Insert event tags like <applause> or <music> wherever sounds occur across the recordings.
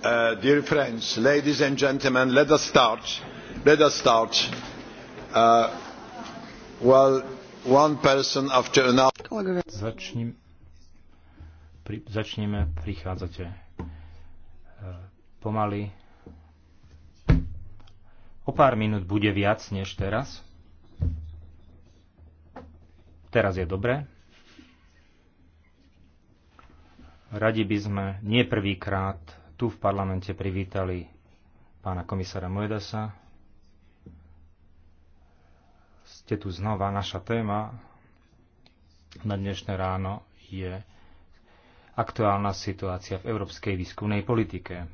Uh, dear friends ladies and gentlemen let us start let us start uh, well one person after another Začním, pri, začneme prichádzate uh, pomaly o pár minút bude viac než teraz teraz je dobre radi by sme nie prvýkrát tu v parlamente privítali pána komisára Mojedasa. Ste tu znova. Naša téma na dnešné ráno je aktuálna situácia v európskej výskumnej politike.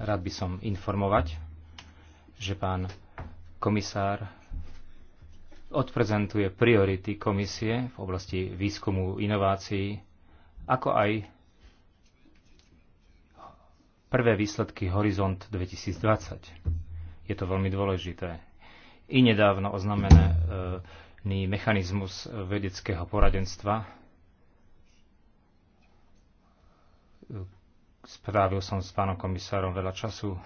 Rád by som informovať, že pán komisár odprezentuje priority komisie v oblasti výskumu inovácií ako aj prvé výsledky Horizont 2020. Je to veľmi dôležité. I nedávno oznamený mechanizmus vedeckého poradenstva. Správil som s pánom komisárom veľa času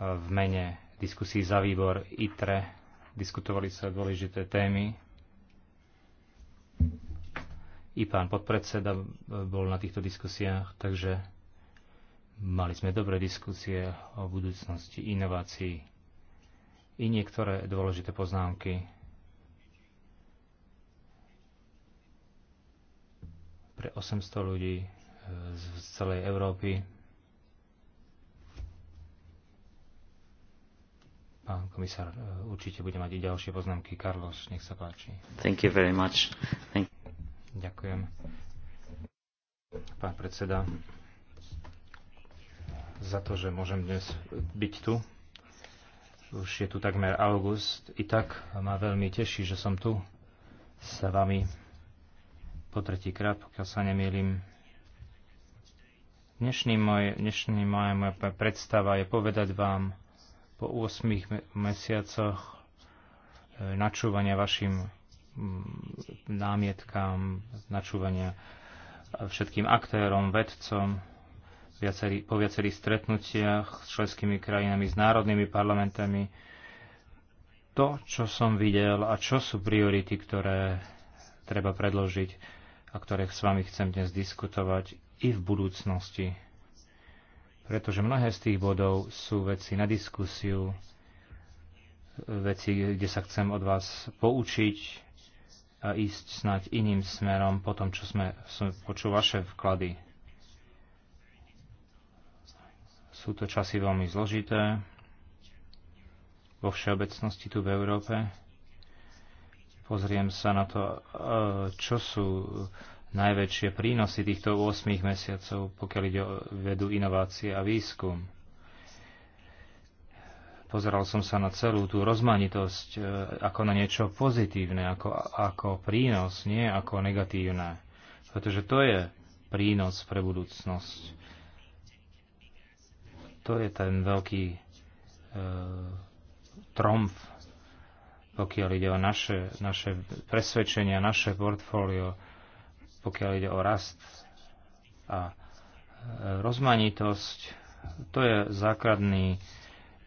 v mene diskusí za výbor ITRE. Diskutovali sa dôležité témy i pán podpredseda bol na týchto diskusiách, takže mali sme dobré diskusie o budúcnosti inovácií i niektoré dôležité poznámky pre 800 ľudí e, z celej Európy. Pán komisár, e, určite bude mať i ďalšie poznámky. Carlos, nech sa páči. Thank you very much. Thank you. Ďakujem. Pán predseda, za to, že môžem dnes byť tu. Už je tu takmer august. I tak ma veľmi teší, že som tu s vami po tretíkrát, pokiaľ sa nemýlim. Dnešný môj, dnešný moja, moja predstava je povedať vám po 8 mesiacoch e, načúvania vašim Mm, námietkám, načúvania všetkým aktérom, vedcom, viacerý, po viacerých stretnutiach s členskými krajinami, s národnými parlamentami. To, čo som videl a čo sú priority, ktoré treba predložiť a ktoré s vami chcem dnes diskutovať i v budúcnosti. Pretože mnohé z tých bodov sú veci na diskusiu, veci, kde sa chcem od vás poučiť, ísť snáď iným smerom po tom, čo sme, počuli vaše vklady. Sú to časy veľmi zložité vo všeobecnosti tu v Európe. Pozriem sa na to, e, čo sú najväčšie prínosy týchto 8 mesiacov, pokiaľ ide o vedu, inovácie a výskum Pozeral som sa na celú tú rozmanitosť e, ako na niečo pozitívne, ako, ako prínos, nie ako negatívne. Pretože to je prínos pre budúcnosť. To je ten veľký e, tromf, pokiaľ ide o naše, naše presvedčenia, naše portfólio, pokiaľ ide o rast a e, rozmanitosť. To je základný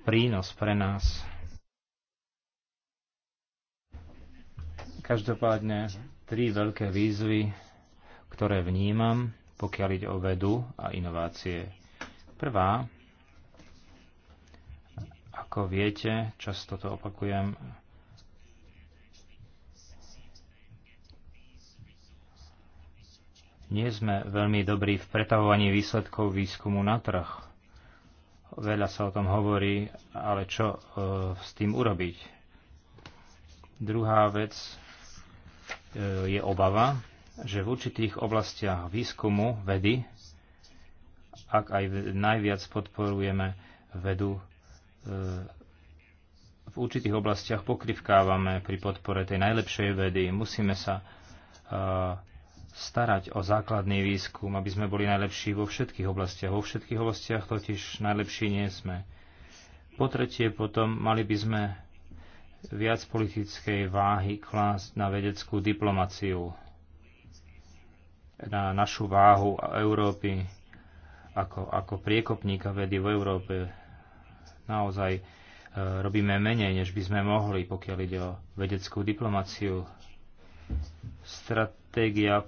prínos pre nás. Každopádne tri veľké výzvy, ktoré vnímam, pokiaľ ide o vedu a inovácie. Prvá, ako viete, často to opakujem, nie sme veľmi dobrí v pretavovaní výsledkov výskumu na trh. Veľa sa o tom hovorí, ale čo e, s tým urobiť? Druhá vec e, je obava, že v určitých oblastiach výskumu vedy, ak aj najviac podporujeme vedu, e, v určitých oblastiach pokrivkávame pri podpore tej najlepšej vedy. Musíme sa e, starať o základný výskum, aby sme boli najlepší vo všetkých oblastiach. Vo všetkých oblastiach totiž najlepší nie sme. Po tretie potom mali by sme viac politickej váhy klásť na vedeckú diplomáciu, na našu váhu Európy ako, ako priekopníka vedy v Európe. Naozaj e, robíme menej, než by sme mohli, pokiaľ ide o vedeckú diplomáciu. Strat, stratégia,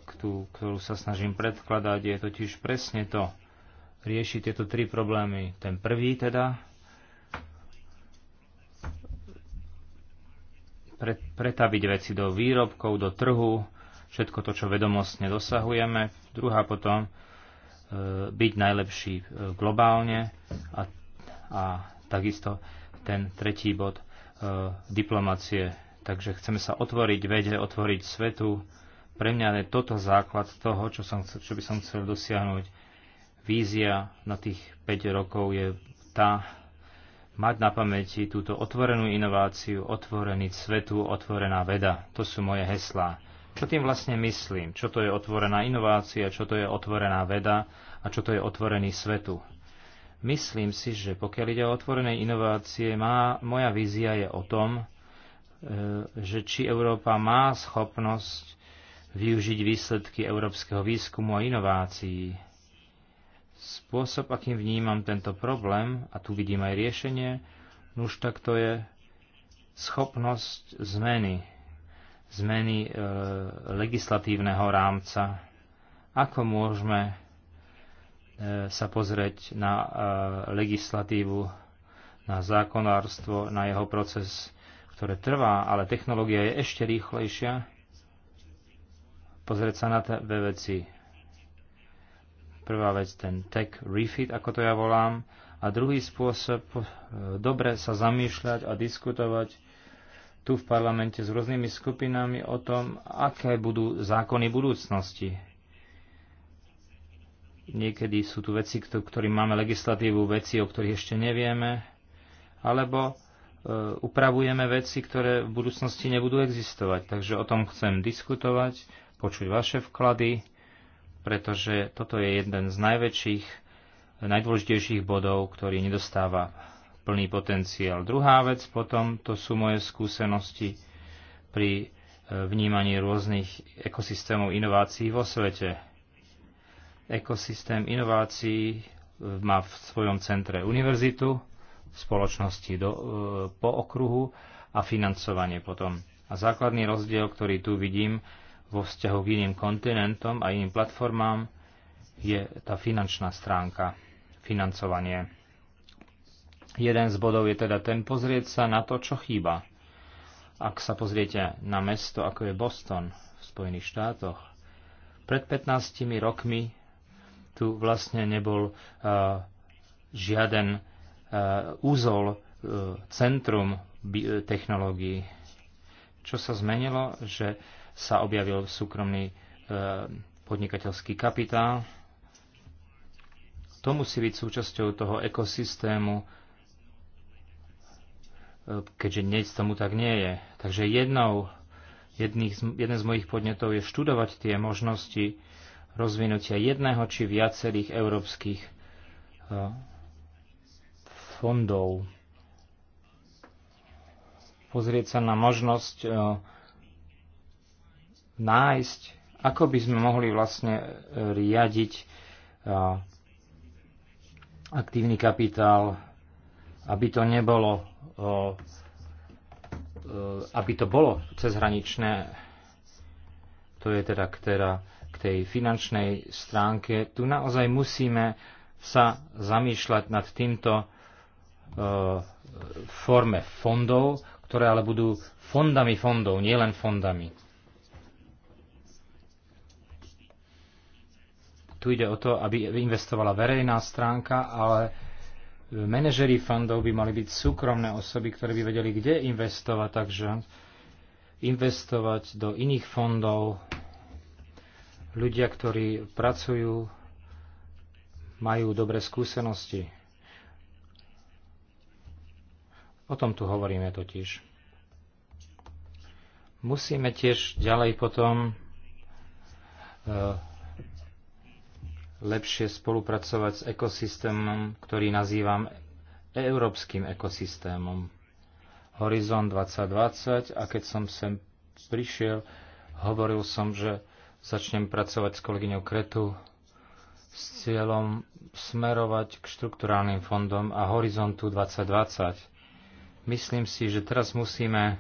ktorú sa snažím predkladať, je totiž presne to. riešiť tieto tri problémy. Ten prvý teda, pre, pretaviť veci do výrobkov, do trhu, všetko to, čo vedomostne dosahujeme. Druhá potom, e, byť najlepší e, globálne a, a takisto ten tretí bod, e, diplomacie. Takže chceme sa otvoriť vede, otvoriť svetu, pre mňa je toto základ toho, čo, som, chcel, čo by som chcel dosiahnuť. Vízia na tých 5 rokov je tá, mať na pamäti túto otvorenú inováciu, otvorený svetu, otvorená veda. To sú moje heslá. Čo tým vlastne myslím? Čo to je otvorená inovácia, čo to je otvorená veda a čo to je otvorený svetu? Myslím si, že pokiaľ ide o otvorené inovácie, má, moja vízia je o tom, e, že či Európa má schopnosť využiť výsledky európskeho výskumu a inovácií. Spôsob, akým vnímam tento problém, a tu vidím aj riešenie, už tak to je schopnosť zmeny, zmeny e, legislatívneho rámca. Ako môžeme e, sa pozrieť na e, legislatívu, na zákonárstvo, na jeho proces, ktoré trvá, ale technológia je ešte rýchlejšia pozrieť sa na dve veci. Prvá vec, ten tech refit, ako to ja volám, a druhý spôsob, e, dobre sa zamýšľať a diskutovať tu v parlamente s rôznymi skupinami o tom, aké budú zákony budúcnosti. Niekedy sú tu veci, ktorým máme legislatívu, veci, o ktorých ešte nevieme, alebo e, upravujeme veci, ktoré v budúcnosti nebudú existovať. Takže o tom chcem diskutovať počuť vaše vklady, pretože toto je jeden z najväčších, najdôležitejších bodov, ktorý nedostáva plný potenciál. Druhá vec potom, to sú moje skúsenosti pri e, vnímaní rôznych ekosystémov inovácií vo svete. Ekosystém inovácií e, má v svojom centre univerzitu, spoločnosti do, e, po okruhu a financovanie potom. A základný rozdiel, ktorý tu vidím, vo vzťahu k iným kontinentom a iným platformám je tá finančná stránka, financovanie. Jeden z bodov je teda ten pozrieť sa na to, čo chýba. Ak sa pozriete na mesto, ako je Boston v Spojených štátoch, pred 15 rokmi tu vlastne nebol uh, žiaden uh, úzol, uh, centrum technológií. Čo sa zmenilo, že uh, sa objavil súkromný e, podnikateľský kapitál. To musí byť súčasťou toho ekosystému, e, keďže dnes tomu tak nie je. Takže jednou, jedných, jeden z mojich podnetov je študovať tie možnosti rozvinutia jedného či viacerých európskych e, fondov. Pozrieť sa na možnosť e, nájsť, ako by sme mohli vlastne e, riadiť e, aktívny kapitál, aby to nebolo, e, aby to bolo cezhraničné. To je teda k, teda k tej finančnej stránke. Tu naozaj musíme sa zamýšľať nad týmto forme fondov, ktoré ale budú fondami fondov, nielen fondami. Tu ide o to, aby investovala verejná stránka, ale e, manažery fondov by mali byť súkromné osoby, ktoré by vedeli, kde investovať, takže investovať do iných fondov. Ľudia, ktorí pracujú, majú dobré skúsenosti. O tom tu hovoríme totiž. Musíme tiež ďalej potom e, lepšie spolupracovať s ekosystémom, ktorý nazývam európskym ekosystémom. Horizont 2020 a keď som sem prišiel, hovoril som, že začnem pracovať s kolegyňou Kretu s cieľom smerovať k štrukturálnym fondom a horizontu 2020. Myslím si, že teraz musíme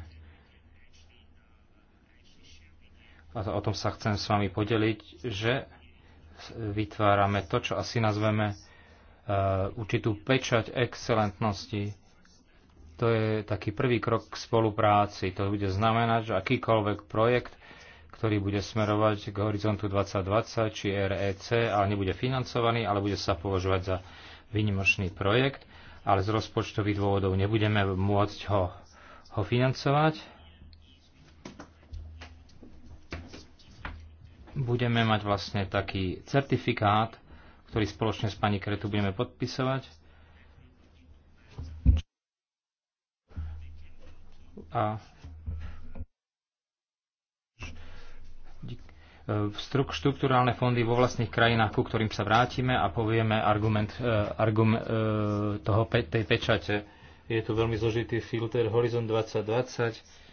a o tom sa chcem s vami podeliť, že vytvárame to, čo asi nazveme e, určitú pečať excelentnosti. To je taký prvý krok k spolupráci. To bude znamenať, že akýkoľvek projekt, ktorý bude smerovať k horizontu 2020 či REC, ale nebude financovaný, ale bude sa považovať za výnimočný projekt, ale z rozpočtových dôvodov nebudeme môcť ho, ho financovať, budeme mať vlastne taký certifikát, ktorý spoločne s pani Kretu budeme podpisovať. A štruktúrálne fondy vo vlastných krajinách, ku ktorým sa vrátime a povieme argument, e, argument toho, tej pečate. Je tu veľmi zložitý filter Horizon 2020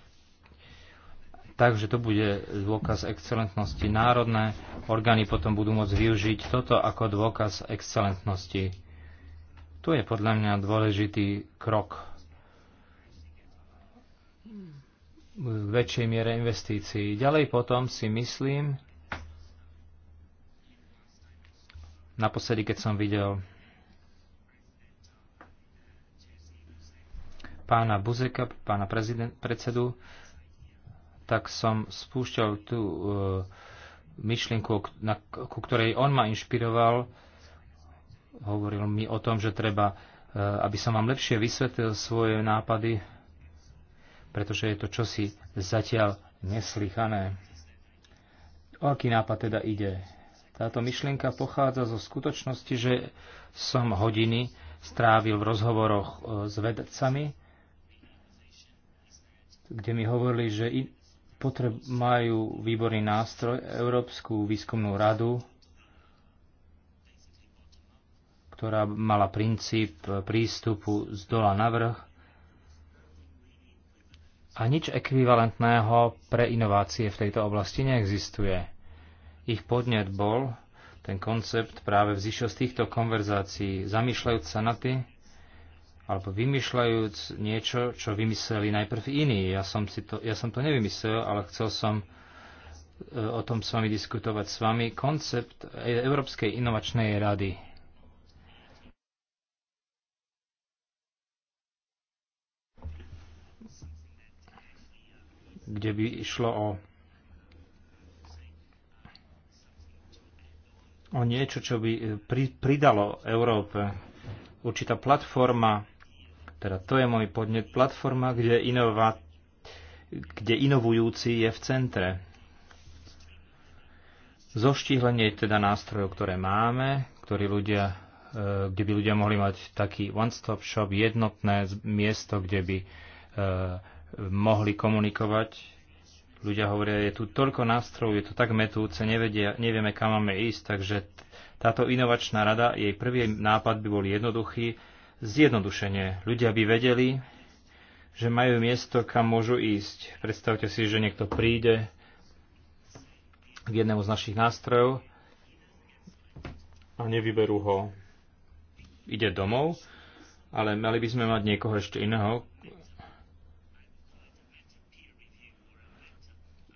Takže to bude dôkaz excelentnosti. Národné orgány potom budú môcť využiť toto ako dôkaz excelentnosti. Tu je podľa mňa dôležitý krok v väčšej miere investícií. Ďalej potom si myslím, naposledy, keď som videl pána Buzeka, pána prezident, predsedu, tak som spúšťal tú e, myšlienku, na, ku ktorej on ma inšpiroval. Hovoril mi o tom, že treba, e, aby som vám lepšie vysvetlil svoje nápady, pretože je to čosi zatiaľ neslychané. O aký nápad teda ide? Táto myšlienka pochádza zo skutočnosti, že som hodiny strávil v rozhovoroch e, s vedcami, kde mi hovorili, že potreb, majú výborný nástroj, Európsku výskumnú radu, ktorá mala princíp prístupu z dola na vrch a nič ekvivalentného pre inovácie v tejto oblasti neexistuje. Ich podnet bol ten koncept práve vzýšiel z týchto konverzácií, zamýšľajúc sa na tým, alebo vymýšľajúc niečo, čo vymysleli najprv iní. Ja som, si to, ja som to nevymyslel, ale chcel som e, o tom s vami diskutovať s vami. Koncept e, Európskej inovačnej rady. kde by išlo o, o niečo, čo by e, pri, pridalo Európe určitá platforma teda to je môj podnet. Platforma, kde, inova, kde inovujúci je v centre. Zoštihlenie teda nástrojov, ktoré máme, ktorý ľudia, e, kde by ľudia mohli mať taký one-stop shop, jednotné miesto, kde by e, mohli komunikovať. Ľudia hovoria, je tu toľko nástrojov, je to tak metúce, nevedia, nevieme, kam máme ísť, takže táto inovačná rada, jej prvý nápad by bol jednoduchý, Zjednodušenie. Ľudia by vedeli, že majú miesto, kam môžu ísť. Predstavte si, že niekto príde k jednému z našich nástrojov a nevyberú ho. Ide domov, ale mali by sme mať niekoho ešte iného,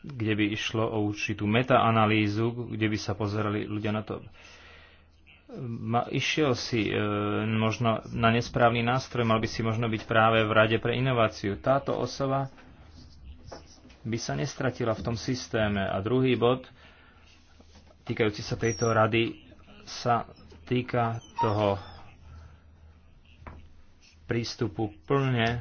kde by išlo o určitú metaanalýzu, kde by sa pozerali ľudia na to, ma, išiel si e, možno na nesprávny nástroj, mal by si možno byť práve v Rade pre inováciu. Táto osoba by sa nestratila v tom systéme. A druhý bod, týkajúci sa tejto rady, sa týka toho prístupu plne e,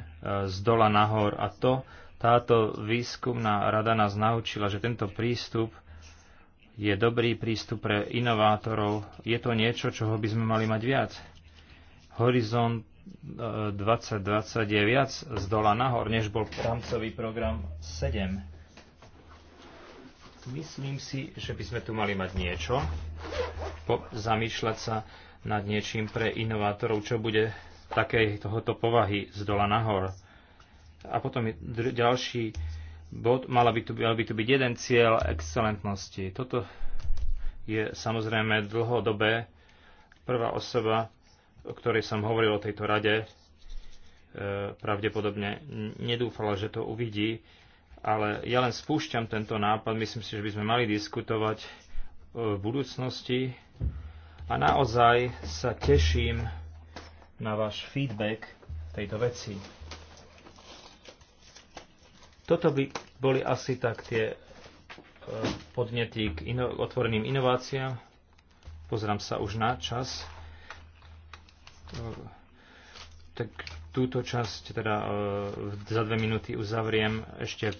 z dola nahor. A to táto výskumná rada nás naučila, že tento prístup je dobrý prístup pre inovátorov. Je to niečo, čoho by sme mali mať viac. Horizont 2020 e, je viac z dola nahor, než bol rámcový program 7. Myslím si, že by sme tu mali mať niečo, po, zamýšľať sa nad niečím pre inovátorov, čo bude takej tohoto povahy z dola nahor. A potom je ďalší bod, mala by tu, mal by tu byť jeden cieľ excelentnosti. Toto je samozrejme dlhodobé. Prvá osoba, o ktorej som hovoril o tejto rade, e, pravdepodobne nedúfala, že to uvidí, ale ja len spúšťam tento nápad. Myslím si, že by sme mali diskutovať e, v budúcnosti a naozaj sa teším na váš feedback tejto veci. Toto by boli asi tak tie e, podnety k ino- otvoreným inováciám. Pozrám sa už na čas. E, tak túto časť teda e, za dve minúty uzavriem ešte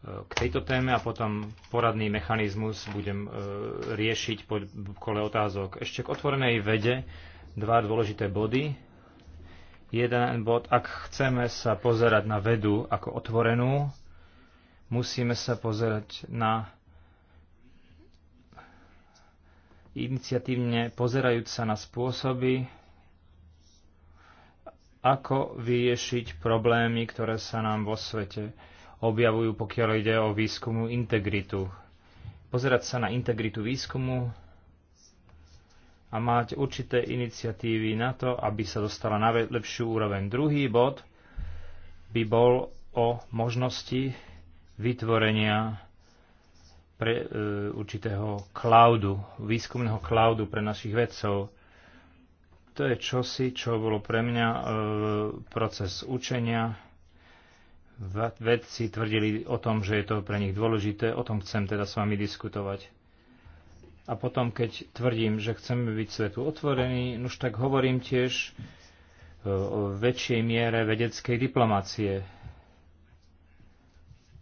k tejto téme a potom poradný mechanizmus budem riešiť po kole otázok. Ešte k otvorenej vede dva dôležité body jeden bod. Ak chceme sa pozerať na vedu ako otvorenú, musíme sa pozerať na iniciatívne pozerajúc sa na spôsoby, ako vyriešiť problémy, ktoré sa nám vo svete objavujú, pokiaľ ide o výskumu integritu. Pozerať sa na integritu výskumu a mať určité iniciatívy na to, aby sa dostala na lepšiu úroveň. Druhý bod by bol o možnosti vytvorenia pre, e, určitého cloudu, výskumného cloudu pre našich vedcov. To je čosi, čo bolo pre mňa e, proces učenia. Vedci tvrdili o tom, že je to pre nich dôležité, o tom chcem teda s vami diskutovať. A potom, keď tvrdím, že chceme byť svetu otvorení, už tak hovorím tiež e, o väčšej miere vedeckej diplomácie.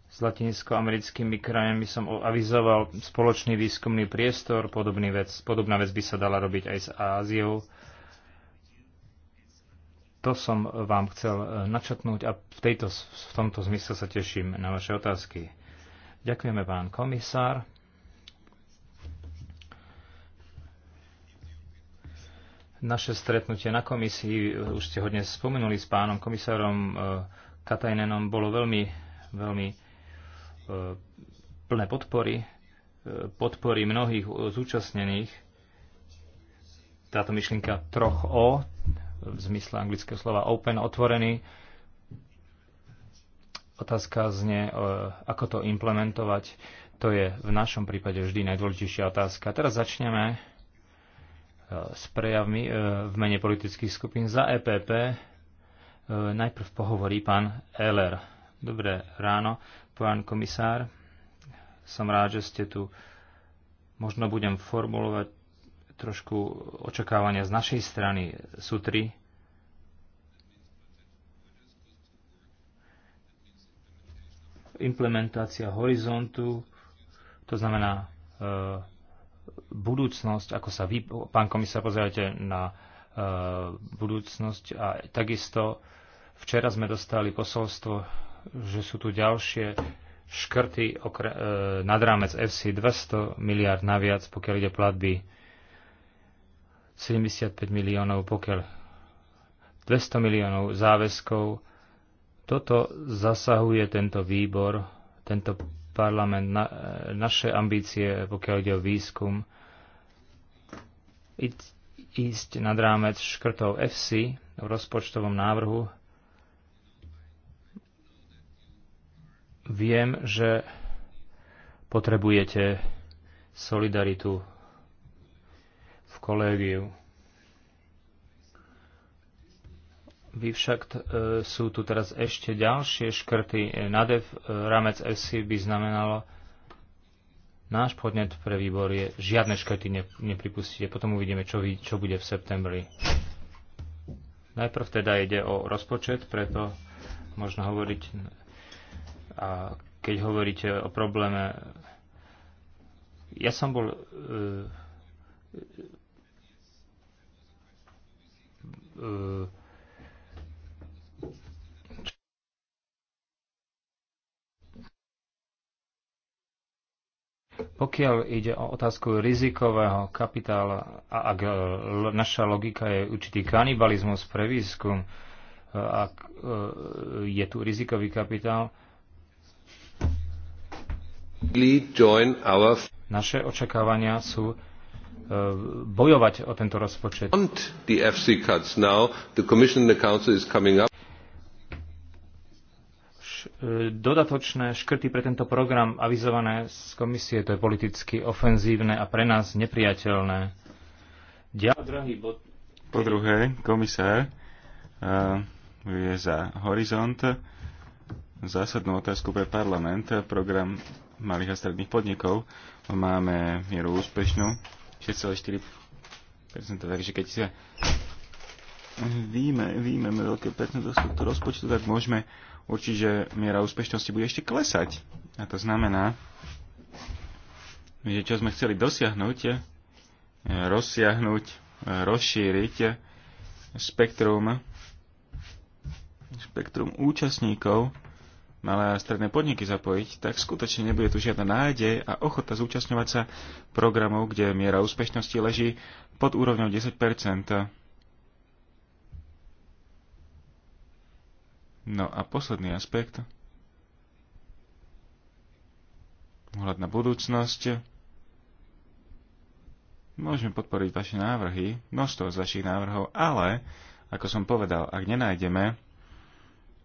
S latinskoamerickými krajami som avizoval spoločný výskumný priestor, podobný vec, podobná vec by sa dala robiť aj s Áziou. To som vám chcel e, načetnúť a v, tejto, v tomto zmysle sa teším na vaše otázky. Ďakujeme, pán komisár. Naše stretnutie na komisii, už ste ho dnes spomenuli s pánom komisárom e, Katajnenom, bolo veľmi, veľmi e, plné podpory, e, podpory mnohých zúčastnených. Táto myšlienka troch O, v zmysle anglického slova open, otvorený. Otázka znie, ako to implementovať. To je v našom prípade vždy najdôležitejšia otázka. Teraz začneme E, s prejavmi e, v mene politických skupín za EPP. E, najprv pohovorí pán Eller. Dobré ráno, pán komisár. Som rád, že ste tu. Možno budem formulovať trošku očakávania z našej strany. Sú tri. Implementácia horizontu, to znamená budúcnosť, ako sa vy, pán komisár, pozerajte na e, budúcnosť a takisto včera sme dostali posolstvo, že sú tu ďalšie škrty okre, e, nad rámec FC 200 miliard naviac, pokiaľ ide platby 75 miliónov, pokiaľ 200 miliónov záväzkov. Toto zasahuje tento výbor, tento parlament, na, naše ambície, pokiaľ ide o výskum, ísť nad rámec škrtov FC v rozpočtovom návrhu. Viem, že potrebujete solidaritu v kolégiu. Vy však e, sú tu teraz ešte ďalšie škrty. E, Nadev e, rámec FC by znamenalo Náš podnet pre výbor je, žiadne škety ne, nepripustíte, potom uvidíme, čo, vy, čo bude v septembri. Najprv teda ide o rozpočet, preto možno hovoriť, a keď hovoríte o probléme, ja som bol uh, uh, Pokiaľ ide o otázku rizikového kapitála a ak e, naša logika je určitý kanibalizmus pre výskum, e, ak e, je tu rizikový kapitál, naše očakávania sú bojovať o tento rozpočet dodatočné škrty pre tento program avizované z komisie. To je politicky ofenzívne a pre nás nepriateľné. Ďalej, drahý bod. Po druhé, komisár e, je za Horizont zásadnú otázku pre parlament. Program malých a stredných podnikov máme mieru úspešnú 6,4%. Takže keď sa víme, víme veľké percento z rozpočtu, tak môžeme určite miera úspešnosti bude ešte klesať. A to znamená, že čo sme chceli dosiahnuť, eh, rozsiahnuť, eh, rozšíriť eh, spektrum, spektrum účastníkov, malé a stredné podniky zapojiť, tak skutočne nebude tu žiadna nádej a ochota zúčastňovať sa programov, kde miera úspešnosti leží pod úrovňou 10 No a posledný aspekt, pohľad na budúcnosť. Môžeme podporiť vaše návrhy, množstvo z vašich návrhov, ale, ako som povedal, ak nenájdeme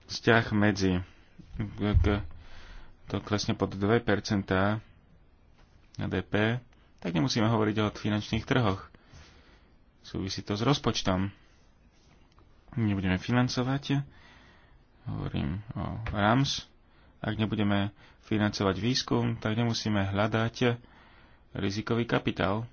vzťah medzi to klesne pod 2% na DP, tak nemusíme hovoriť o finančných trhoch. Súvisí to s rozpočtom. Nebudeme financovať hovorím o RAMS, ak nebudeme financovať výskum, tak nemusíme hľadať rizikový kapitál.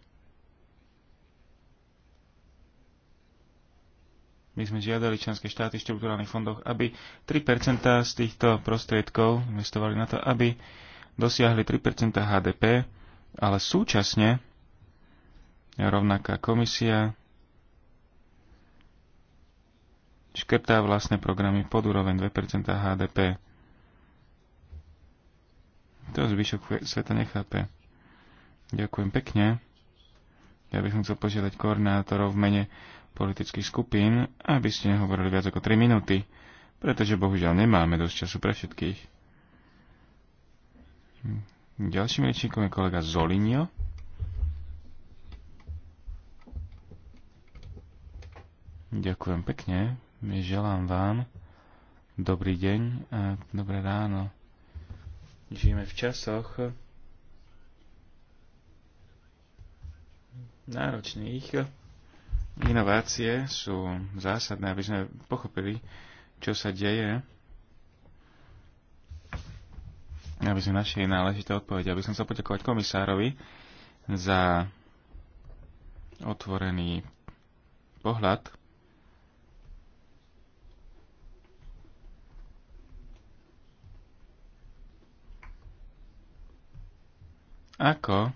My sme žiadali členské štáty v štruktúrálnych fondoch, aby 3% z týchto prostriedkov investovali na to, aby dosiahli 3% HDP, ale súčasne rovnaká komisia škrtá vlastné programy pod úroveň 2% HDP. To zvyšok sveta nechápe. Ďakujem pekne. Ja by som chcel požiadať koordinátorov v mene politických skupín, aby ste nehovorili viac ako 3 minúty, pretože bohužiaľ nemáme dosť času pre všetkých. Ďalším rečníkom je kolega Zolinio. Ďakujem pekne, Želám vám dobrý deň a dobré ráno. Žijeme v časoch náročných. Inovácie sú zásadné, aby sme pochopili, čo sa deje, aby sme našli náležité odpovede. Aby som sa poďakovať komisárovi za otvorený pohľad ako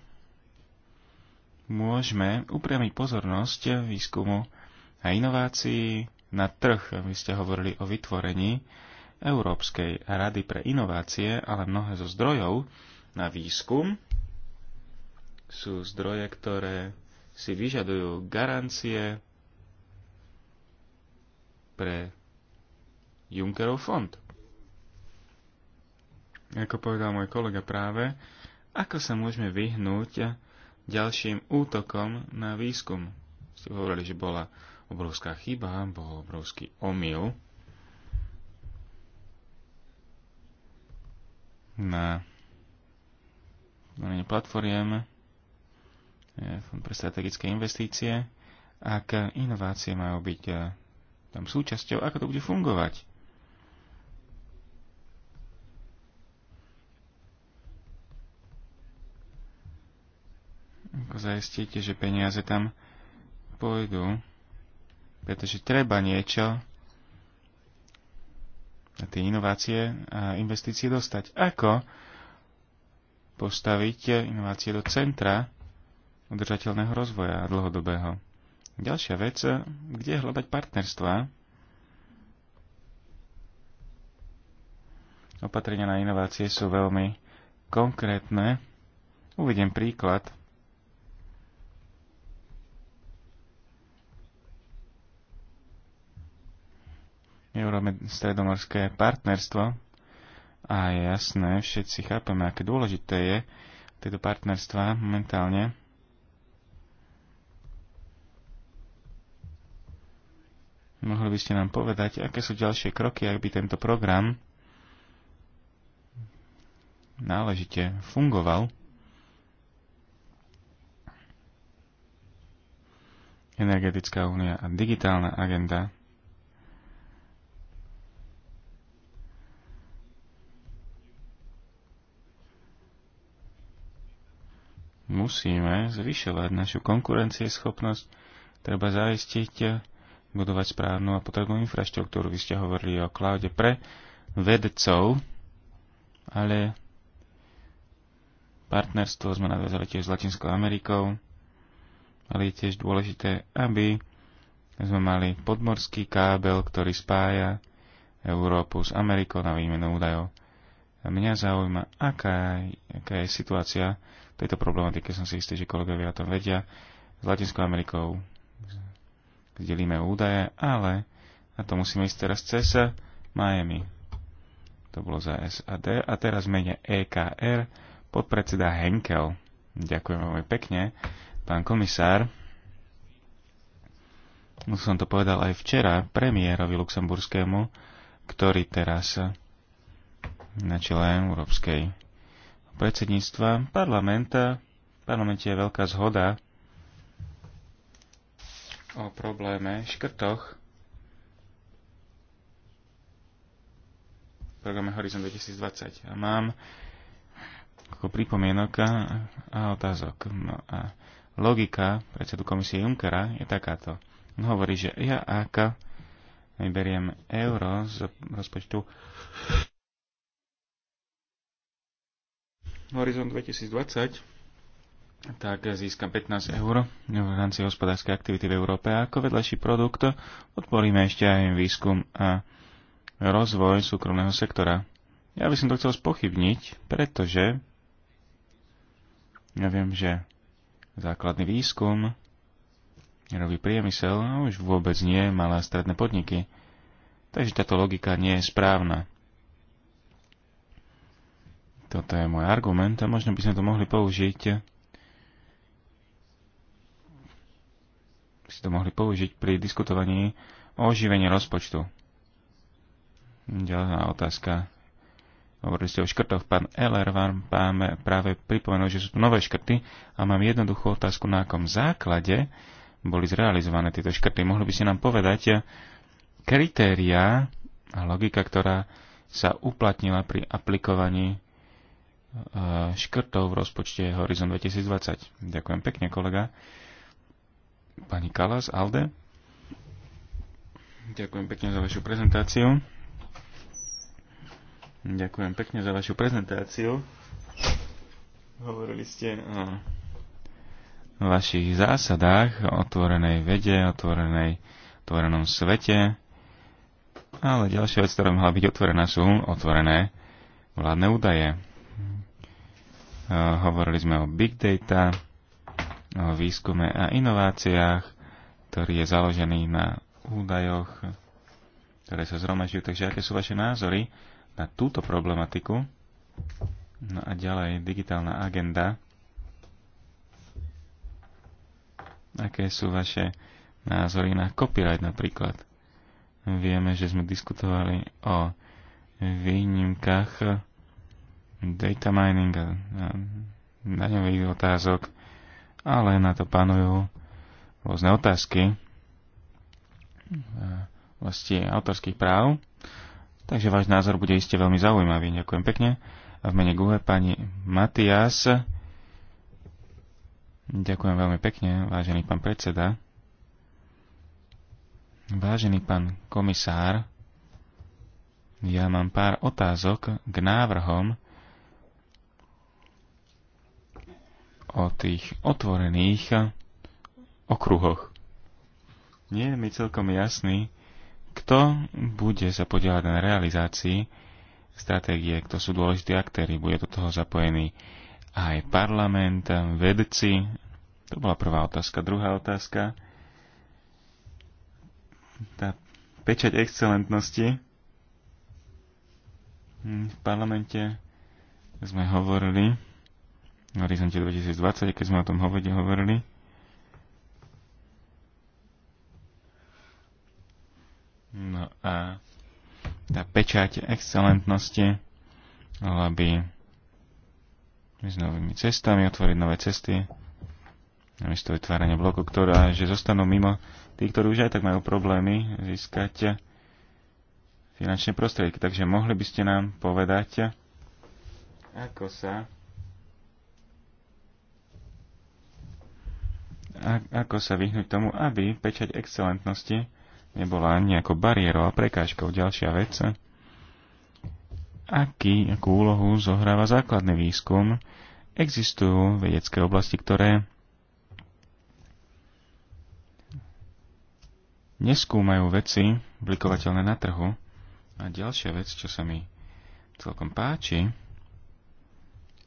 môžeme upriamiť pozornosť výskumu a inovácií na trh. Vy ste hovorili o vytvorení Európskej rady pre inovácie, ale mnohé zo zdrojov na výskum sú zdroje, ktoré si vyžadujú garancie pre Junckerov fond. Ako povedal môj kolega práve, ako sa môžeme vyhnúť ďalším útokom na výskum? Ste hovorili, že bola obrovská chyba, bol obrovský omyl. Na platformiem eh, pre strategické investície, ak inovácie majú byť eh, tam súčasťou, ako to bude fungovať. ako zaistíte, že peniaze tam pôjdu, pretože treba niečo na tie inovácie a investície dostať. Ako postaviť inovácie do centra udržateľného rozvoja a dlhodobého. Ďalšia vec, kde hľadať partnerstva, opatrenia na inovácie sú veľmi konkrétne. Uvediem príklad. Eurome stredomorské partnerstvo a je jasné, všetci chápeme, aké dôležité je tieto partnerstva momentálne. Mohli by ste nám povedať, aké sú ďalšie kroky, ak by tento program náležite fungoval. Energetická únia a digitálna agenda musíme zvyšovať našu konkurencieschopnosť, treba zaistiť, eh, budovať správnu a potrebnú infraštruktúru. Vy ste hovorili o cloude pre vedcov, ale partnerstvo sme nadviazali tiež s Latinskou Amerikou, ale je tiež dôležité, aby sme mali podmorský kábel, ktorý spája Európu s Amerikou na výmenu údajov. A mňa zaujíma, aká, aká je situácia tejto problematike som si istý, že kolegovia to vedia. S Latinskou Amerikou delíme údaje, ale na to musíme ísť teraz cez Miami. To bolo za SAD a teraz mene EKR podpredseda Henkel. Ďakujem veľmi pekne, pán komisár. No som to povedal aj včera premiérovi luxemburskému, ktorý teraz na čele Európskej predsedníctva parlamenta. V parlamente je veľká zhoda o probléme škrtoch v programe Horizon 2020. A mám ako pripomienok a otázok. No a logika predsedu komisie Junckera je takáto. On hovorí, že ja ak vyberiem euro z rozpočtu Horizon 2020, tak získam 15 eur v rámci hospodárskej aktivity v Európe a ako vedľajší produkt podporíme ešte aj výskum a rozvoj súkromného sektora. Ja by som to chcel spochybniť, pretože ja viem, že základný výskum robí priemysel a už vôbec nie malé a stredné podniky. Takže táto logika nie je správna. Toto je môj argument a možno by sme to mohli použiť si to mohli použiť pri diskutovaní o oživení rozpočtu. Ďalšia otázka. Hovorili ste o škrtoch. Pán Eller vám práve pripomenul, že sú tu nové škrty a mám jednoduchú otázku, na akom základe boli zrealizované tieto škrty. Mohli by ste nám povedať kritériá a logika, ktorá sa uplatnila pri aplikovaní škrtov v rozpočte Horizon 2020. Ďakujem pekne, kolega. Pani Kalas, Alde. Ďakujem pekne za vašu prezentáciu. Ďakujem pekne za vašu prezentáciu. Hovorili ste o vašich zásadách, o otvorenej vede, otvorenej, otvorenom svete. Ale ďalšia vec, ktorá mohla byť otvorená, sú otvorené vládne údaje. Eh, hovorili sme o big data, o výskume a inováciách, ktorý je založený na údajoch, ktoré sa zhromažďujú. Takže aké sú vaše názory na túto problematiku? No a ďalej digitálna agenda. Aké sú vaše názory na copyright napríklad? Vieme, že sme diskutovali o výnimkách data mining a daňových otázok, ale na to panujú rôzne otázky vlasti autorských práv. Takže váš názor bude iste veľmi zaujímavý. Ďakujem pekne. A v mene Guhe pani Matias. Ďakujem veľmi pekne, vážený pán predseda. Vážený pán komisár, ja mám pár otázok k návrhom, o tých otvorených okruhoch. Nie je mi celkom jasný, kto bude sa podielať na realizácii stratégie, kto sú dôležití aktéry, bude do toho zapojený aj parlament, vedci. To bola prvá otázka. Druhá otázka. Tá pečať excelentnosti. Hm, v parlamente sme hovorili na horizonte 2020, keď sme o tom hovede hovorili. No a tá pečať excelentnosti, aby s novými cestami, otvoriť nové cesty, namiesto vytvárania blokov, ktorá, že zostanú mimo tí, ktorí už aj tak majú problémy získať finančné prostriedky. Takže mohli by ste nám povedať, ako sa ako sa vyhnúť tomu, aby pečať excelentnosti nebola nejako bariérou a prekážkou. Ďalšia vec, aký, akú úlohu zohráva základný výskum, existujú vedecké oblasti, ktoré neskúmajú veci blikovateľné na trhu. A ďalšia vec, čo sa mi celkom páči,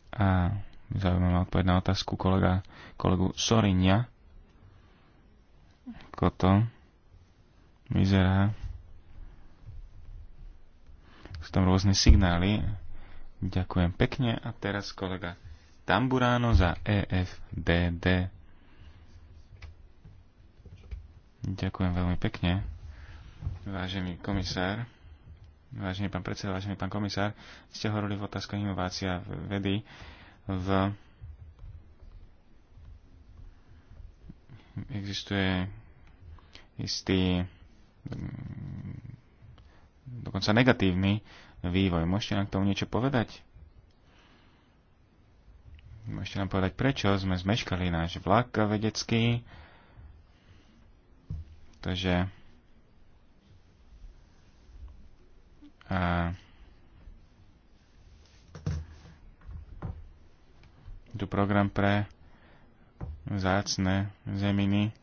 a zaujímavá odpoveď na otázku kolega, kolegu Sorinia, ako to vyzerá. Sú tam rôzne signály. Ďakujem pekne. A teraz kolega Tamburáno za EFDD. Ďakujem veľmi pekne. Vážený komisár, vážený pán predseda, vážený pán komisár, ste hovorili v otázke inovácia vedy v existuje istý mm, dokonca negatívny vývoj. Môžete nám k tomu niečo povedať? Môžete nám povedať, prečo sme zmeškali náš vlak vedecký? Takže... A... Tu program pre zácne zeminy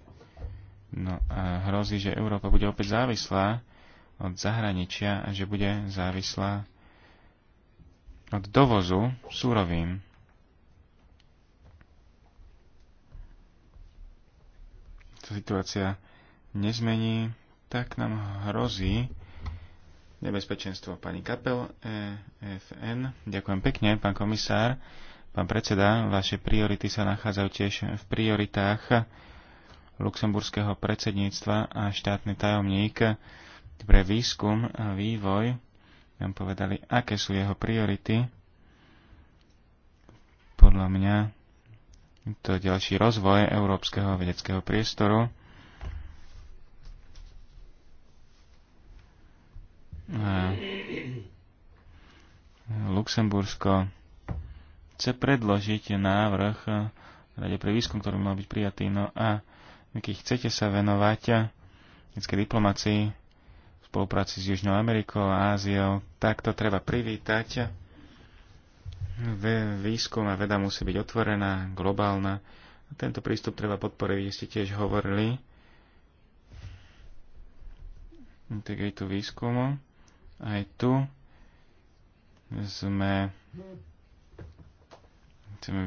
No a hrozí, že Európa bude opäť závislá od zahraničia a že bude závislá od dovozu súrovým. To situácia nezmení, tak nám hrozí nebezpečenstvo pani Kapel, EFN. Ďakujem pekne, pán komisár, pán predseda. Vaše priority sa nachádzajú tiež v prioritách luxemburského predsedníctva a štátny tajomník pre výskum a vývoj nám povedali, aké sú jeho priority. Podľa mňa to je ďalší rozvoj európskeho vedeckého priestoru. A Luxembursko chce predložiť návrh Rade pre výskum, ktorý mal byť prijatý. No a keď chcete sa venovať detskej diplomácii, v spolupráci s Južnou Amerikou a Áziou, tak to treba privítať. Výskum a veda musí byť otvorená, globálna. Tento prístup treba podporiť, vy ste tiež hovorili. Integritu výskumu. Aj tu sme chceme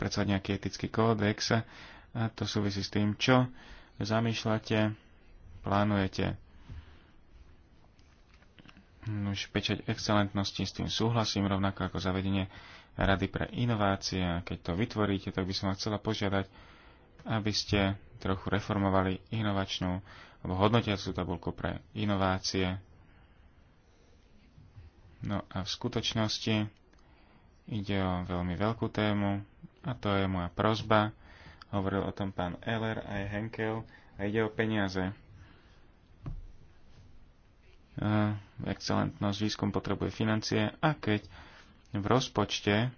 predsať nejaký etický kódex a to súvisí s tým, čo zamýšľate, plánujete. Už pečať excelentnosti, s tým súhlasím, rovnako ako zavedenie Rady pre inovácie. A keď to vytvoríte, tak by som vás chcela požiadať, aby ste trochu reformovali inovačnú alebo hodnotiacú tabulku pre inovácie. No a v skutočnosti ide o veľmi veľkú tému a to je moja prozba hovoril o tom pán Eller aj Henkel, a ide o peniaze. Excelentnosť výskum potrebuje financie a keď v rozpočte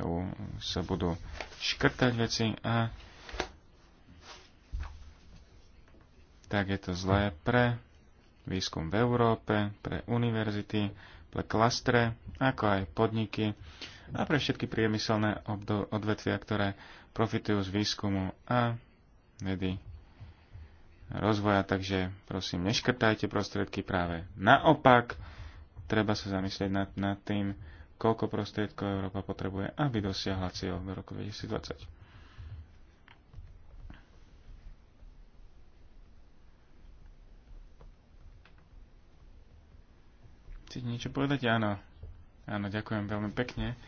EU sa budú škrtať veci a tak je to zlé pre výskum v Európe, pre univerzity, pre klastre, ako aj podniky a pre všetky priemyselné odvetvia, ktoré profitujú z výskumu a vedy rozvoja, takže prosím, neškrtajte prostriedky práve naopak. Treba sa zamyslieť nad, nad tým, koľko prostriedkov Európa potrebuje, aby dosiahla cieľ do roku 2020. Chcete niečo povedať? Áno. Áno, ďakujem veľmi pekne.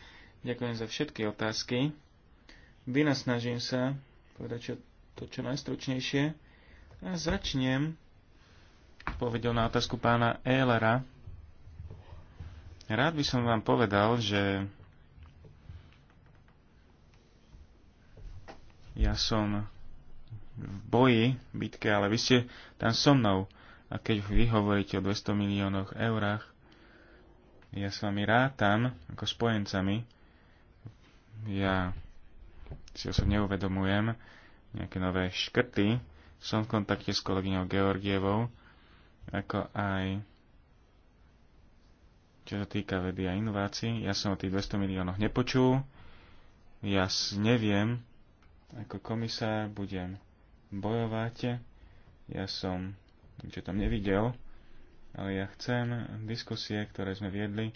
Ďakujem za všetky otázky vynasnažím sa povedať čo, to čo najstručnejšie a začnem povedal na otázku pána Ehlera. Rád by som vám povedal, že ja som v boji, v bitke, ale vy ste tam so mnou. A keď vy hovoríte o 200 miliónoch eurách, ja s vami rátam ako spojencami. Ja si osobne uvedomujem nejaké nové škrty. Som v kontakte s kolegyňou Georgievou, ako aj čo sa týka vedy a inovácií. Ja som o tých 200 miliónoch nepočul. Ja neviem, ako komisár budem bojovať. Ja som niečo tam nevidel, ale ja chcem diskusie, ktoré sme viedli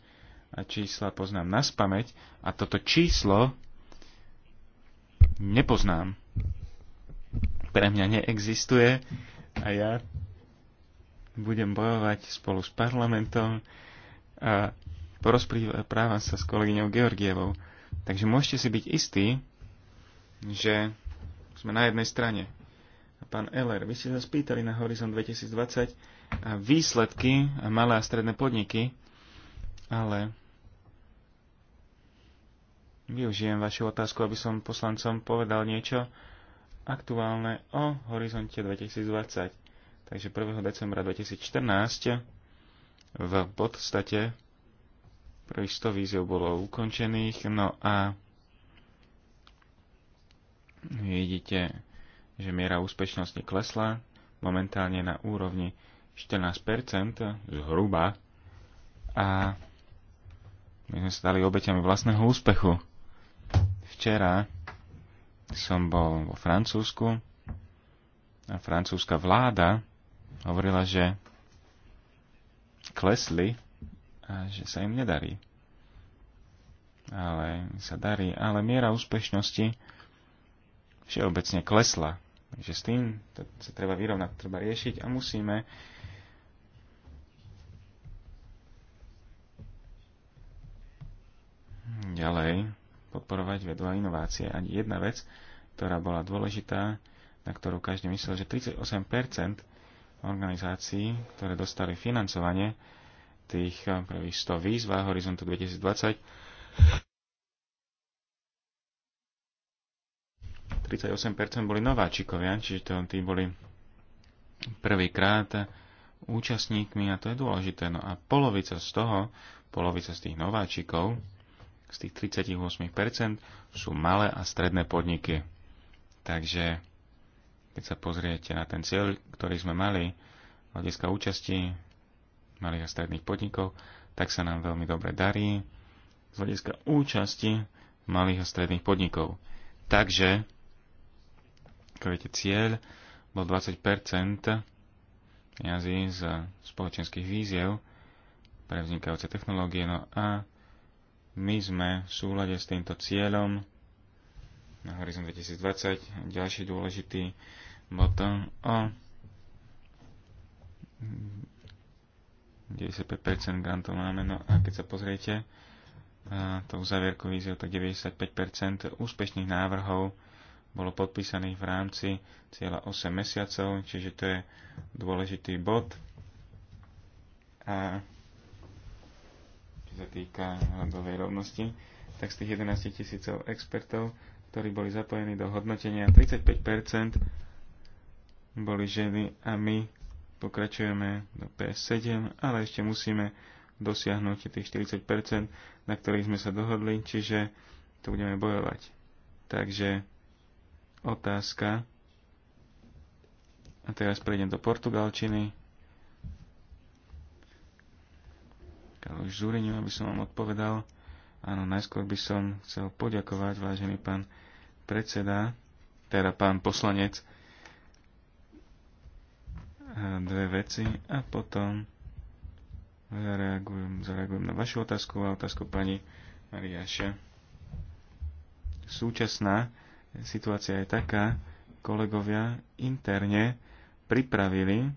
a čísla poznám na spameť a toto číslo nepoznám. Pre mňa neexistuje a ja budem bojovať spolu s parlamentom a porozprávam sa s kolegyňou Georgievou. Takže môžete si byť istí, že sme na jednej strane. A pán Eller, vy ste sa spýtali na Horizon 2020 a výsledky a malé a stredné podniky, ale Využijem vašu otázku, aby som poslancom povedal niečo aktuálne o horizonte 2020. Takže 1. decembra 2014 v podstate prvých 100 víziev bolo ukončených, no a vidíte, že miera úspešnosti klesla momentálne na úrovni 14% zhruba a my sme stali obeťami vlastného úspechu. Včera som bol vo Francúzsku a francúzska vláda hovorila, že klesli a že sa im nedarí. Ale sa darí, ale miera úspešnosti všeobecne klesla. Takže s tým to sa treba vyrovnať, treba riešiť a musíme ďalej podporovať vedu a inovácie. Ani jedna vec, ktorá bola dôležitá, na ktorú každý myslel, že 38% organizácií, ktoré dostali financovanie tých eh, prvých 100 výzv a Horizontu 2020, 38% boli nováčikovia, čiže to, tí boli prvýkrát účastníkmi a to je dôležité. No a polovica z toho, polovica z tých nováčikov z tých 38% sú malé a stredné podniky. Takže keď sa pozriete na ten cieľ, ktorý sme mali, hľadiska účasti malých a stredných podnikov, tak sa nám veľmi dobre darí z hľadiska účasti malých a stredných podnikov. Takže, ako viete, cieľ bol 20 peniazy z spoločenských víziev pre vznikajúce technológie, no a my sme v súlade s týmto cieľom na Horizon 2020 ďalší dôležitý bod o 95% grantov máme, no a keď sa pozriete to uzavierku víziu, tak 95% úspešných návrhov bolo podpísaných v rámci cieľa 8 mesiacov, čiže to je dôležitý bod. A čo sa týka rodovej rovnosti, tak z tých 11 tisícov expertov, ktorí boli zapojení do hodnotenia, 35% boli ženy a my pokračujeme do PS7, ale ešte musíme dosiahnuť tých 40%, na ktorých sme sa dohodli, čiže to budeme bojovať. Takže otázka. A teraz prejdem do portugalčiny. Karlu Žúriňu, aby som vám odpovedal. Áno, najskôr by som chcel poďakovať, vážený pán predseda, teda pán poslanec, dve veci a potom zareagujem, zareagujem na vašu otázku a otázku pani Mariáša. Súčasná situácia je taká, kolegovia interne pripravili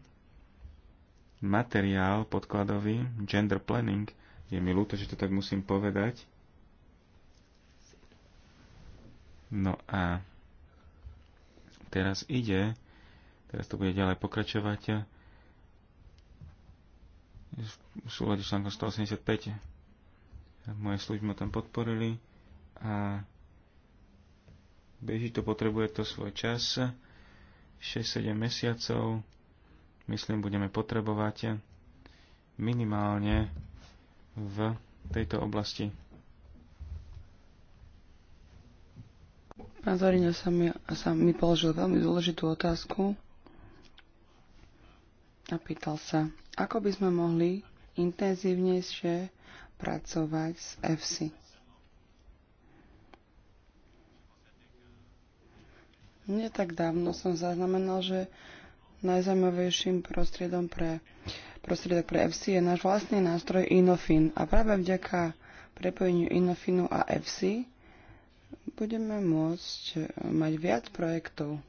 materiál podkladový, gender planning, je mi ľúto, že to tak musím povedať. No a teraz ide, teraz to bude ďalej pokračovať v súlade s článkom 185. Moje služby ma tam podporili a beží to, potrebuje to svoj čas, 6-7 mesiacov, myslím, budeme potrebovať minimálne v tejto oblasti. Pán Zorina sa mi, sa mi položil veľmi dôležitú otázku a pýtal sa, ako by sme mohli intenzívnejšie pracovať s EFSI. Nie tak dávno som zaznamenal, že Najzaujímavejším prostriedom pre, prostriedok pre FC je náš vlastný nástroj Inofin. A práve vďaka prepojeniu Inofinu a FC budeme môcť e, mať viac projektov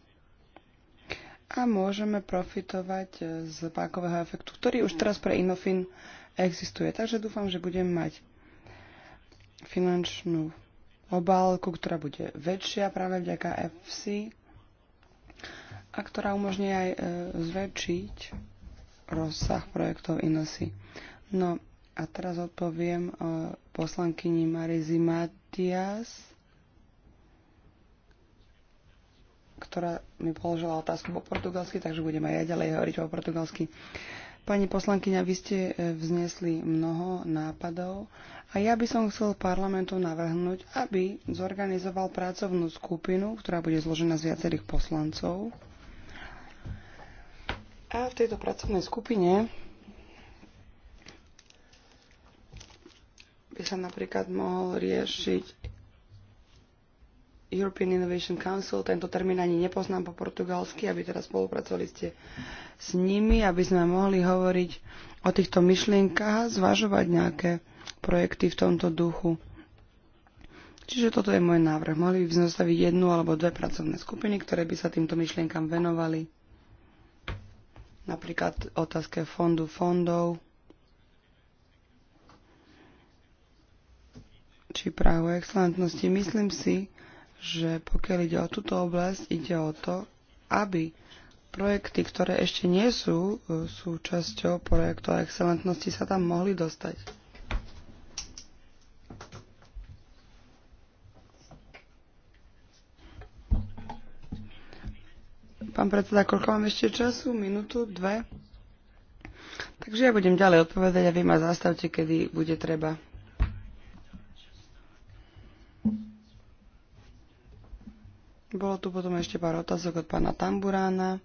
a môžeme profitovať e, z pákového efektu, ktorý už teraz pre Inofin existuje. Takže dúfam, že budeme mať finančnú obálku, ktorá bude väčšia práve vďaka FC a ktorá umožňuje aj e, zväčšiť rozsah projektov INOSI. No a teraz odpoviem e, poslankyni Marizy Matias, ktorá mi položila otázku po portugalsky, takže budem aj ja ďalej hovoriť po portugalsky. Pani poslankyňa, vy ste e, vznesli mnoho nápadov a ja by som chcel parlamentu navrhnúť, aby zorganizoval pracovnú skupinu, ktorá bude zložená z viacerých poslancov, a v tejto pracovnej skupine by sa napríklad mohol riešiť European Innovation Council, tento termín ani nepoznám po portugalsky, aby teraz spolupracovali ste s nimi, aby sme mohli hovoriť o týchto myšlienkach a zvažovať nejaké projekty v tomto duchu. Čiže toto je môj návrh. Mohli by sme zostaviť jednu alebo dve pracovné skupiny, ktoré by sa týmto myšlienkam venovali napríklad otázke fondu fondov či právo excelentnosti. Myslím si, že pokiaľ ide o túto oblasť, ide o to, aby projekty, ktoré ešte nie sú e, súčasťou projektu excelentnosti, sa tam mohli dostať. Pán predseda, koľko mám ešte času? Minútu? Dve? Takže ja budem ďalej odpovedať a vy ma zastavte, kedy bude treba. Bolo tu potom ešte pár otázok od pána Tamburána,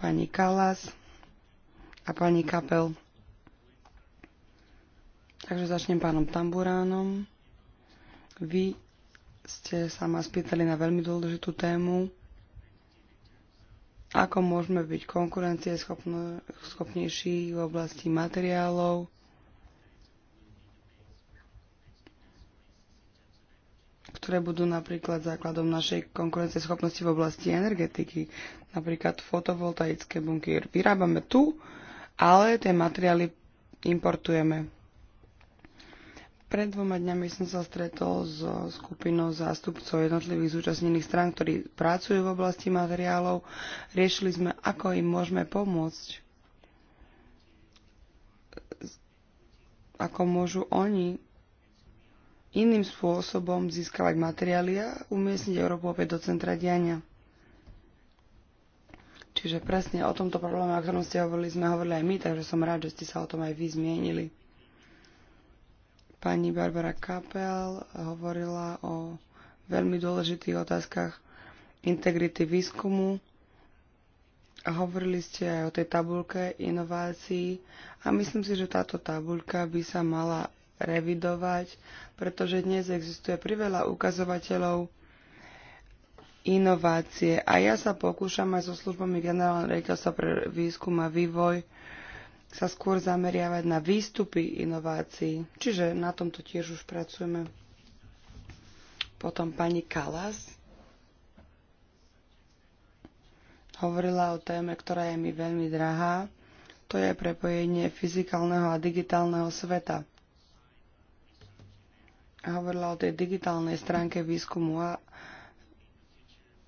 pani Kalas a pani Kapel. Takže začnem pánom Tamburánom. Vy ste sa ma spýtali na veľmi dôležitú tému ako môžeme byť konkurencieschopnejší v oblasti materiálov, ktoré budú napríklad základom našej konkurencieschopnosti v oblasti energetiky. Napríklad fotovoltaické bunky vyrábame tu, ale tie materiály importujeme. Pred dvoma dňami som sa stretol so skupinou zástupcov jednotlivých zúčastnených strán, ktorí pracujú v oblasti materiálov. Riešili sme, ako im môžeme pomôcť. Ako môžu oni iným spôsobom získavať materiály a umiestniť Európu opäť do centra diania. Čiže presne o tomto probléme, o ktorom ste hovorili, sme hovorili aj my, takže som rád, že ste sa o tom aj vy zmienili. Pani Barbara Kapel hovorila o veľmi dôležitých otázkach integrity výskumu. hovorili ste aj o tej tabulke inovácií a myslím si, že táto tabulka by sa mala revidovať, pretože dnes existuje priveľa ukazovateľov inovácie a ja sa pokúšam aj so službami generálneho rejiteľstva pre výskum a vývoj sa skôr zameriavať na výstupy inovácií. Čiže na tomto tiež už pracujeme. Potom pani Kalas hovorila o téme, ktorá je mi veľmi drahá. To je prepojenie fyzikálneho a digitálneho sveta. hovorila o tej digitálnej stránke výskumu a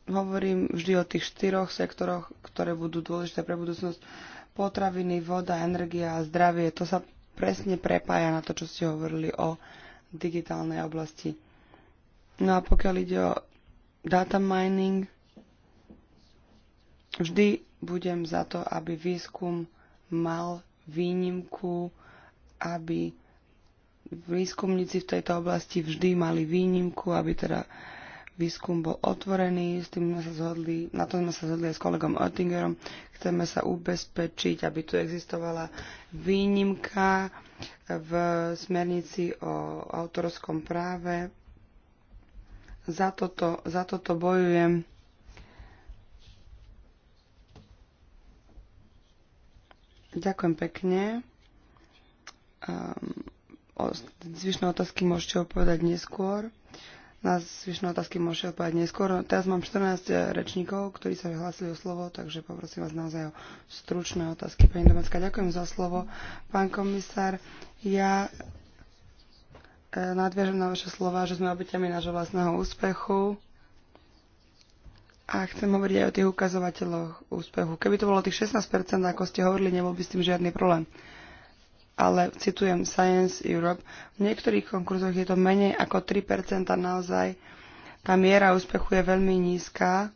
hovorím vždy o tých štyroch sektoroch, ktoré budú dôležité pre budúcnosť potraviny, voda, energia a zdravie. To sa presne prepája na to, čo ste hovorili o digitálnej oblasti. No a pokiaľ ide o data mining, vždy budem za to, aby výskum mal výnimku, aby výskumníci v tejto oblasti vždy mali výnimku, aby teda uh, výskum bol otvorený, s tým sme sa zhodli, na to sme sa zhodli aj s kolegom Oettingerom. Chceme sa ubezpečiť, aby tu existovala výnimka v smernici o autorskom práve. Za toto, za toto bojujem. Ďakujem pekne. Um, o, zvyšné otázky môžete odpovedať neskôr. Na zvyšné otázky môžete odpovedať neskôr. Teraz mám 14 eh, rečníkov, ktorí sa vyhlásili o slovo, takže poprosím vás naozaj o stručné otázky. Pani Domecka, ďakujem za slovo. Pán komisár, ja eh, nadviažem na vaše slova, že sme obyťami nášho vlastného úspechu. A chcem hovoriť aj o tých ukazovateľoch úspechu. Keby to bolo tých 16%, ako ste hovorili, nebol by s tým žiadny problém ale citujem Science Europe, v niektorých konkurzoch je to menej ako 3% naozaj. Tá miera úspechu je veľmi nízka.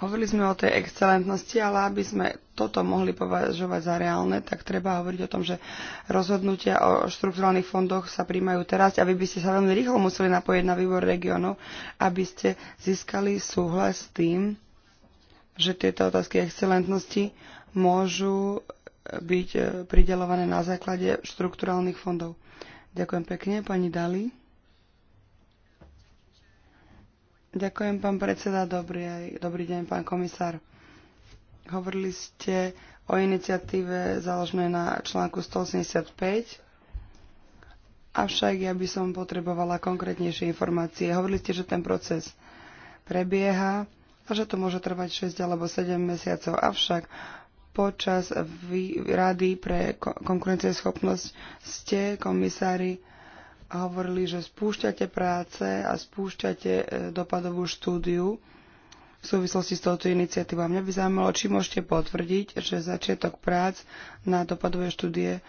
Hovorili sme o tej excelentnosti, ale aby sme toto mohli považovať za reálne, tak treba hovoriť o tom, že rozhodnutia o štrukturálnych fondoch sa príjmajú teraz a vy by ste sa veľmi rýchlo museli napojiť na výbor regionov, aby ste získali súhlas s tým, že tieto otázky excelentnosti môžu byť e, pridelované na základe štrukturálnych fondov. Ďakujem pekne, pani Dali. Ďakujem, pán predseda. Dobrý, dobrý deň, pán komisár. Hovorili ste o iniciatíve založené na článku 185, avšak ja by som potrebovala konkrétnejšie informácie. Hovorili ste, že ten proces prebieha a že to môže trvať 6 alebo 7 mesiacov. Avšak počas rady pre konkurencieschopnosť ste, komisári, hovorili, že spúšťate práce a spúšťate e, dopadovú štúdiu v súvislosti s touto iniciatívou. Mňa by zaujímalo, či môžete potvrdiť, že začiatok prác na dopadové štúdie e,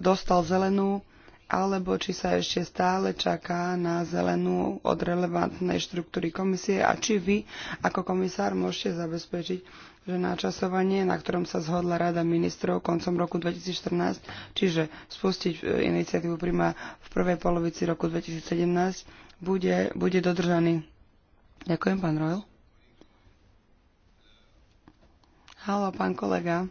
dostal zelenú alebo či sa ešte stále čaká na zelenú od relevantnej štruktúry komisie a či vy ako komisár môžete zabezpečiť, že načasovanie, na ktorom sa zhodla Rada ministrov koncom roku 2014, čiže spustiť e, iniciatívu Prima v prvej polovici roku 2017, bude, bude dodržaný. Ďakujem, pán Royal. Halo, pán kolega.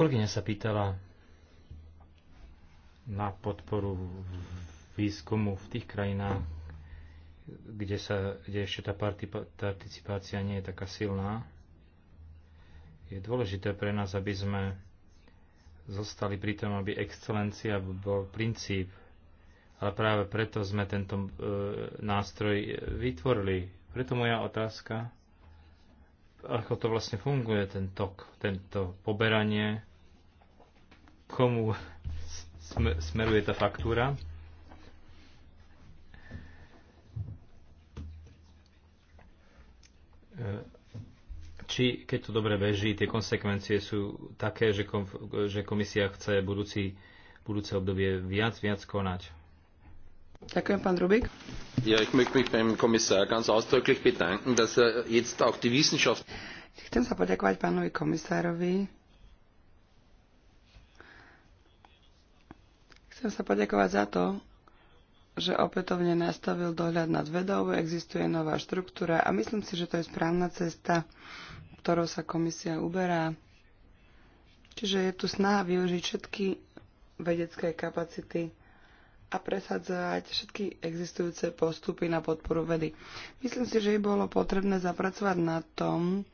Kolegyňa sa pýtala na podporu výskumu v tých krajinách, kde, sa, kde ešte tá participácia nie je taká silná. Je dôležité pre nás, aby sme zostali pri tom, aby excelencia bol princíp. Ale práve preto sme tento e, nástroj vytvorili. Preto moja otázka, ako to vlastne funguje, ten tok, tento poberanie komu smeruje tá faktúra. Či, keď to dobre beží, tie konsekvencie sú také, že, kom, že komisia chce budúci, budúce obdobie viac, viac konať. Ďakujem, pán Rubik. Ja, ich möchte mich beim Kommissar ganz ausdrücklich bedanken, dass er jetzt auch die Wissenschaft... Chcem sa poďakovať pánovi komisárovi Chcem sa poďakovať za to, že opätovne nastavil dohľad nad vedou, existuje nová štruktúra a myslím si, že to je správna cesta, ktorou sa komisia uberá. Čiže je tu snaha využiť všetky vedecké kapacity a presadzovať všetky existujúce postupy na podporu vedy. Myslím si, že by bolo potrebné zapracovať na tom,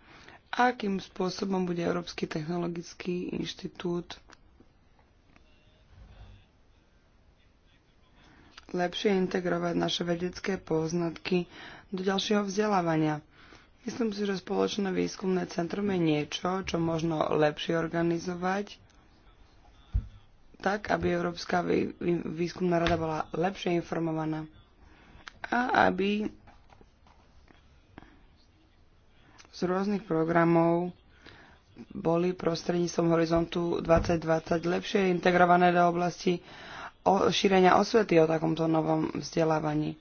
akým spôsobom bude Európsky technologický inštitút lepšie integrovať naše vedecké poznatky do ďalšieho vzdelávania. Myslím si, že spoločné výskumné centrum je niečo, čo možno lepšie organizovať, tak aby Európska výskumná rada bola lepšie informovaná a aby z rôznych programov boli prostredníctvom Horizontu 2020 lepšie integrované do oblasti o, šírenia osvety o takomto novom vzdelávaní.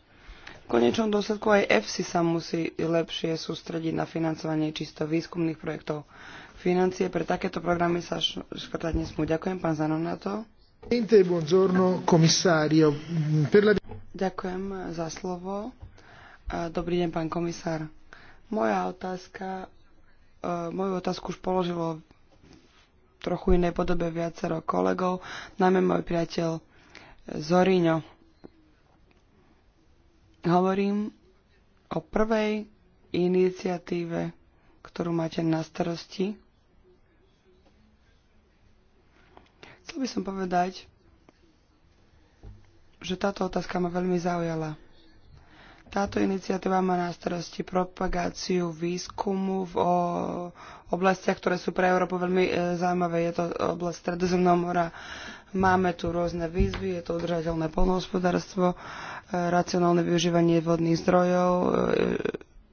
V konečnom dôsledku aj EFSI sa musí lepšie sústrediť na financovanie čisto výskumných projektov. Financie pre takéto programy sa škrtať nesmú. Ďakujem, pán Zanon, na to. Ďakujem za slovo. Dobrý deň, pán komisár. Moja otázka, e, moju otázku už položilo v trochu inej podobe viacero kolegov, najmä môj priateľ Zorino. Hovorím o prvej iniciatíve, ktorú máte na starosti. Chcel by som povedať, že táto otázka ma veľmi zaujala. Táto iniciatíva má na starosti propagáciu výskumu v oblastiach, ktoré sú pre Európu veľmi e, zaujímavé. Je to oblasť Stredozemného mora. Máme tu rôzne výzvy, je to udržateľné polnohospodárstvo, e, racionálne využívanie vodných zdrojov e,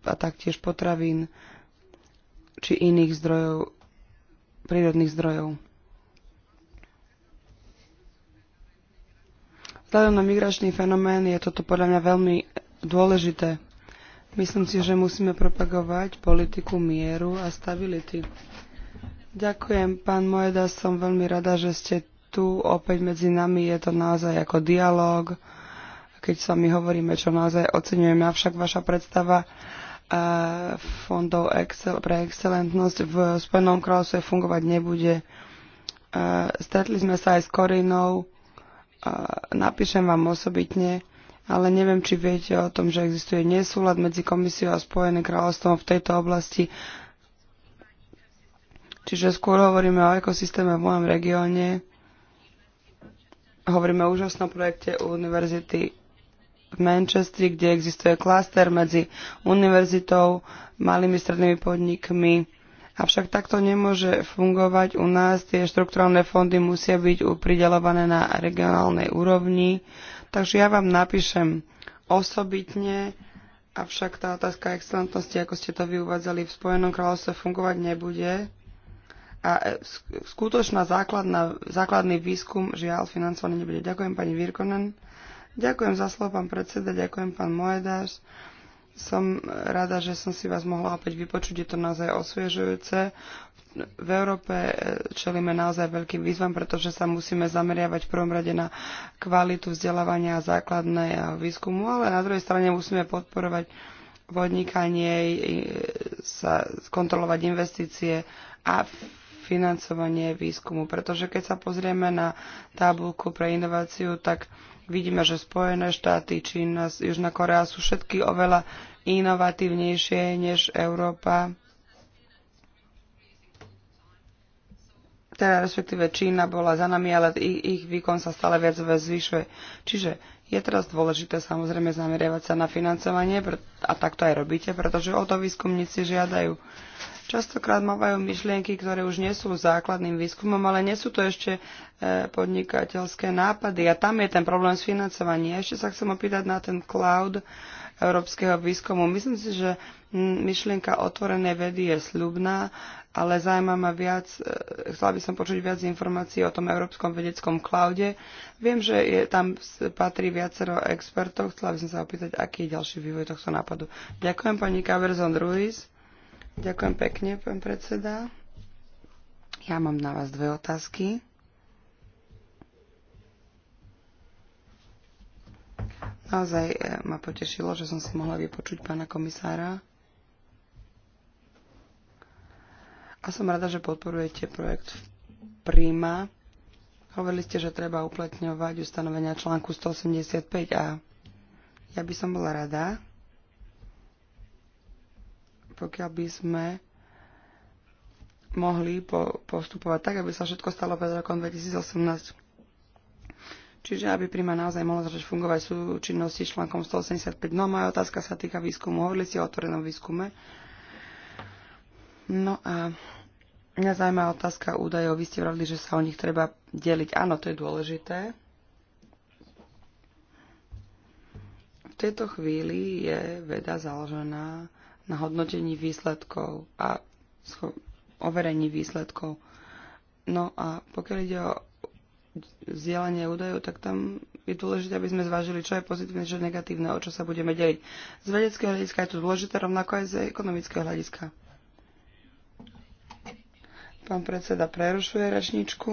a taktiež potravín či iných zdrojov, prírodných zdrojov. Vzhľadom na migračný fenomén je toto podľa mňa veľmi dôležité. Myslím si, že musíme propagovať politiku mieru a stability. Ďakujem, pán Mojeda, som veľmi rada, že ste tu opäť medzi nami. Je to naozaj ako dialog, keď sa my hovoríme, čo naozaj oceňujeme. Avšak vaša predstava e, fondov Excel, pre excelentnosť v Spojenom kráľovstve fungovať nebude. E, stretli sme sa aj s Korinou, e, napíšem vám osobitne ale neviem, či viete o tom, že existuje nesúlad medzi komisiou a Spojeným kráľovstvom v tejto oblasti. Čiže skôr hovoríme o ekosystéme v mojom regióne. Hovoríme o úžasnom projekte Univerzity v Manchestri, kde existuje klaster medzi univerzitou, malými strednými podnikmi. Avšak takto nemôže fungovať u nás. Tie štrukturálne fondy musia byť uprideľované na regionálnej úrovni Takže ja vám napíšem osobitne, avšak tá otázka excelentnosti, ako ste to vyuvádzali, v Spojenom kráľovstve fungovať nebude. A e, skutočná základná, základný výskum žiaľ financovaný nebude. Ďakujem pani Virkonen. Ďakujem za slovo, pán predseda, ďakujem pán Moedas. Som rada, že som si vás mohla opäť vypočuť, je to naozaj osviežujúce. V Európe e, čelíme naozaj veľkým výzvam, pretože sa musíme zameriavať v prvom rade na kvalitu vzdelávania a základného výskumu, ale na druhej strane musíme podporovať podnikanie, e, sa kontrolovať investície a financovanie výskumu. Pretože keď sa pozrieme na tabulku pre inováciu, tak Vidíme, že Spojené štáty, Čína, Južná Korea sú všetky oveľa inovatívnejšie než Európa. teda respektíve Čína bola za nami, ale ich, ich výkon sa stále viac zvyšuje. Čiže je teraz dôležité samozrejme zameriavať sa na financovanie a tak to aj robíte, pretože o to výskumníci žiadajú. Častokrát mávajú myšlienky, ktoré už nie sú základným výskumom, ale nie sú to ešte e, podnikateľské nápady. A tam je ten problém s financovaním. Ešte sa chcem opýtať na ten cloud európskeho výskumu. Myslím si, že myšlienka otvorenej vedy je sľubná, ale zaujíma ma viac, e, chcela by som počuť viac informácií o tom Európskom vedeckom cloude. Viem, že je, tam patrí viacero expertov, chcela by som sa opýtať, aký je ďalší vývoj tohto nápadu. Ďakujem pani Kaverzon Ruiz. Ďakujem pekne, pán predseda. Ja mám na vás dve otázky. Naozaj eh, ma potešilo, že som si mohla vypočuť pána komisára. A som rada, že podporujete projekt Prima. Hovorili ste, že treba uplatňovať ustanovenia článku 185 a ja by som bola rada, pokiaľ by sme mohli po, postupovať tak, aby sa všetko stalo pred rokom 2018. Čiže aby príma naozaj mohla začať fungovať sú činnosti článkom 185. No moja otázka sa týka výskumu. Hovorili ste o otvorenom výskume. No a mňa zaujímavá otázka údajov. Vy ste vravili, že sa o nich treba deliť. Áno, to je dôležité. V tejto chvíli je veda založená na hodnotení výsledkov a overení výsledkov. No a pokiaľ ide o vzdielanie údajov, tak tam je dôležité, aby sme zvážili, čo je pozitívne, čo je negatívne, o čo sa budeme deliť. Z vedeckého hľadiska je to dôležité, rovnako aj z ekonomického hľadiska. Pán predseda prerušuje rečničku.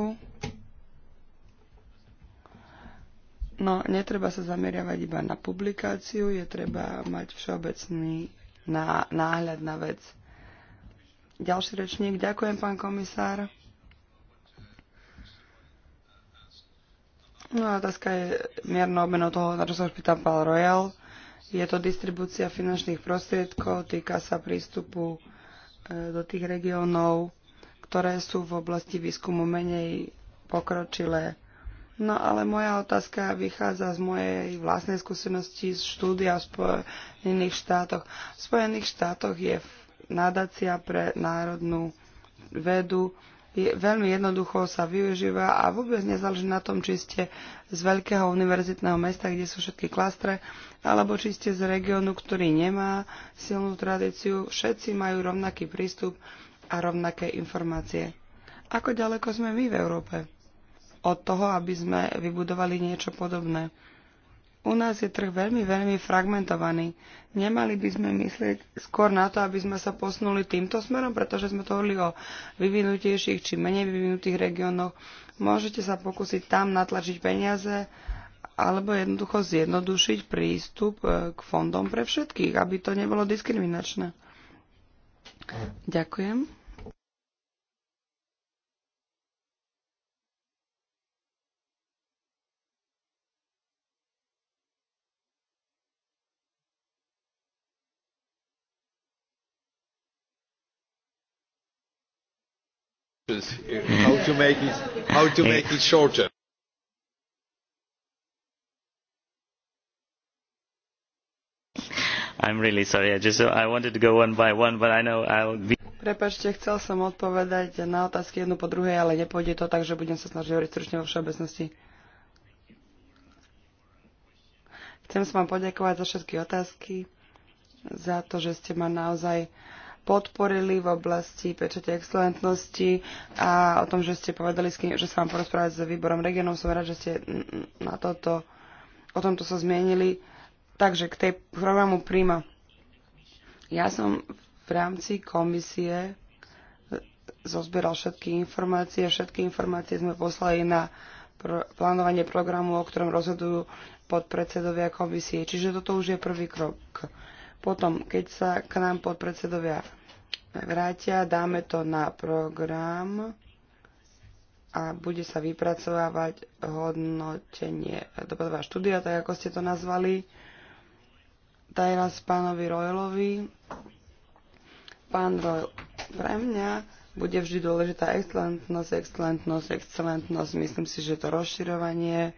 No, netreba sa zameriavať iba na publikáciu, je treba mať všeobecný na náhľad na vec. Ďalší rečník. Ďakujem, pán komisár. No a otázka je mierno obmeno toho, na čo sa už pýtam pán Royal. Je to distribúcia finančných prostriedkov, týka sa prístupu e, do tých regiónov, ktoré sú v oblasti výskumu menej pokročilé. No ale moja otázka vychádza z mojej vlastnej skúsenosti z štúdia v Spojených štátoch. V Spojených štátoch je nadácia pre národnú vedu je, veľmi jednoducho sa využíva a vôbec nezáleží na tom, či ste z veľkého univerzitného mesta, kde sú všetky klastre, alebo či ste z regiónu, ktorý nemá silnú tradíciu. Všetci majú rovnaký prístup a rovnaké informácie. Ako ďaleko sme my v Európe? od toho, aby sme vybudovali niečo podobné. U nás je trh veľmi, veľmi fragmentovaný. Nemali by sme myslieť skôr na to, aby sme sa posunuli týmto smerom, pretože sme to hovorili o vyvinutejších či menej vyvinutých regiónoch. Môžete sa pokúsiť tam natlačiť peniaze alebo jednoducho zjednodušiť prístup e, k fondom pre všetkých, aby to nebolo diskriminačné. Ďakujem. How to make it, how to make it shorter. I'm really sorry. I just I wanted to go one by one, but I know I'll be... Prepačte, chcel som odpovedať na otázky jednu po druhej, ale nepôjde to tak, že budem sa snažiť hovoriť stručne vo všeobecnosti. Chcem sa vám poďakovať za všetky otázky, za to, že ste ma naozaj uh, podporili v oblasti pečate excelentnosti a o tom, že ste povedali, že sa vám porozprávať s výborom regionov. Som rád, že ste na toto, o tomto sa zmienili. Takže k tej programu Prima. Ja som v rámci komisie e, zozbieral všetky informácie. Všetky informácie sme poslali na pr- plánovanie programu, o ktorom rozhodujú podpredsedovia komisie. Čiže toto už je prvý krok. Potom, keď sa k nám podpredsedovia vrátia, dáme to na program a bude sa vypracovávať hodnotenie dopadová štúdia, tak ako ste to nazvali. raz pánovi Royalovi. Pán Royal, pre mňa bude vždy dôležitá excelentnosť, excelentnosť, excelentnosť. Myslím si, že to rozširovanie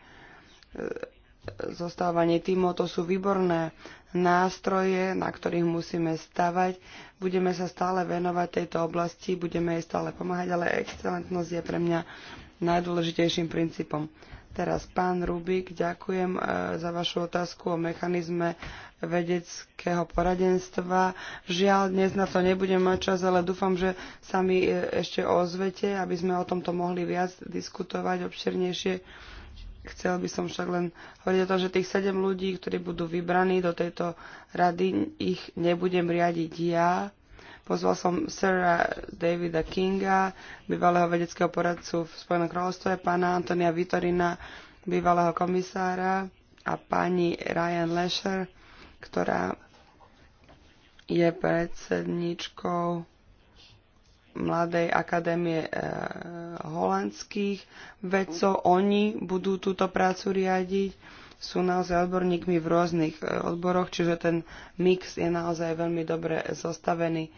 zostávanie tímov, to sú výborné nástroje, na ktorých musíme stavať. Budeme sa stále venovať tejto oblasti, budeme jej stále pomáhať, ale excelentnosť je pre mňa najdôležitejším princípom. Teraz pán Rubik, ďakujem e, za vašu otázku o mechanizme vedeckého poradenstva. Žiaľ, dnes na to nebudem mať čas, ale dúfam, že sa mi e, ešte ozvete, aby sme o tomto mohli viac diskutovať obširnejšie Chcel by som však len hovoriť o tom, že tých sedem ľudí, ktorí budú vybraní do tejto rady, ich nebudem riadiť ja. Pozval som Sarah Davida Kinga, bývalého vedeckého poradcu v Spojenom kráľovstve, pána Antonia Vitorina, bývalého komisára a pani Ryan Lesher, ktorá je predsedničkou mladej akadémie eh, holandských vedcov. Oni budú túto prácu riadiť. Sú naozaj odborníkmi v rôznych eh, odboroch, čiže ten mix je naozaj veľmi dobre zostavený.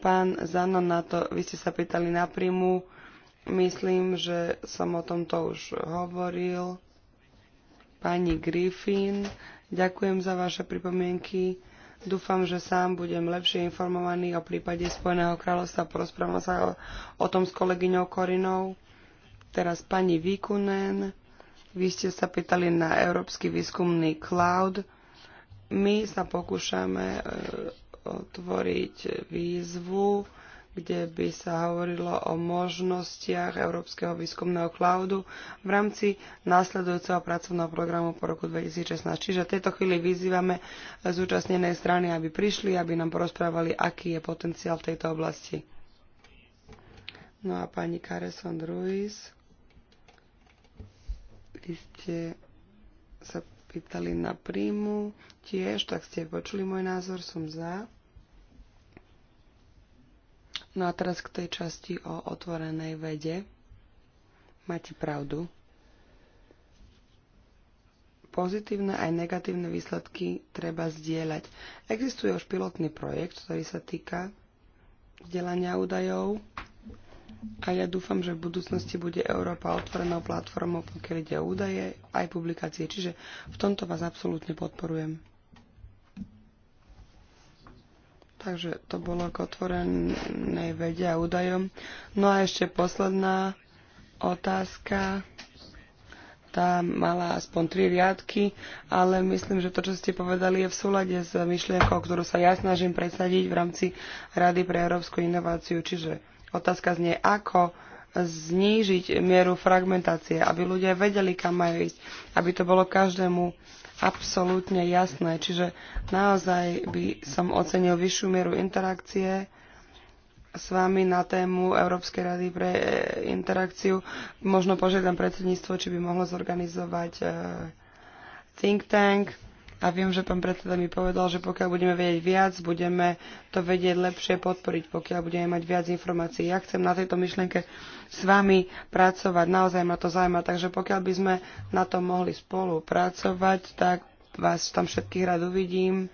Pán Zano, na to vy ste sa pýtali na príjmu. Myslím, že som o tomto už hovoril. Pani Griffin, ďakujem za vaše pripomienky Dúfam, že sám budem lepšie informovaný o prípade Spojeného kráľovstva. Porozprávam sa o, o tom s kolegyňou Korinou. Teraz pani Vikunen. Vy ste sa pýtali na Európsky výskumný cloud. My sa pokúšame e, otvoriť výzvu kde by sa hovorilo o možnostiach Európskeho výskumného cloudu v rámci následujúceho pracovného programu po roku 2016. Čiže v tejto chvíli vyzývame zúčastnené strany, aby prišli, aby nám porozprávali, aký je potenciál v tejto oblasti. No a pani Kareson Ruiz, vy ste sa pýtali na príjmu tiež, tak ste počuli môj názor, som za. No a teraz k tej časti o otvorenej vede. Máte pravdu. Pozitívne aj negatívne výsledky treba zdieľať. Existuje už pilotný projekt, ktorý sa týka vzdelania údajov a ja dúfam, že v budúcnosti bude Európa otvorenou platformou, pokiaľ ide o údaje aj publikácie. Čiže v tomto vás absolútne podporujem. Takže to bolo k otvorenej vede a údajom. No a ešte posledná otázka. Tá mala aspoň tri riadky, ale myslím, že to, čo ste povedali, je v súlade s myšlienkou, ktorú sa ja snažím presadiť v rámci Rady pre európsku inováciu. Čiže otázka znie, ako znížiť mieru fragmentácie, aby ľudia vedeli, kam majú ísť, aby to bolo každému absolútne jasné. Čiže naozaj by som ocenil vyššiu mieru interakcie s vami na tému Európskej rady pre e, interakciu. Možno požiadam predsedníctvo, či by mohlo zorganizovať e, think tank a viem, že pán predseda mi povedal, že pokiaľ budeme vedieť viac, budeme to vedieť lepšie podporiť, pokiaľ budeme mať viac informácií. Ja chcem na tejto myšlienke s vami pracovať, naozaj ma to zaujíma, takže pokiaľ by sme na tom mohli spolupracovať, tak vás tam všetkých rád uvidím.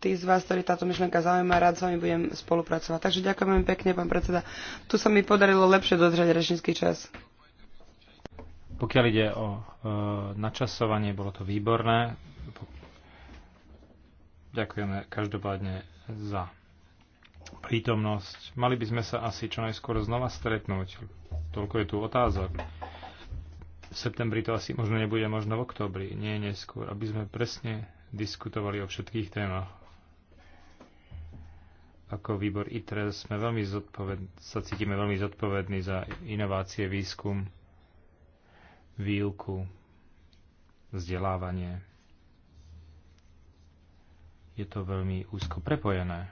Tí z vás, ktorí táto myšlienka zaujíma, rád s vami budem spolupracovať. Takže ďakujem veľmi pekne, pán predseda. Tu sa mi podarilo lepšie dodržať rečnícky čas. Pokiaľ ide o e, načasovanie, bolo to výborné Ďakujeme každopádne za prítomnosť. Mali by sme sa asi čo najskôr znova stretnúť. Toľko je tu otázok. V septembri to asi možno nebude, možno v oktobri, nie neskôr, aby sme presne diskutovali o všetkých témach. Ako výbor ITRE sme veľmi zodpoved- sa cítime veľmi zodpovední za inovácie, výskum, výuku, vzdelávanie je to veľmi úzko prepojené.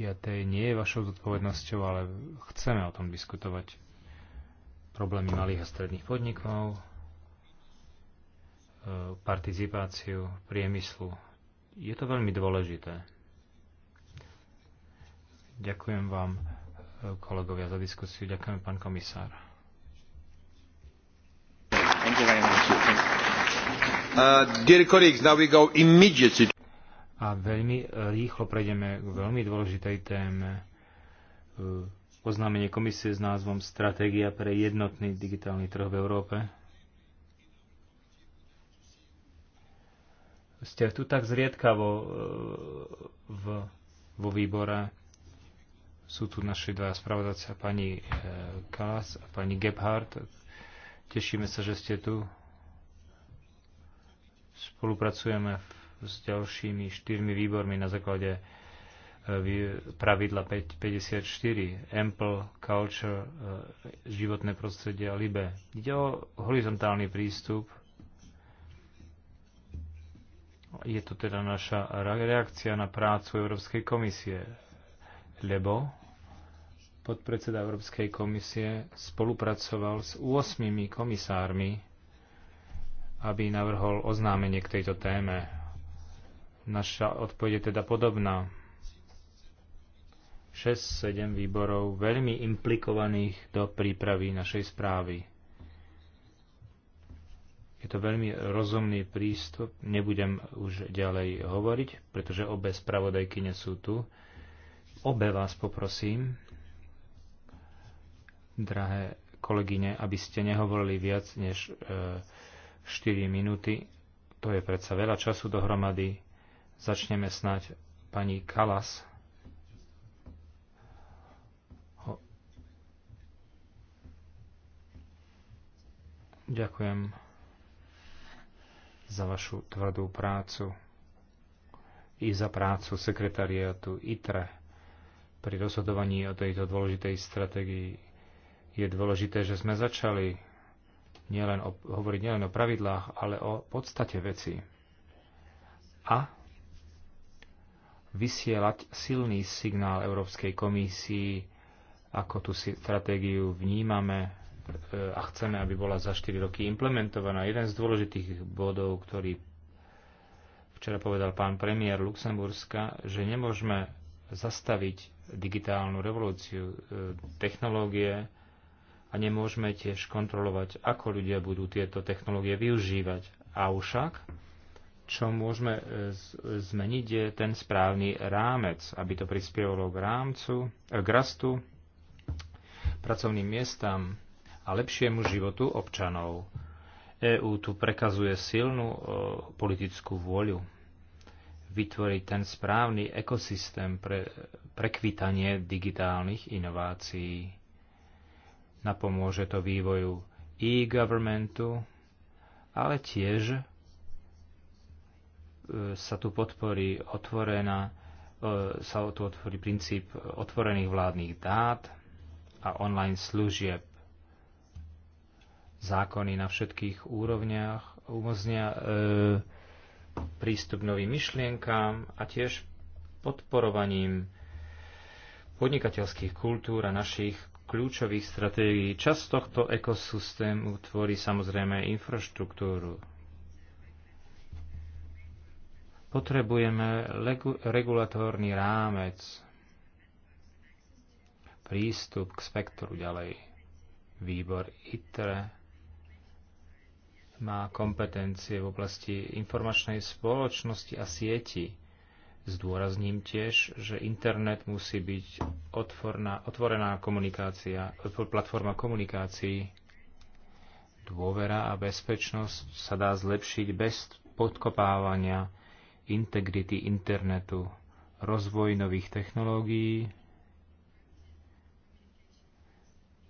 Ja e, to nie je vašou zodpovednosťou, ale chceme o tom diskutovať. Problémy malých a stredných podnikov, e, participáciu priemyslu. Je to veľmi dôležité. Ďakujem vám, e, kolegovia, za diskusiu. Ďakujem, pán komisár. Thank you very much. Uh, dear colleagues, now we go immediately. A veľmi e, rýchlo prejdeme k veľmi dôležitej téme. E, oznámenie komisie s názvom Stratégia pre jednotný digitálny trh v Európe. Ste tu tak zriedkavo e, v, vo výbore. Sú tu naši dva spravodajcia, pani Kalas a pani Gebhardt Tešíme sa, že ste tu. Spolupracujeme s ďalšími štyrmi výbormi na základe e, pravidla 54, Ample, Culture, e, životné prostredie a Libe. Ide o horizontálny prístup. Je to teda naša reakcia na prácu Európskej komisie, lebo podpredseda Európskej komisie spolupracoval s 8 komisármi, aby navrhol oznámenie k tejto téme. Naša odpoveď je teda podobná. 6-7 výborov veľmi implikovaných do prípravy našej správy. Je to veľmi rozumný prístup, nebudem už ďalej hovoriť, pretože obe spravodajky nie sú tu. Obe vás poprosím, drahé kolegyne, aby ste nehovorili viac než 4 e, minúty. To je predsa veľa času dohromady. Začneme snať pani Kalas. Ďakujem za vašu tvrdú prácu i za prácu sekretariátu ITRE pri rozhodovaní o tejto dôležitej stratégii je dôležité, že sme začali nielen o, hovoriť nielen o pravidlách, ale o podstate veci. A vysielať silný signál Európskej komisii, ako tú stratégiu vnímame e, a chceme, aby bola za 4 roky implementovaná. Jeden z dôležitých bodov, ktorý včera povedal pán premiér Luxemburska, že nemôžeme zastaviť digitálnu revolúciu. E, technológie a nemôžeme tiež kontrolovať, ako ľudia budú tieto technológie využívať. a však, čo môžeme e, zmeniť, je ten správny rámec, aby to prispievalo k rámcu, e, k rastu, pracovným miestam a lepšiemu životu občanov. EÚ tu prekazuje silnú e, politickú vôľu vytvoriť ten správny ekosystém pre prekvitanie digitálnych inovácií napomôže to vývoju e-governmentu, ale tiež e, sa tu podporí otvorená, e, sa tu otvorí princíp otvorených vládnych dát a online služieb. Zákony na všetkých úrovniach umožnia e, prístup novým myšlienkám a tiež podporovaním podnikateľských kultúr a našich kľúčových stratégií. Čas tohto ekosystému tvorí samozrejme infraštruktúru. Potrebujeme regulatórny rámec, prístup k spektru ďalej. Výbor ITRE má kompetencie v oblasti informačnej spoločnosti a sieti Zdôrazním tiež, že internet musí byť otvorná, otvorená komunikácia, platforma komunikácií. Dôvera a bezpečnosť sa dá zlepšiť bez podkopávania integrity internetu, rozvoj nových technológií,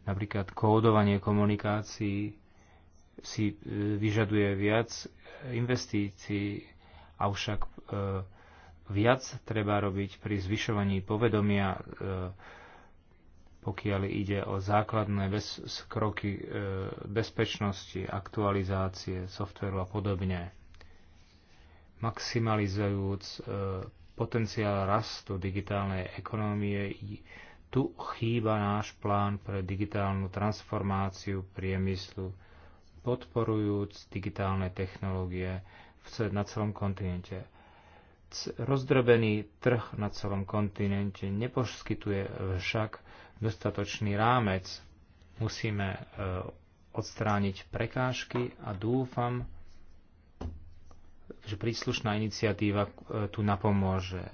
napríklad kódovanie komunikácií si e, vyžaduje viac investícií, avšak e, viac treba robiť pri zvyšovaní povedomia, e, pokiaľ ide o základné bez, kroky e, bezpečnosti, aktualizácie softveru a podobne. Maximalizujúc e, potenciál rastu digitálnej ekonomie, tu chýba náš plán pre digitálnu transformáciu priemyslu, podporujúc digitálne technológie na celom kontinente rozdrobený trh na celom kontinente neposkytuje však dostatočný rámec. Musíme e, odstrániť prekážky a dúfam, že príslušná iniciatíva e, tu napomôže.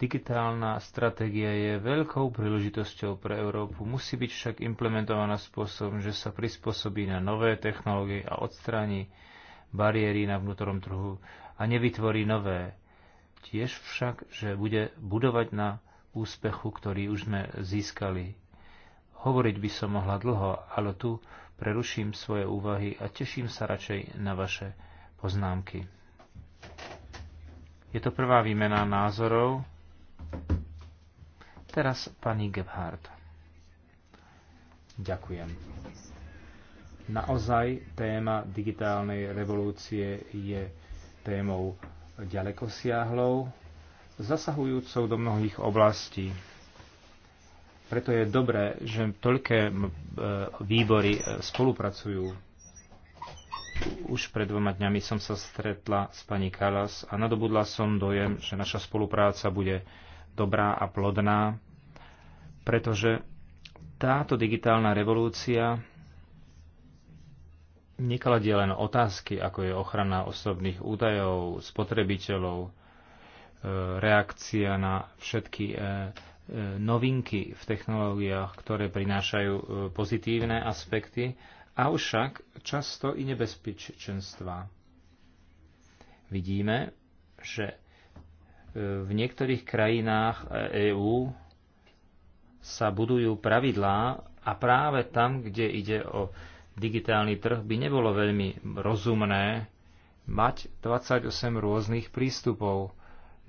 Digitálna stratégia je veľkou príležitosťou pre Európu, musí byť však implementovaná spôsobom, že sa prispôsobí na nové technológie a odstráni bariéry na vnútornom trhu a nevytvorí nové tiež však, že bude budovať na úspechu, ktorý už sme získali. Hovoriť by som mohla dlho, ale tu preruším svoje úvahy a teším sa radšej na vaše poznámky. Je to prvá výmena názorov. Teraz pani Gebhardt. Ďakujem. Naozaj téma digitálnej revolúcie je témou ďaleko siahlou, zasahujúcou do mnohých oblastí. Preto je dobré, že toľké e, výbory e, spolupracujú. Už pred dvoma dňami som sa stretla s pani Kalas a nadobudla som dojem, že naša spolupráca bude dobrá a plodná, pretože táto digitálna revolúcia nekladie len otázky, ako je ochrana osobných údajov, spotrebiteľov, e, reakcia na všetky e, e, novinky v technológiách, ktoré prinášajú pozitívne aspekty, a však často i nebezpečenstva. Vidíme, že v niektorých krajinách EÚ sa budujú pravidlá a práve tam, kde ide o digitálny trh by nebolo veľmi rozumné mať 28 rôznych prístupov.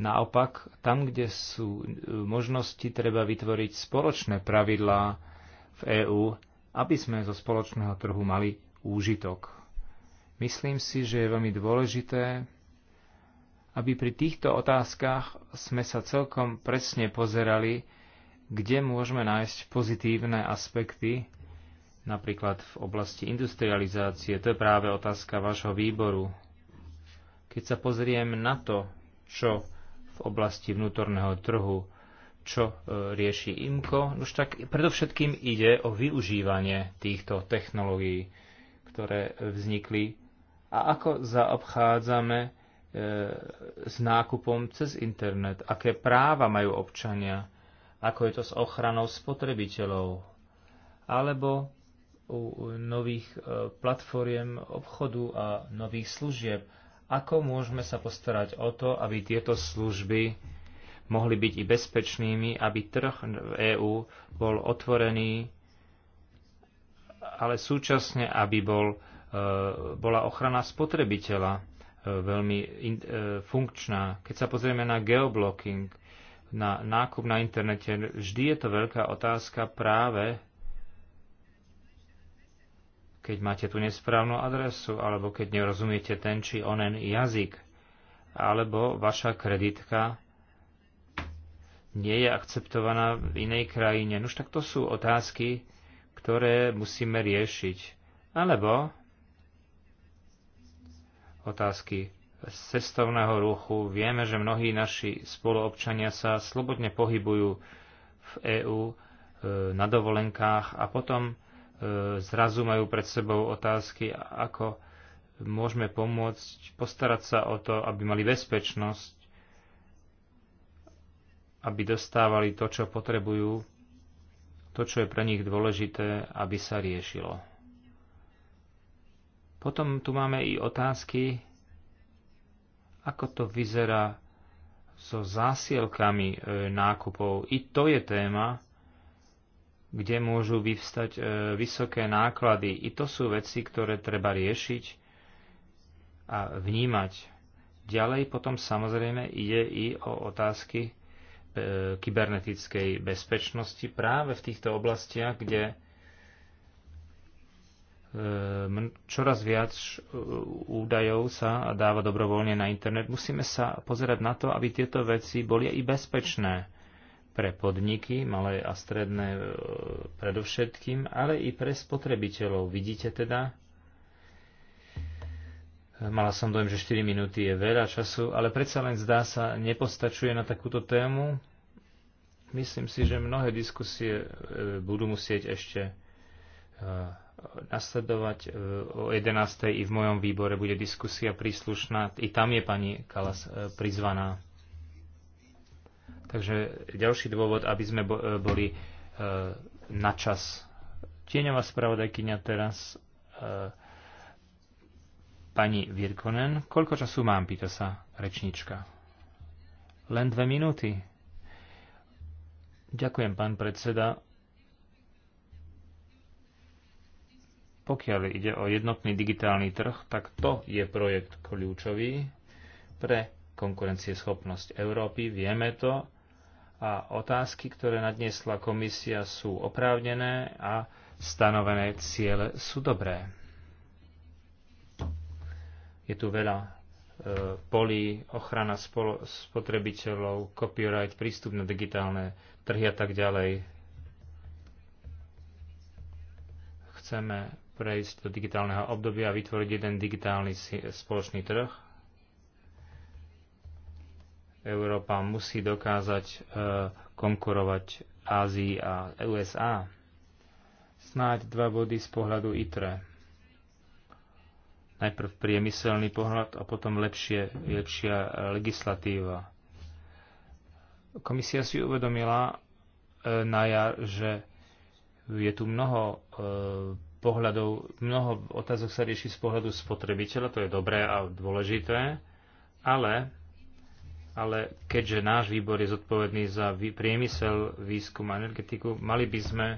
Naopak, tam, kde sú e, možnosti, treba vytvoriť spoločné pravidlá v EÚ, aby sme zo spoločného trhu mali úžitok. Myslím si, že je veľmi dôležité, aby pri týchto otázkach sme sa celkom presne pozerali, kde môžeme nájsť pozitívne aspekty napríklad v oblasti industrializácie. To je práve otázka vášho výboru. Keď sa pozriem na to, čo v oblasti vnútorného trhu, čo e, rieši IMCO, no už tak predovšetkým ide o využívanie týchto technológií, ktoré vznikli a ako zaobchádzame e, s nákupom cez internet, aké práva majú občania, ako je to s ochranou spotrebiteľov, alebo u nových e, platformiem obchodu a nových služieb. Ako môžeme sa postarať o to, aby tieto služby mohli byť i bezpečnými, aby trh v e EÚ bol otvorený, ale súčasne, aby bol, e, bola ochrana spotrebiteľa veľmi funkčná. Keď sa pozrieme na geoblocking, na nákup na internete, vždy je to veľká otázka práve keď máte tú nesprávnu adresu, alebo keď nerozumiete ten či onen jazyk, alebo vaša kreditka nie je akceptovaná v inej krajine. Nož tak to sú otázky, ktoré musíme riešiť. Alebo otázky z cestovného ruchu. Vieme, že mnohí naši spoluobčania sa slobodne pohybujú v EÚ e, na dovolenkách a potom E, zrazu majú pred sebou otázky, ako môžeme pomôcť, postarať sa o to, aby mali bezpečnosť, aby dostávali to, čo potrebujú, to, čo je pre nich dôležité, aby sa riešilo. Potom tu máme i otázky, ako to vyzerá so zásielkami e, nákupov. I to je téma, kde môžu vyvstať e, vysoké náklady. I to sú veci, ktoré treba riešiť a vnímať. Ďalej potom samozrejme ide i o otázky e, kybernetickej bezpečnosti práve v týchto oblastiach, kde e, čoraz viac údajov sa dáva dobrovoľne na internet. Musíme sa pozerať na to, aby tieto veci boli i bezpečné pre podniky, malé a stredné e, predovšetkým, ale i pre spotrebiteľov. Vidíte teda, mala som dojem, že 4 minúty je veľa času, ale predsa len zdá sa, nepostačuje na takúto tému. Myslím si, že mnohé diskusie e, budú musieť ešte e, nasledovať. E, o 11. i v mojom výbore bude diskusia príslušná. I tam je pani Kalas e, prizvaná. Takže ďalší dôvod, aby sme e, boli e, na čas. Tieňová spravodajkyňa teraz e, pani Virkonen. Koľko času mám, pýta sa rečnička. Len dve minúty. Ďakujem, pán predseda. Pokiaľ ide o jednotný digitálny trh, tak to je projekt kľúčový pre konkurencieschopnosť Európy. Vieme to a otázky, ktoré nadniesla komisia, sú oprávnené a stanovené ciele sú dobré. Je tu veľa e, polí, ochrana spolo- spotrebiteľov, copyright, prístup na digitálne trhy a tak ďalej. Chceme prejsť do digitálneho obdobia a vytvoriť jeden digitálny spoločný trh Európa musí dokázať e, konkurovať Ázii a USA. Snáď dva body z pohľadu ITRE. Najprv priemyselný pohľad a potom lepšie, lepšia e, legislatíva. Komisia si uvedomila e, na jar, že je tu mnoho pohľadov, mnoho otázok sa rieši z pohľadu spotrebiteľa, to je dobré a dôležité, ale ale keďže náš výbor je zodpovedný za priemysel, výskum a energetiku, mali by sme e,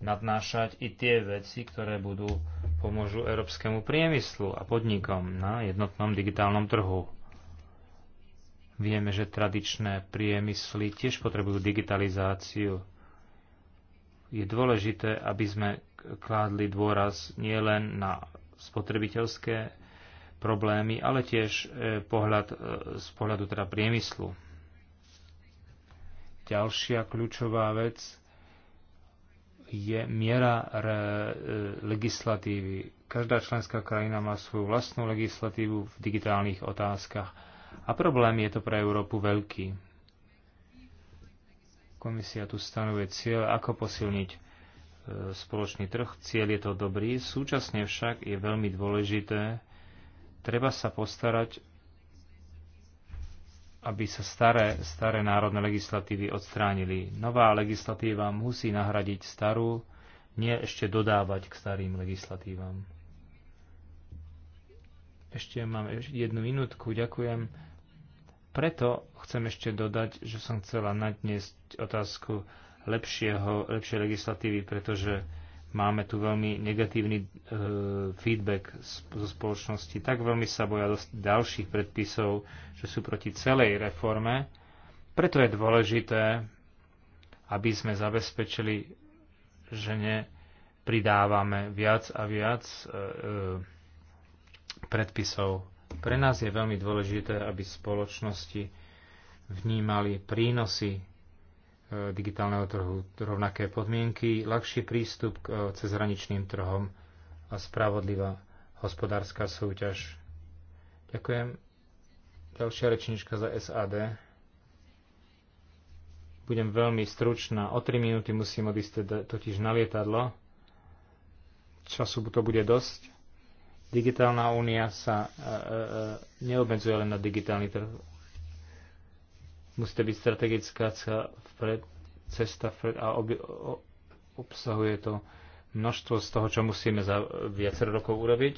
nadnášať i tie veci, ktoré budú pomôžu európskemu priemyslu a podnikom na jednotnom digitálnom trhu. Vieme, že tradičné priemysly tiež potrebujú digitalizáciu. Je dôležité, aby sme kládli dôraz nielen na spotrebiteľské problémy, ale tiež e, pohľad, e, z pohľadu teda priemyslu. Ďalšia kľúčová vec je miera re, e, legislatívy. Každá členská krajina má svoju vlastnú legislatívu v digitálnych otázkach a problém je to pre Európu veľký. Komisia tu stanovuje cieľ, ako posilniť spoločný trh. Cieľ je to dobrý, súčasne však je veľmi dôležité Treba sa postarať, aby sa staré, staré národné legislatívy odstránili. Nová legislatíva musí nahradiť starú, nie ešte dodávať k starým legislatívam. Ešte mám jednu minútku, ďakujem. Preto chcem ešte dodať, že som chcela nadniesť otázku lepšieho, lepšej legislatívy, pretože Máme tu veľmi negatívny e, feedback zo spoločnosti. Tak veľmi sa boja ďalších predpisov, že sú proti celej reforme. Preto je dôležité, aby sme zabezpečili, že nepridávame viac a viac e, e predpisov. Pre nás je veľmi dôležité, aby spoločnosti vnímali prínosy digitálneho trhu, rovnaké podmienky, ľahší prístup k e, cezhraničným trhom a spravodlivá hospodárska súťaž. Ďakujem. Ďalšia rečnička za SAD. Budem veľmi stručná. O 3 minúty musím odísť teda totiž na lietadlo. Času to bude dosť. Digitálna únia sa e, e, e neobmedzuje len na digitálny trh Musí to byť strategická vpred, cesta vpred a obi, o, obsahuje to množstvo z toho, čo musíme za viacero rokov urobiť.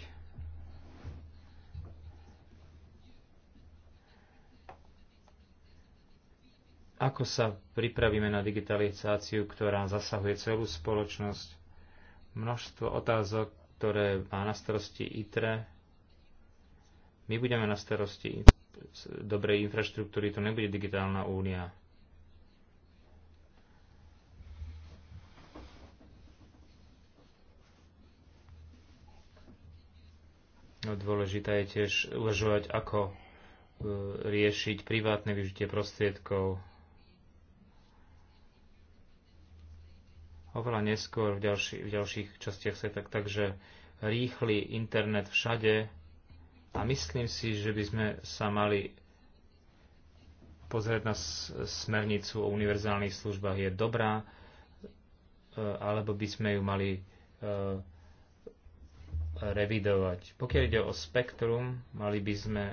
Ako sa pripravíme na digitalizáciu, ktorá zasahuje celú spoločnosť? Množstvo otázok, ktoré má na starosti ITRE. My budeme na starosti ITRE dobrej infraštruktúry, to nebude digitálna únia. No, dôležité je tiež uvažovať, ako e, riešiť privátne využitie prostriedkov. Oveľa neskôr v, ďalši, v ďalších častiach sa tak, Takže rýchly internet všade a myslím si, že by sme sa mali pozrieť na smernicu o univerzálnych službách je dobrá, e, alebo by sme ju mali e, revidovať. Pokiaľ ide o spektrum, mali by sme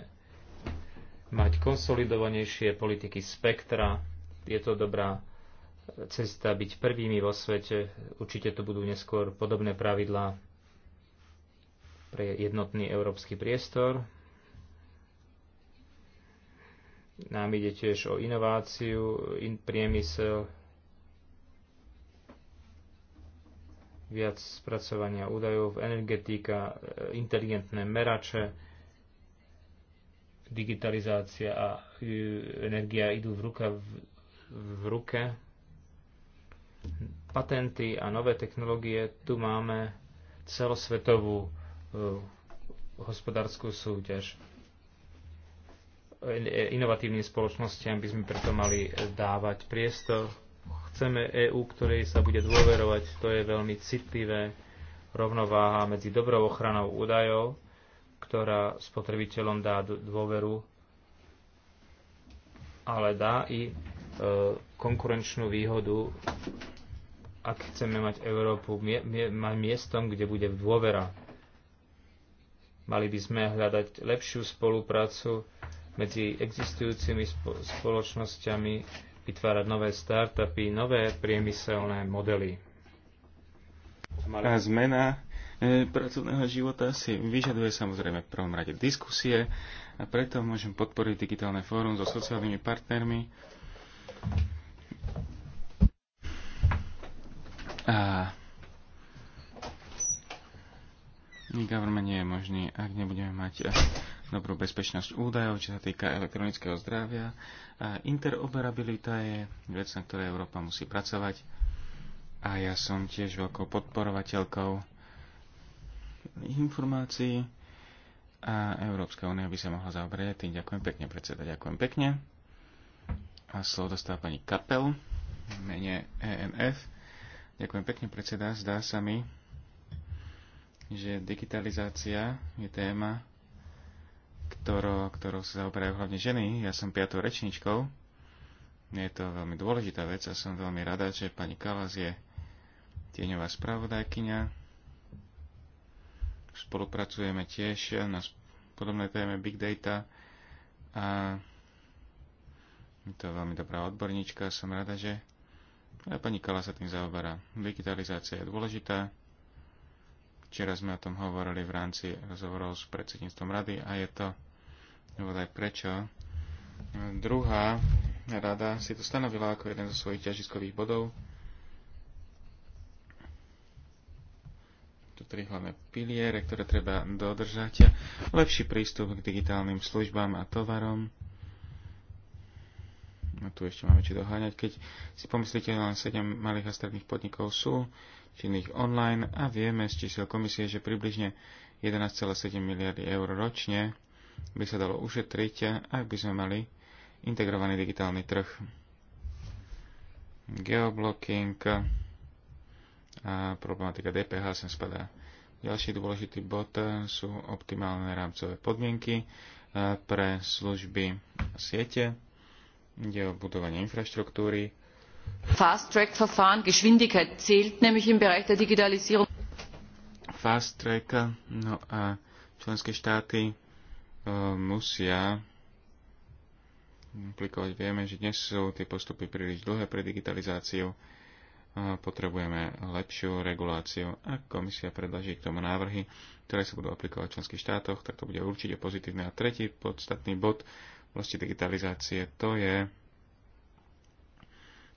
mať konsolidovanejšie politiky spektra. Je to dobrá e, cesta byť prvými vo svete. Určite to budú neskôr podobné pravidlá pre jednotný európsky priestor. Nám ide tiež o inováciu, in priemysel, viac spracovania údajov, energetika, e, inteligentné merače, digitalizácia a e, energia idú v, ruka, v, v ruke. Patenty a nové technológie, tu máme celosvetovú Eh, hospodárskú súťaž. Eh, inovatívnym spoločnostiam by sme preto mali dávať priestor. Chceme EÚ, ktorej sa bude dôverovať, to je veľmi citlivé rovnováha medzi dobrou ochranou údajov, ktorá spotrebiteľom dá dôveru, ale dá i eh, konkurenčnú výhodu, ak chceme mať Európu mie- mie- miestom, kde bude dôvera Mali by sme hľadať lepšiu spoluprácu medzi existujúcimi spoločnosťami, vytvárať nové startupy, nové priemyselné modely. Mali... A zmena e, pracovného života si vyžaduje samozrejme v prvom rade diskusie a preto môžem podporiť digitálne fórum so sociálnymi partnermi. A government nie je možný, ak nebudeme mať eh, dobrú bezpečnosť údajov, čo sa týka elektronického zdravia. interoperabilita je vec, na ktorej Európa musí pracovať. A ja som tiež veľkou podporovateľkou informácií a Európska únia by sa mohla zaoberať. Tým ďakujem pekne, predseda. Ďakujem pekne. A slovo dostáva pani Kapel v mene ENF. Ďakujem pekne, predseda. Zdá sa mi, že digitalizácia je téma, ktorou, ktorou sa zaoberajú hlavne ženy. Ja som piatou rečničkou. Je to veľmi dôležitá vec a som veľmi rada, že pani Kalas je tieňová spravodajkyňa. Spolupracujeme tiež na podobnej téme Big Data a je to veľmi dobrá odborníčka. Som rada, že aj pani Kala sa tým zaoberá. Digitalizácia je dôležitá Včera sme o tom hovorili v rámci rozhovorov s predsedníctvom rady a je to dôvod aj prečo. Druhá rada si to stanovila ako jeden zo svojich ťažiskových bodov. Tu tri hlavné piliere, ktoré treba dodržať. Lepší prístup k digitálnym službám a tovarom. No tu ešte máme čo doháňať. Keď si pomyslíte, len 7 malých a stredných podnikov sú činných online a vieme z čísel komisie, že približne 11,7 miliardy eur ročne by sa dalo ušetriť, ak by sme mali integrovaný digitálny trh. Geoblocking a problematika DPH sem spadá. Ďalší dôležitý bod sú optimálne rámcové podmienky e, pre služby a siete. Ide o budovanie infraštruktúry, fast track verfahren geschwindigkeit zählt nämlich im bereich der digitalisierung. fast track no a členské štáty uh, musia aplikovať. Vieme, že dnes sú tie postupy príliš dlhé pre digitalizáciu. Eh, potrebujeme lepšiu reguláciu a komisia predlaží k tomu návrhy, ktoré sa budú aplikovať v členských štátoch, tak to bude určite pozitívne. A tretí podstatný bod vlasti digitalizácie to je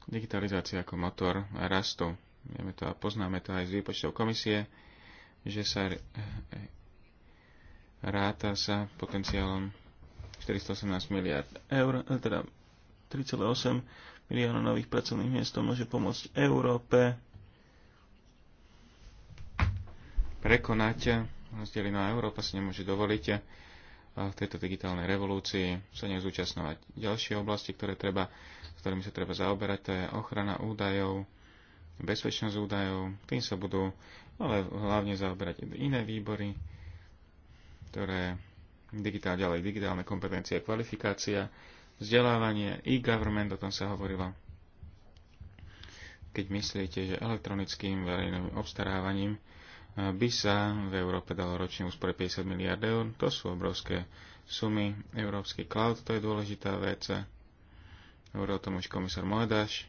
digitalizácia ako motor rastu. Vieme to a poznáme to aj z výpočtov komisie, že sa ráta sa potenciálom 418 miliard eur, eh, teda 3,8 milióna nových pracovných miest to môže pomôcť Európe prekonať rozdiely. No Európa si nemôže dovoliť eh, v tejto digitálnej revolúcii sa nezúčastňovať. Ďalšie oblasti, ktoré treba ktorými sa treba zaoberať, to je ochrana údajov, bezpečnosť údajov, tým sa budú ale hlavne zaoberať iné výbory, ktoré digitál, ďalej digitálne kompetencie, kvalifikácia, vzdelávanie, e-government, o tom sa hovorilo. Keď myslíte, že elektronickým verejným obstarávaním eh, by sa v Európe dalo ročne úspore 50 miliard eur, to sú obrovské sumy. Európsky cloud, to je dôležitá vec, Hovoril o tom už komisár Moedáš.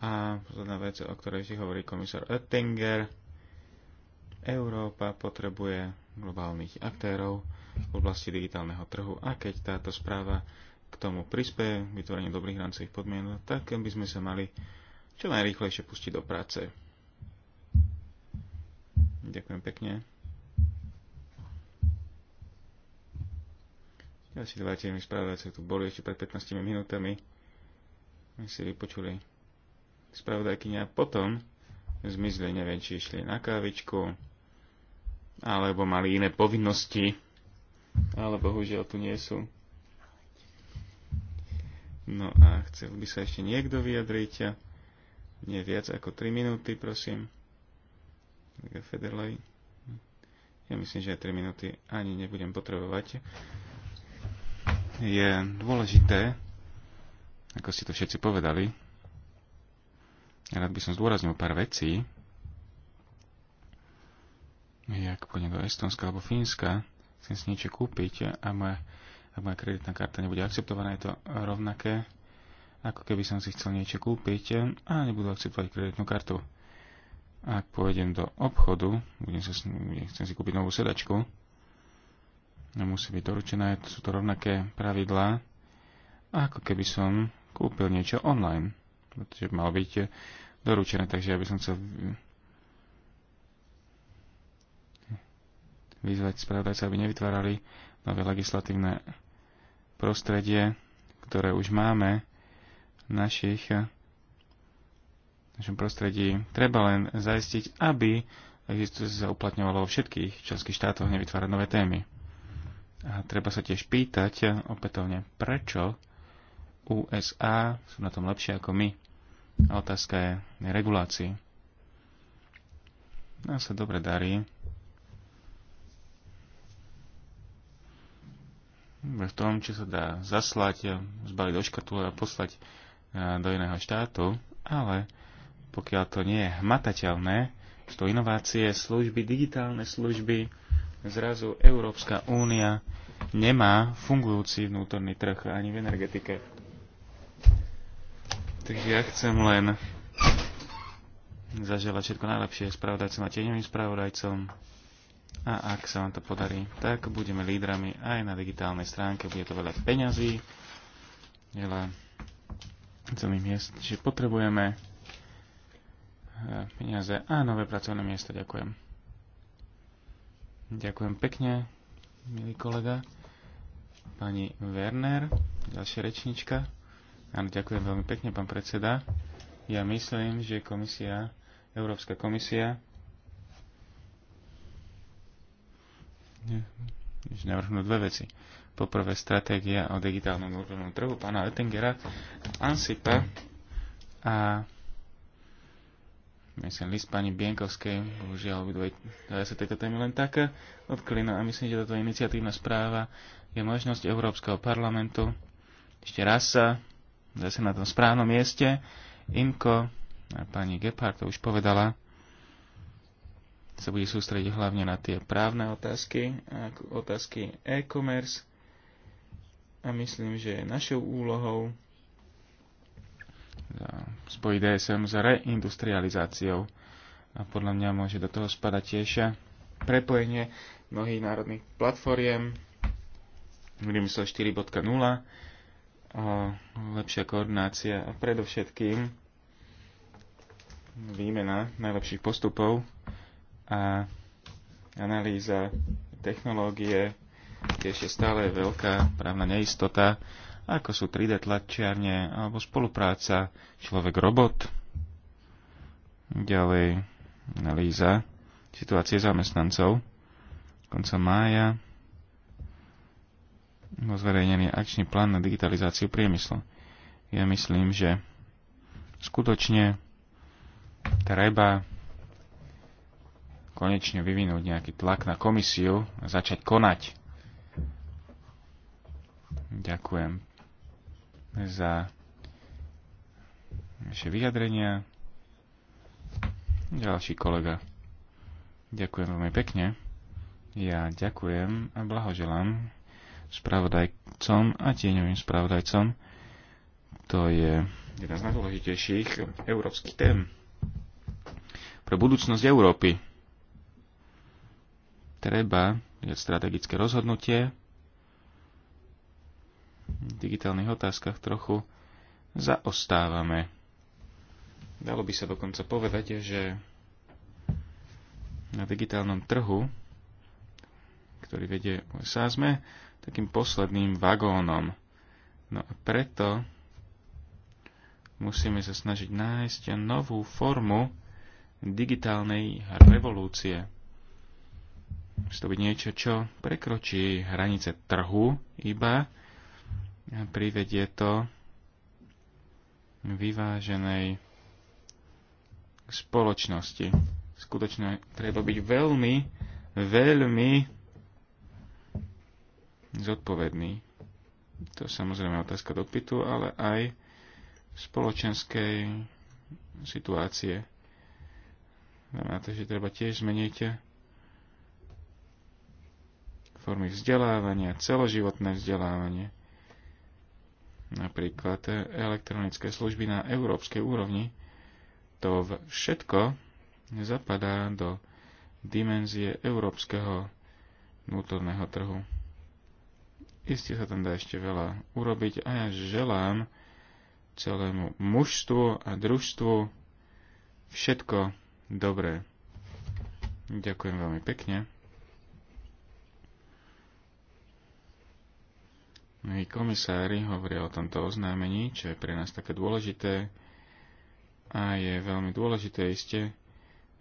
A posledná vec, o ktorej si hovorí komisár Oettinger, Európa potrebuje globálnych aktérov v oblasti digitálneho trhu a keď táto správa k tomu prispieje vytvorenie dobrých rámcových podmienok, tak by sme sa mali čo najrýchlejšie pustiť do práce. Ďakujem pekne. Ja Ďalší mi tými sa tu boli ešte pred 15 minútami. My si vypočuli spravodajkyňa a potom zmizli, neviem, či išli na kávičku, alebo mali iné povinnosti, ale bohužiaľ tu nie sú. No a chcel by sa ešte niekto vyjadriť? Nie viac ako 3 minúty, prosím. Federlej. Ja myslím, že 3 minúty ani nebudem potrebovať je dôležité, ako ste to všetci povedali, rád by som zdôraznil pár vecí, ak pôjdem do Estonska alebo Fínska, chcem si niečo kúpiť a moja, a moja kreditná karta nebude akceptovaná, je to rovnaké, ako keby som si chcel niečo kúpiť a nebudú akceptovať kreditnú kartu. Ak pôjdem do obchodu, budem sa, chcem si kúpiť novú sedačku, musí byť doručená, sú to rovnaké pravidlá, ako keby som kúpil niečo online, pretože malo byť doručené, takže ja by som chcel vyzvať spravodajca, aby nevytvárali nové legislatívne prostredie, ktoré už máme v našich v našom prostredí. Treba len zaistiť, aby existujúce sa uplatňovalo vo všetkých členských štátoch nevytvárať nové témy. A treba sa tiež pýtať opätovne, prečo USA sú na tom lepšie ako my. A otázka je regulácii. Nám sa dobre darí. V tom, či sa dá zaslať, zbaliť do škatule a poslať do iného štátu, ale pokiaľ to nie je hmatateľné, sú to inovácie, služby, digitálne služby, zrazu Európska únia nemá fungujúci vnútorný trh ani v energetike. Takže ja chcem len zaželať všetko najlepšie spravodajcom a tieňovým spravodajcom. A ak sa vám to podarí, tak budeme lídrami aj na digitálnej stránke. Bude to veľa peňazí, veľa celých miest, čiže potrebujeme eh, peniaze a nové pracovné miesta. Ďakujem. Ďakujem pekne, milý kolega. Pani Werner, ďalšia rečnička. Áno, ďakujem veľmi pekne, pán predseda. Ja myslím, že komisia, Európska komisia, že navrhnú dve veci. Poprvé, stratégia o digitálnom úrovnom trhu pána Oettingera, ANSIPA a Myslím, list pani Bienkovskej, bohužiaľ, obidve sa tejto témy len tak odklina no a myslím, že táto iniciatívna správa je možnosť Európskeho parlamentu ešte raz sa, zase na tom správnom mieste, Imko, a pani Gephardt to už povedala, sa bude sústrediť hlavne na tie právne otázky, otázky e-commerce a myslím, že našou úlohou spojí DSM s reindustrializáciou. A podľa mňa môže do toho spadať tiež prepojenie mnohých národných platformiem, Vymysel 4.0, lepšia koordinácia a predovšetkým výmena najlepších postupov a analýza technológie, tiež je stále veľká právna neistota ako sú 3D tlačiarne alebo spolupráca človek-robot. Ďalej analýza situácie zamestnancov. Konca mája bol zverejnený akčný plán na digitalizáciu priemyslu. Ja myslím, že skutočne treba konečne vyvinúť nejaký tlak na komisiu a začať konať. Ďakujem za naše vyjadrenia. Ďalší kolega. Ďakujem veľmi pekne. Ja ďakujem a blahoželám spravodajcom a tieňovým spravodajcom. To je jedna z najdôležitejších európskych tém pre budúcnosť Európy. Treba je strategické rozhodnutie, v digitálnych otázkach trochu zaostávame. Dalo by sa dokonca povedať, že na digitálnom trhu, ktorý vedie USA, sme takým posledným vagónom. No a preto musíme sa snažiť nájsť novú formu digitálnej revolúcie. Musí to byť niečo, čo prekročí hranice trhu iba privedie to vyváženej spoločnosti. Skutočne treba byť veľmi, veľmi zodpovedný. To je samozrejme otázka dopytu, ale aj spoločenskej situácie. Znamená to, že treba tiež zmeniť formy vzdelávania, celoživotné vzdelávanie napríklad elektronické služby na európskej úrovni, to všetko zapadá do dimenzie európskeho vnútorného trhu. Isté sa tam dá ešte veľa urobiť a ja želám celému mužstvu a družstvu všetko dobré. Ďakujem veľmi pekne. Mnohí komisári hovoria o tomto oznámení, čo je pre nás také dôležité a je veľmi dôležité iste,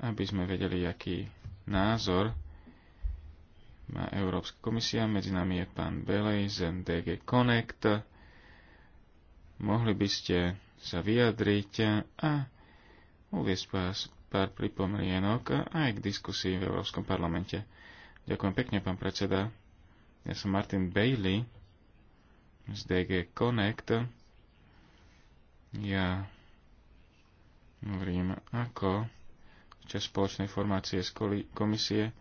aby sme vedeli, aký názor má Európska komisia. Medzi nami je pán Belej z NDG Connect. Mohli by ste sa vyjadriť a uviesť vás pár pripomienok aj k diskusii v Európskom parlamente. Ďakujem pekne, pán predseda. Ja som Martin Bailey z DG Connect. Ja hovorím ako čas spoločnej formácie z komisie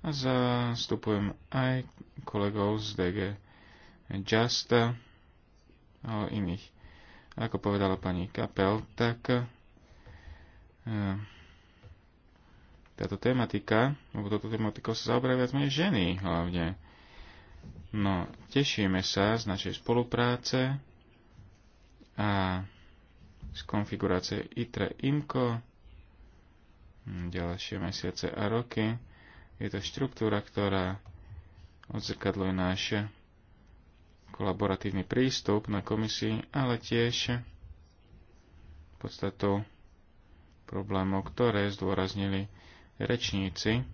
a zastupujem aj kolegov z DG Just a iných. Ako povedala pani Kapel, tak e, táto tematika, lebo toto tematikou sa zaoberajú viac menej ženy hlavne. No, tešíme sa z našej spolupráce a z konfigurácie ITRE IMCO ďalšie mesiace a roky. Je to štruktúra, ktorá odzrkadluje náš kolaboratívny prístup na komisii, ale tiež podstatu problémov, ktoré zdôraznili rečníci,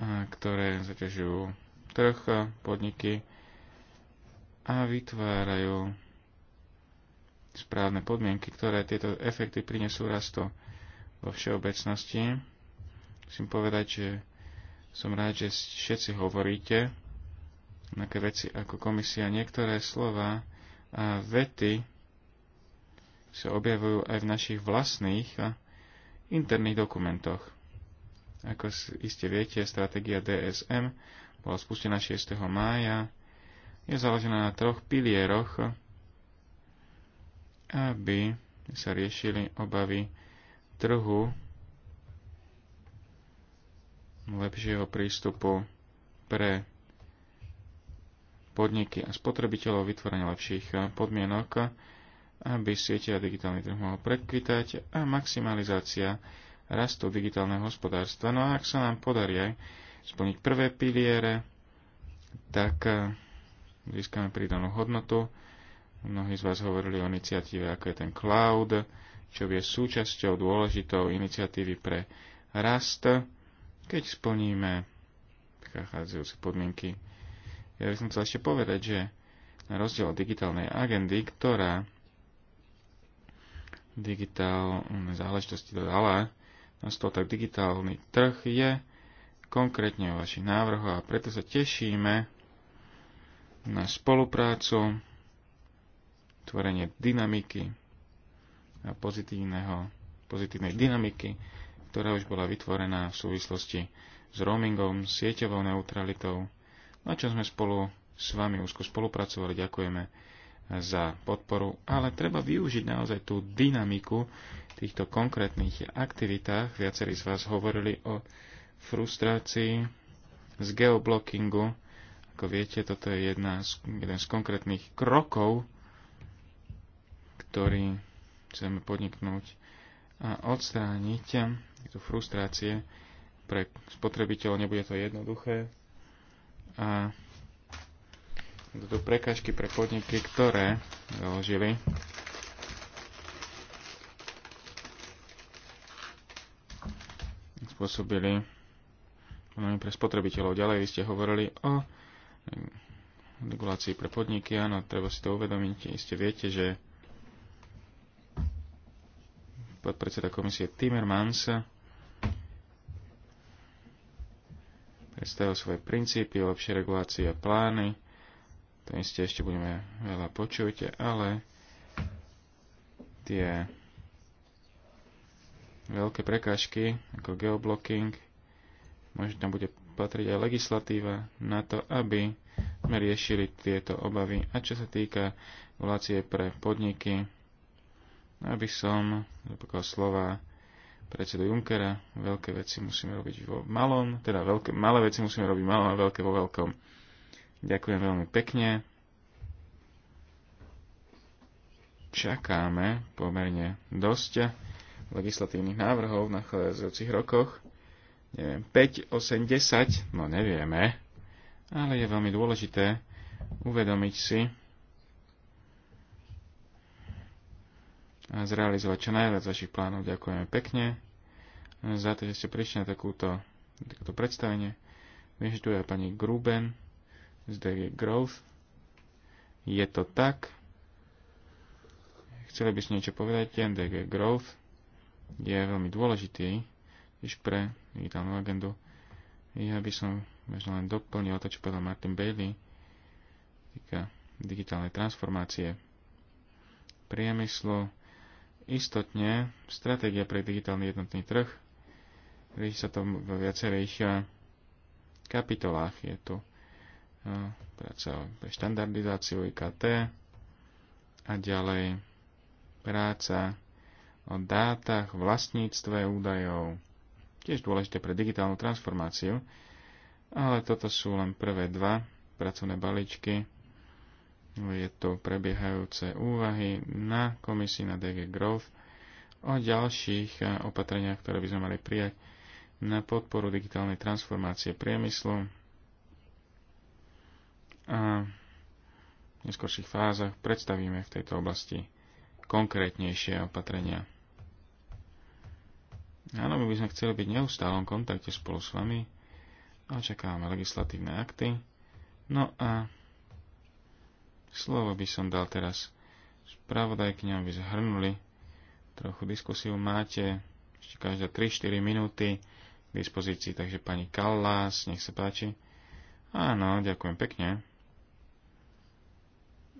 a ktoré zaťažujú trh, eh, podniky a vytvárajú správne podmienky, ktoré tieto efekty prinesú rastu vo všeobecnosti. Musím povedať, že som rád, že všetci hovoríte také veci ako komisia. Niektoré slova a vety sa objavujú aj v našich vlastných eh, interných dokumentoch. Ako iste viete, stratégia DSM bola spustená 6. mája, je založená na troch pilieroch, aby sa riešili obavy trhu lepšieho prístupu pre podniky a spotrebiteľov vytvorenia lepších podmienok, aby siete a digitálny trh mohol prekvitať a maximalizácia rastu digitálneho hospodárstva. No a ak sa nám podarí aj splniť prvé piliere, tak e, získame pridanú hodnotu. Mnohí z vás hovorili o iniciatíve, ako je ten cloud, čo je súčasťou dôležitou iniciatívy pre rast, keď splníme prechádzajúce podmienky. Ja by som chcel ešte povedať, že na rozdiel od digitálnej agendy, ktorá digitálne záležitosti dodala, na to tak digitálny trh je konkrétne o vašich návrhoch a preto sa tešíme na spoluprácu, tvorenie dynamiky a pozitívneho, pozitívnej dynamiky, ktorá už bola vytvorená v súvislosti s roamingom, sieťovou neutralitou, na čo sme spolu s vami úzko spolupracovali. Ďakujeme za podporu, ale treba využiť naozaj tú dynamiku týchto konkrétnych aktivitách. Viacerí z vás hovorili o frustrácii z geoblockingu. Ako viete, toto je jedna z, jeden z konkrétnych krokov, ktorý chceme podniknúť a odstrániť tú frustrácie pre spotrebiteľov. Nebude to jednoduché. A toto prekážky pre podniky, ktoré založili spôsobili pre spotrebiteľov. Ďalej vy ste hovorili o eh, regulácii pre podniky. Áno, treba si to uvedomiť. Iste viete, že podpredseda komisie Timmermans predstavil svoje princípy, lepšie regulácie a plány. To iste ešte budeme veľa počuť, ale tie veľké prekážky ako geoblocking, možno tam bude patriť aj legislatíva na to, aby sme riešili tieto obavy. A čo sa týka volácie pre podniky, aby som, napríklad slova predsedu Junkera, veľké veci musíme robiť vo malom, teda veľké, malé veci musíme robiť malom a veľké vo veľkom. Ďakujem veľmi pekne. Čakáme pomerne dosť legislatívnych návrhov v nachádzajúcich rokoch neviem, 5, 8, 10, no nevieme, ale je veľmi dôležité uvedomiť si a zrealizovať čo najviac vašich plánov. Ďakujeme pekne za to, že ste prišli na takúto, takúto predstavenie. Vieš, tu je pani Gruben z DG Growth. Je to tak. Chceli by ste niečo povedať? Ten DG Growth je veľmi dôležitý Iš pre digitálnu agendu. Ja by som možno len doplnil to, čo povedal Martin Bailey, týka digitálnej transformácie priemyslu. Istotne, stratégia pre digitálny jednotný trh, rieši sa to vo viacerých eh, kapitolách. Je tu eh, práca pre štandardizáciu IKT a ďalej práca o dátach, vlastníctve údajov, tiež dôležité pre digitálnu transformáciu, ale toto sú len prvé dva pracovné balíčky. Je to prebiehajúce úvahy na komisii na DG Growth o ďalších eh, opatreniach, ktoré by sme mali prijať na podporu digitálnej transformácie priemyslu a v neskôrších fázach predstavíme v tejto oblasti konkrétnejšie opatrenia. Áno, my by sme chceli byť neustálom kontakte spolu s vami. Očakávame legislatívne akty. No a slovo by som dal teraz spravodajkňam, aby zhrnuli trochu diskusiu. Máte ešte každá 3-4 minúty k dispozícii, takže pani Kallás, nech sa páči. Áno, ďakujem pekne.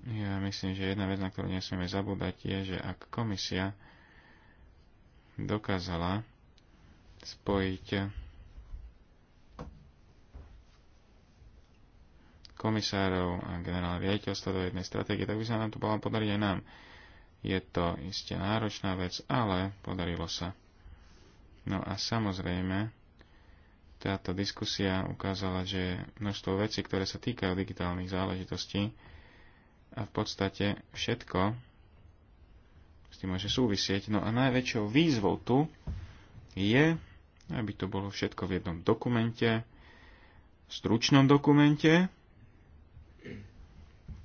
Ja myslím, že jedna vec, na ktorú nesmieme zabúdať, je, že ak komisia dokázala spojiť komisárov a generál riaditeľstva do jednej stratégie, tak by sa nám to bolo podariť aj nám. Je to iste náročná vec, ale podarilo sa. No a samozrejme, táto diskusia ukázala, že množstvo vecí, ktoré sa týkajú digitálnych záležitostí a v podstate všetko s tým môže súvisieť. No a najväčšou výzvou tu je aby to bolo všetko v jednom dokumente, stručnom dokumente.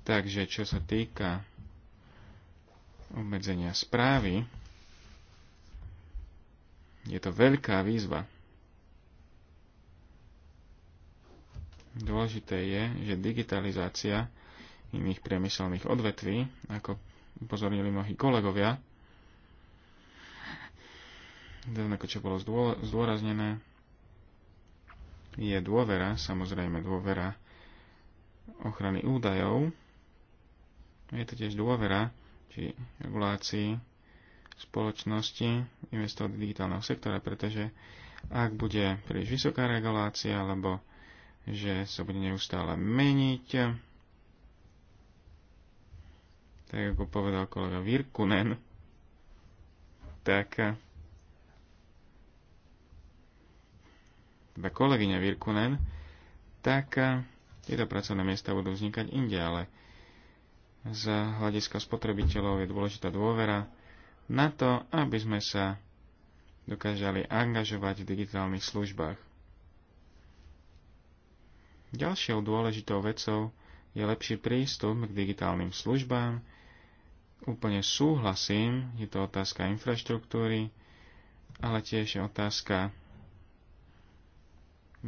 Takže čo sa týka obmedzenia správy, je to veľká výzva. Dôležité je, že digitalizácia iných priemyselných odvetví, ako upozornili mnohí kolegovia, rovnako čo bolo zdôraznené, je dôvera, samozrejme dôvera ochrany údajov. Je to tiež dôvera či regulácii spoločnosti do digitálneho sektora, pretože ak bude príliš vysoká regulácia, alebo že sa bude neustále meniť, tak ako povedal kolega Virkunen, tak teda kolegyňa Virkunen, tak e, tieto pracovné miesta budú vznikať inde, ale z hľadiska spotrebiteľov je dôležitá dôvera na to, aby sme sa dokážali angažovať v digitálnych službách. Ďalšou dôležitou vecou je lepší prístup k digitálnym službám. Úplne súhlasím, je to otázka infraštruktúry, ale tiež je otázka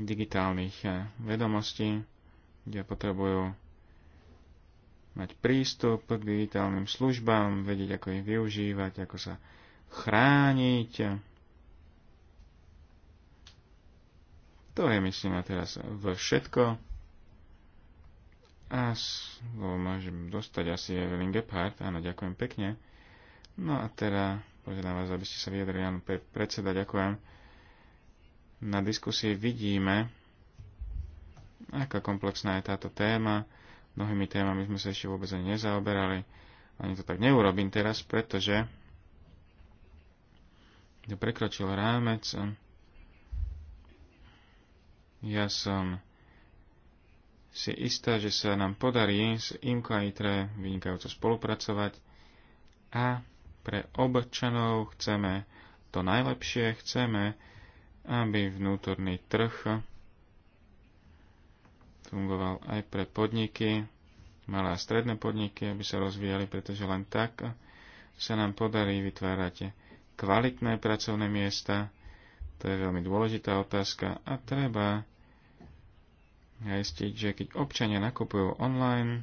digitálnych eh, vedomostí, kde potrebujú mať prístup k digitálnym službám, vedieť, ako ich využívať, ako sa chrániť. To je, myslím, na teraz všetko. A slovo môžem dostať asi Evelyn Gephardt. Áno, ďakujem pekne. No a teda požiadam vás, aby ste sa vyjadrili. Áno, predseda, ďakujem na diskusii vidíme, aká komplexná je táto téma. Mnohými témami sme sa ešte vôbec ani nezaoberali. Ani to tak neurobím teraz, pretože to prekročil rámec. Ja som si istá, že sa nám podarí s IMCO a ITRE vynikajúco spolupracovať a pre občanov chceme to najlepšie, chceme aby vnútorný trh fungoval aj pre podniky, malé a stredné podniky, aby sa rozvíjali, pretože len tak sa nám podarí vytvárať kvalitné pracovné miesta. To je veľmi dôležitá otázka a treba zistiť, že keď občania nakupujú online,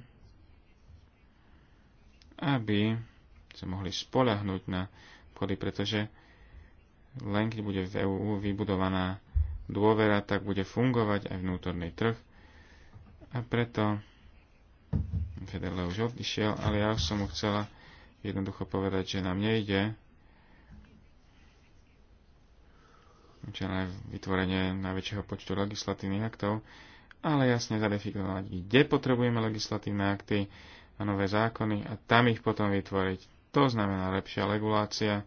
aby sa mohli spolahnuť na pody. pretože len keď bude v EÚ vybudovaná dôvera, tak bude fungovať aj vnútorný trh. A preto Federle už odišiel, ale ja som mu chcela jednoducho povedať, že nám nejde na vytvorenie najväčšieho počtu legislatívnych aktov, ale jasne zadefinovať, kde potrebujeme legislatívne akty a nové zákony a tam ich potom vytvoriť. To znamená lepšia regulácia,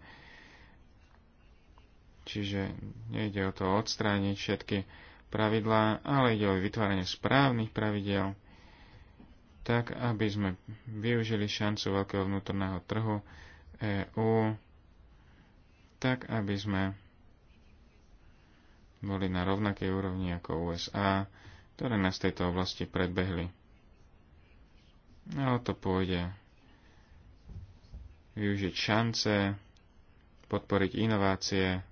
Čiže nejde o to odstrániť všetky pravidlá, ale ide o vytváranie správnych pravidel, tak aby sme využili šancu veľkého vnútorného trhu EU, tak aby sme boli na rovnakej úrovni ako USA, ktoré nás v tejto oblasti predbehli. No o to pôjde využiť šance, podporiť inovácie,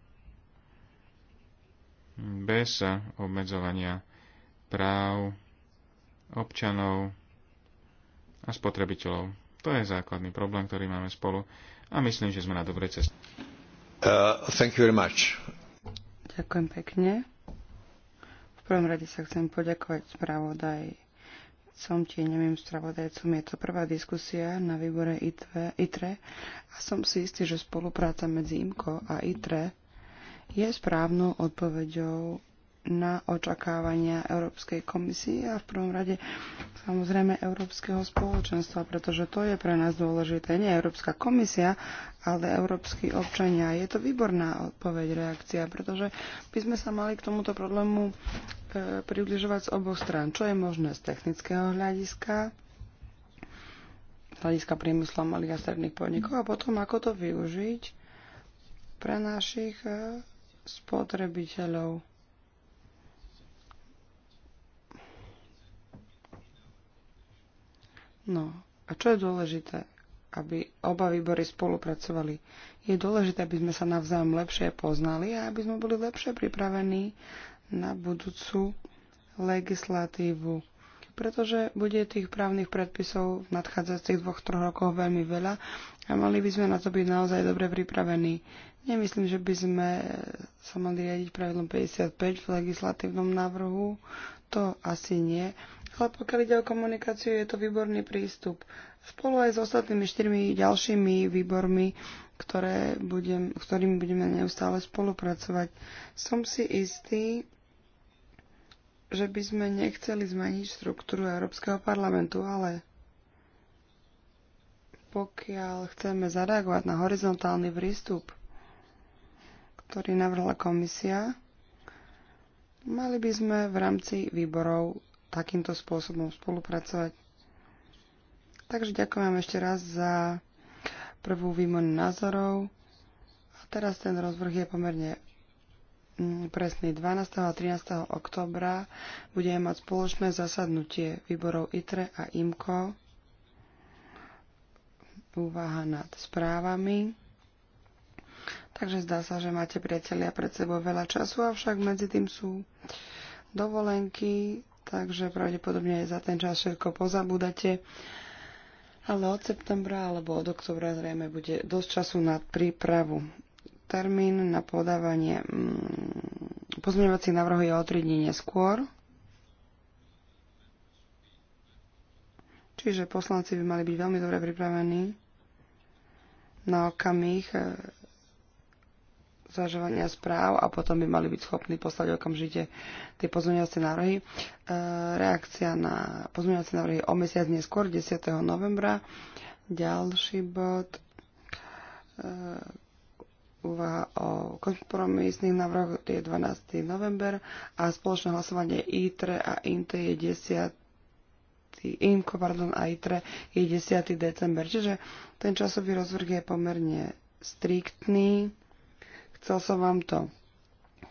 bez obmedzovania práv občanov a spotrebiteľov. To je základný problém, ktorý máme spolu a myslím, že sme na dobrej ceste. Uh, thank you very much. Ďakujem pekne. V prvom rade sa chcem poďakovať spravodaj som neviem spravodajcom. Je to prvá diskusia na výbore ITRE a som si istý, že spolupráca medzi IMKO a ITRE je správnou odpoveďou na očakávania Európskej komisie a v prvom rade samozrejme Európskeho spoločenstva, pretože to je pre nás dôležité. Nie Európska komisia, ale európsky občania. Je to výborná odpoveď, reakcia, pretože by sme sa mali k tomuto problému e, približovať z oboch strán. Čo je možné z technického hľadiska, z hľadiska priemyslu malých a stredných podnikov a potom ako to využiť pre našich e, spotrebiteľov. No a čo je dôležité? aby oba výbory spolupracovali. Je dôležité, aby sme sa navzájom lepšie poznali a aby sme boli lepšie pripravení na budúcu legislatívu. Pretože bude tých právnych predpisov v nadchádzajúcich dvoch, troch rokoch veľmi veľa a mali by sme na to byť naozaj dobre pripravení. Nemyslím, že by sme sa mali riadiť pravidlom 55 v legislatívnom návrhu. To asi nie. Ale pokiaľ ide o komunikáciu, je to výborný prístup. Spolu aj s ostatnými štyrmi ďalšími výbormi, ktoré budem, ktorými budeme neustále spolupracovať. Som si istý, že by sme nechceli zmeniť štruktúru Európskeho parlamentu, ale pokiaľ chceme zareagovať na horizontálny prístup, ktorý navrhla komisia, mali by sme v rámci výborov takýmto spôsobom spolupracovať. Takže ďakujem ešte raz za prvú výmenu názorov. A teraz ten rozvrh je pomerne mm, presný 12. a 13. oktobra budeme mať spoločné zasadnutie výborov ITRE a IMCO. Úvaha nad správami. Takže zdá sa, že máte priatelia pred sebou veľa času, avšak medzi tým sú dovolenky, takže pravdepodobne aj za ten čas všetko pozabudate. Ale od septembra alebo od oktobra zrejme bude dosť času na prípravu. Termín na podávanie mm, pozmeňovacích návrhov je o 3 dní neskôr. Čiže poslanci by mali byť veľmi dobre pripravení na okamih e, zvažovania správ a potom by mali byť schopní poslať okamžite tie pozmeňovacie návrhy. E, reakcia na pozmeňovacie návrhy o mesiac neskôr, 10. novembra. Ďalší bod. E, uvaha o kompromisných návrhoch je 12. november a spoločné hlasovanie ITRE a INTE je 10. IMKO, pardon, a ITRE je 10. december. Čiže ten časový rozvrh je pomerne striktný. Chcel som vám to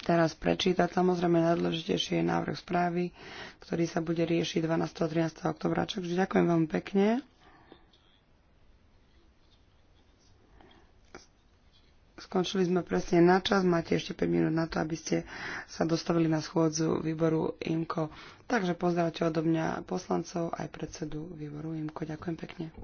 teraz prečítať. Samozrejme, najdôležitejšie je návrh správy, ktorý sa bude riešiť 12. a 13. oktobra. Takže ďakujem veľmi pekne. Skončili sme presne na čas, máte ešte 5 minút na to, aby ste sa dostavili na schôdzu výboru IMKO. Takže pozdravte odo mňa poslancov aj predsedu výboru IMKO. Ďakujem pekne.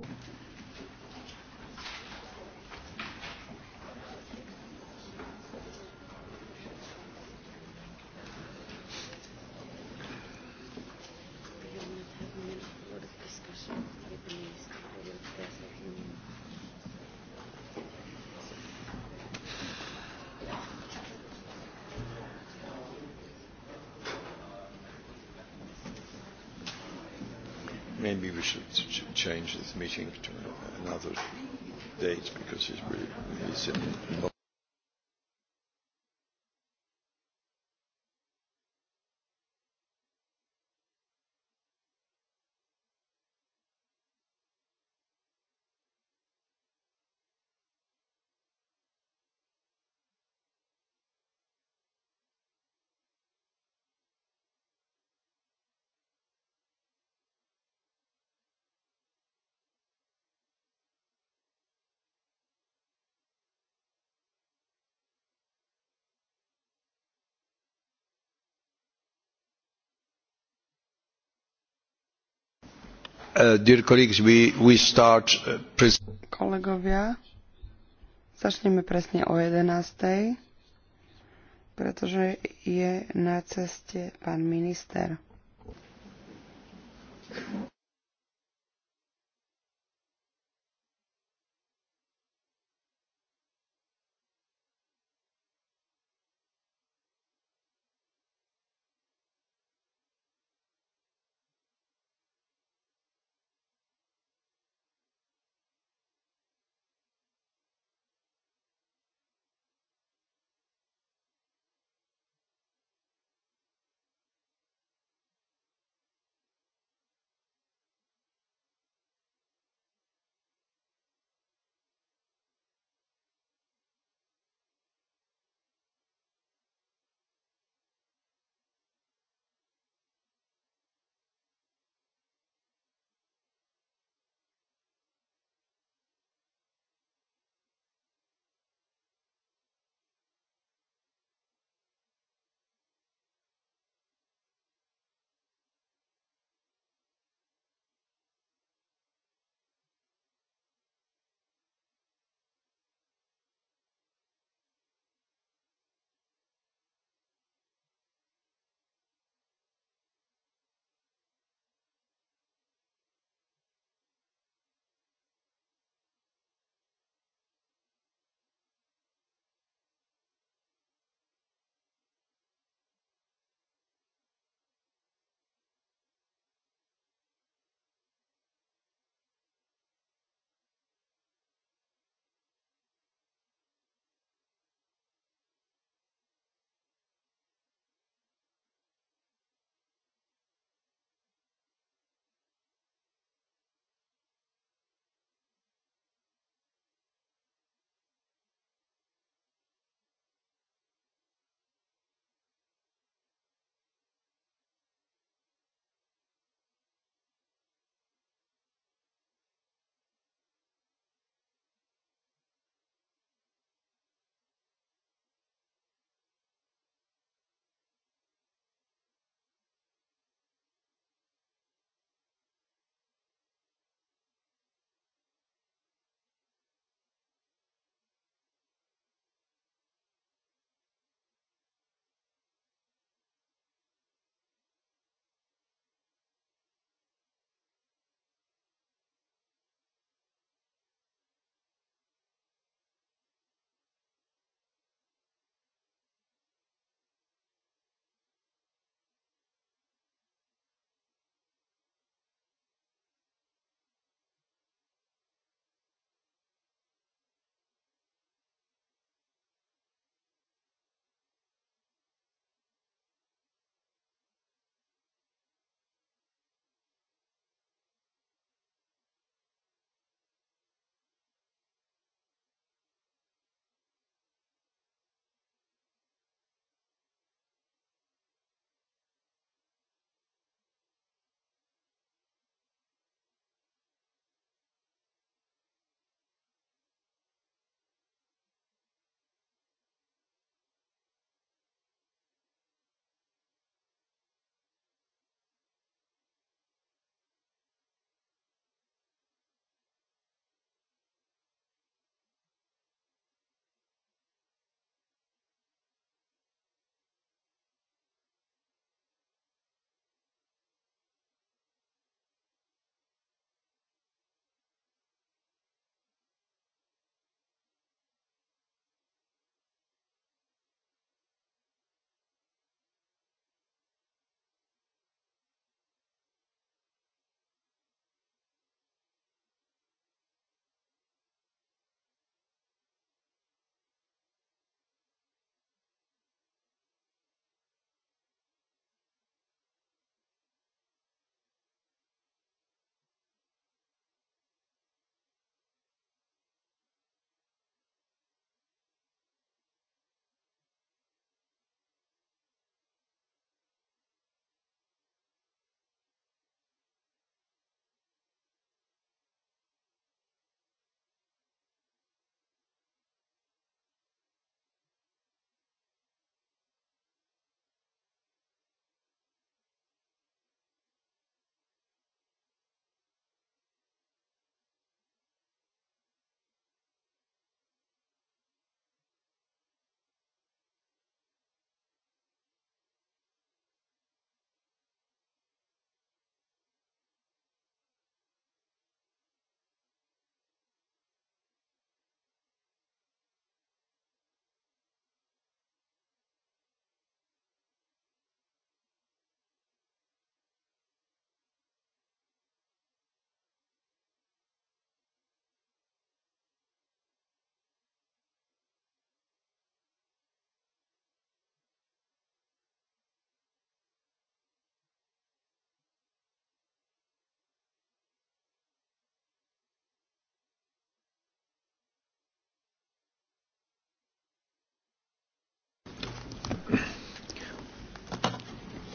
meeting to another date because he's, really, he's in Uh, uh, Kolegovia, začneme presne o 11.00, pretože je na ceste pán minister.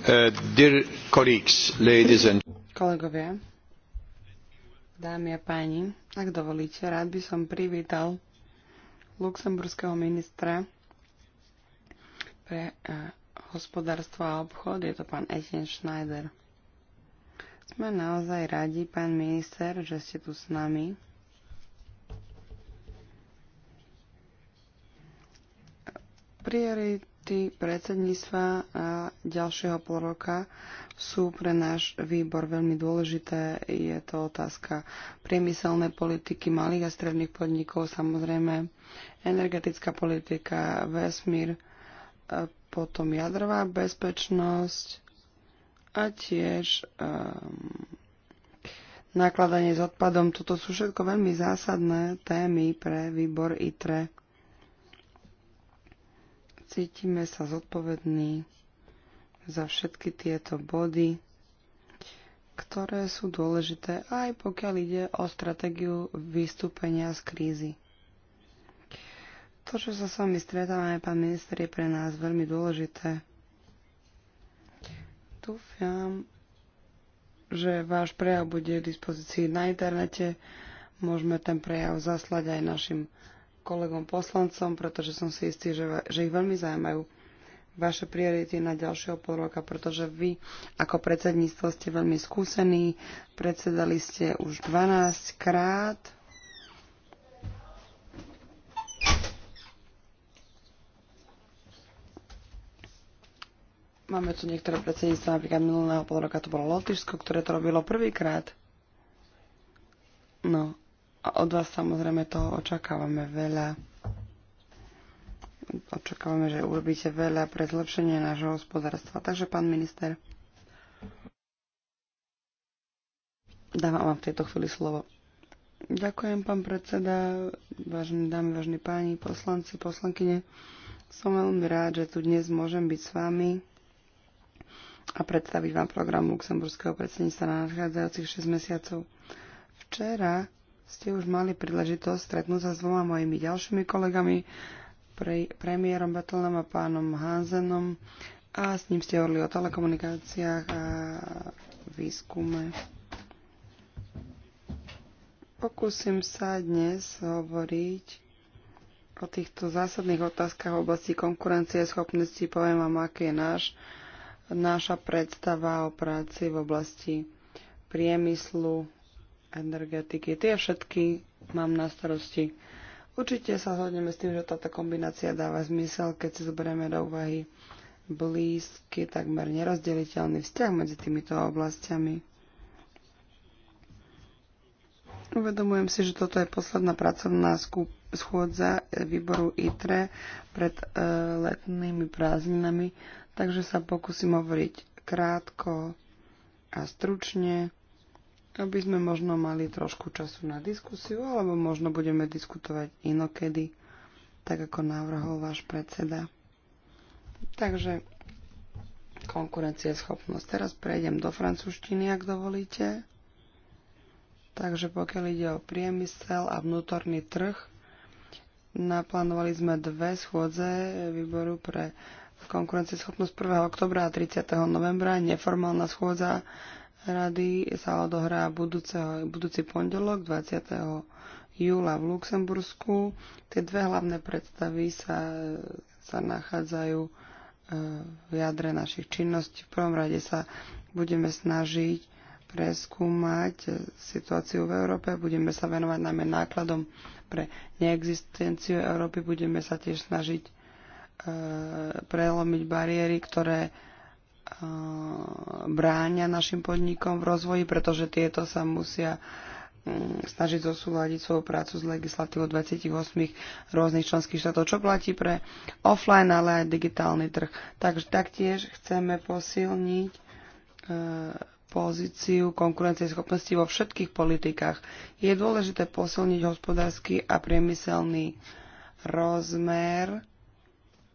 Uh, Kolegovia, dámy a páni, ak dovolíte, rád by som privítal luxemburského ministra pre eh, hospodárstvo a obchod, je to pán Etienne Schneider. Sme naozaj radi, pán minister, že ste tu s nami. Priority Priority predsedníctva a ďalšieho pol roka sú pre náš výbor veľmi dôležité. Je to otázka priemyselnej politiky malých a stredných podnikov, samozrejme energetická politika, vesmír, e, potom jadrová bezpečnosť a tiež um, Nakladanie s odpadom, toto sú všetko veľmi zásadné témy pre výbor ITRE. Cítime sa zodpovední za všetky tieto body, ktoré sú dôležité aj pokiaľ ide o stratégiu vystúpenia z krízy. To, čo sa s vami stretávame, pán minister, je pre nás veľmi dôležité. Dúfam, že váš prejav bude k dispozícii na internete. Môžeme ten prejav zaslať aj našim kolegom poslancom, pretože som si istý, že, že ich veľmi zaujímajú vaše priority na ďalšieho pol roka, pretože vy ako predsedníctvo ste veľmi skúsení, predsedali ste už 12 krát. Máme tu niektoré predsedníctva, napríklad minulého pol roka to bolo Lotyšsko, ktoré to robilo prvýkrát. No a od vás samozrejme toho očakávame veľa. Očakávame, že urobíte veľa pre zlepšenie nášho hospodárstva. Takže, pán minister, dávam vám v tejto chvíli slovo. Ďakujem, pán predseda, vážení dámy, vážení páni, poslanci, poslankyne. Som veľmi rád, že tu dnes môžem byť s vami a predstaviť vám program luxemburského predsedníctva na nadchádzajúcich 6 mesiacov. Včera ste už mali príležitosť stretnúť sa s dvoma mojimi ďalšími kolegami, pre, premiérom Betlenom a pánom Hanzenom a s ním ste hovorili o telekomunikáciách a výskume. Pokúsim sa dnes hovoriť o týchto zásadných otázkach v oblasti konkurencie a schopnosti. Poviem vám, aký je náš, naša predstava o práci v oblasti priemyslu energetiky. Tie všetky mám na starosti. Určite sa zhodneme s tým, že táto kombinácia dáva zmysel, keď si zoberieme do úvahy blízky, takmer nerozdeliteľný vzťah medzi týmito oblastiami. Uvedomujem si, že toto je posledná pracovná schôdza výboru ITRE pred e, letnými prázdninami, takže sa pokúsim hovoriť krátko a stručne aby sme možno mali trošku času na diskusiu, alebo možno budeme diskutovať inokedy, tak ako navrhol váš predseda. Takže schopnosť. Teraz prejdem do francúzštiny, ak dovolíte. Takže pokiaľ ide o priemysel a vnútorný trh, naplánovali sme dve schôdze výboru pre konkurencieschopnosť 1. oktobra a 30. novembra, neformálna schôdza rady sa odohrá budúceho, budúci pondelok 20. júla v Luxembursku. Tie dve hlavné predstavy sa, sa nachádzajú e, v jadre našich činností. V prvom rade sa budeme snažiť preskúmať situáciu v Európe, budeme sa venovať najmä nákladom pre neexistenciu Európy, budeme sa tiež snažiť e, prelomiť bariéry, ktoré Eh, bráňa našim podnikom v rozvoji, pretože tieto sa musia mm, snažiť zosúľadiť svoju prácu s legislatívou 28 rôznych členských štátov, čo platí pre offline, ale aj digitálny trh. Takže taktiež chceme posilniť eh, pozíciu konkurencieschopnosti vo všetkých politikách. Je dôležité posilniť hospodársky a priemyselný rozmer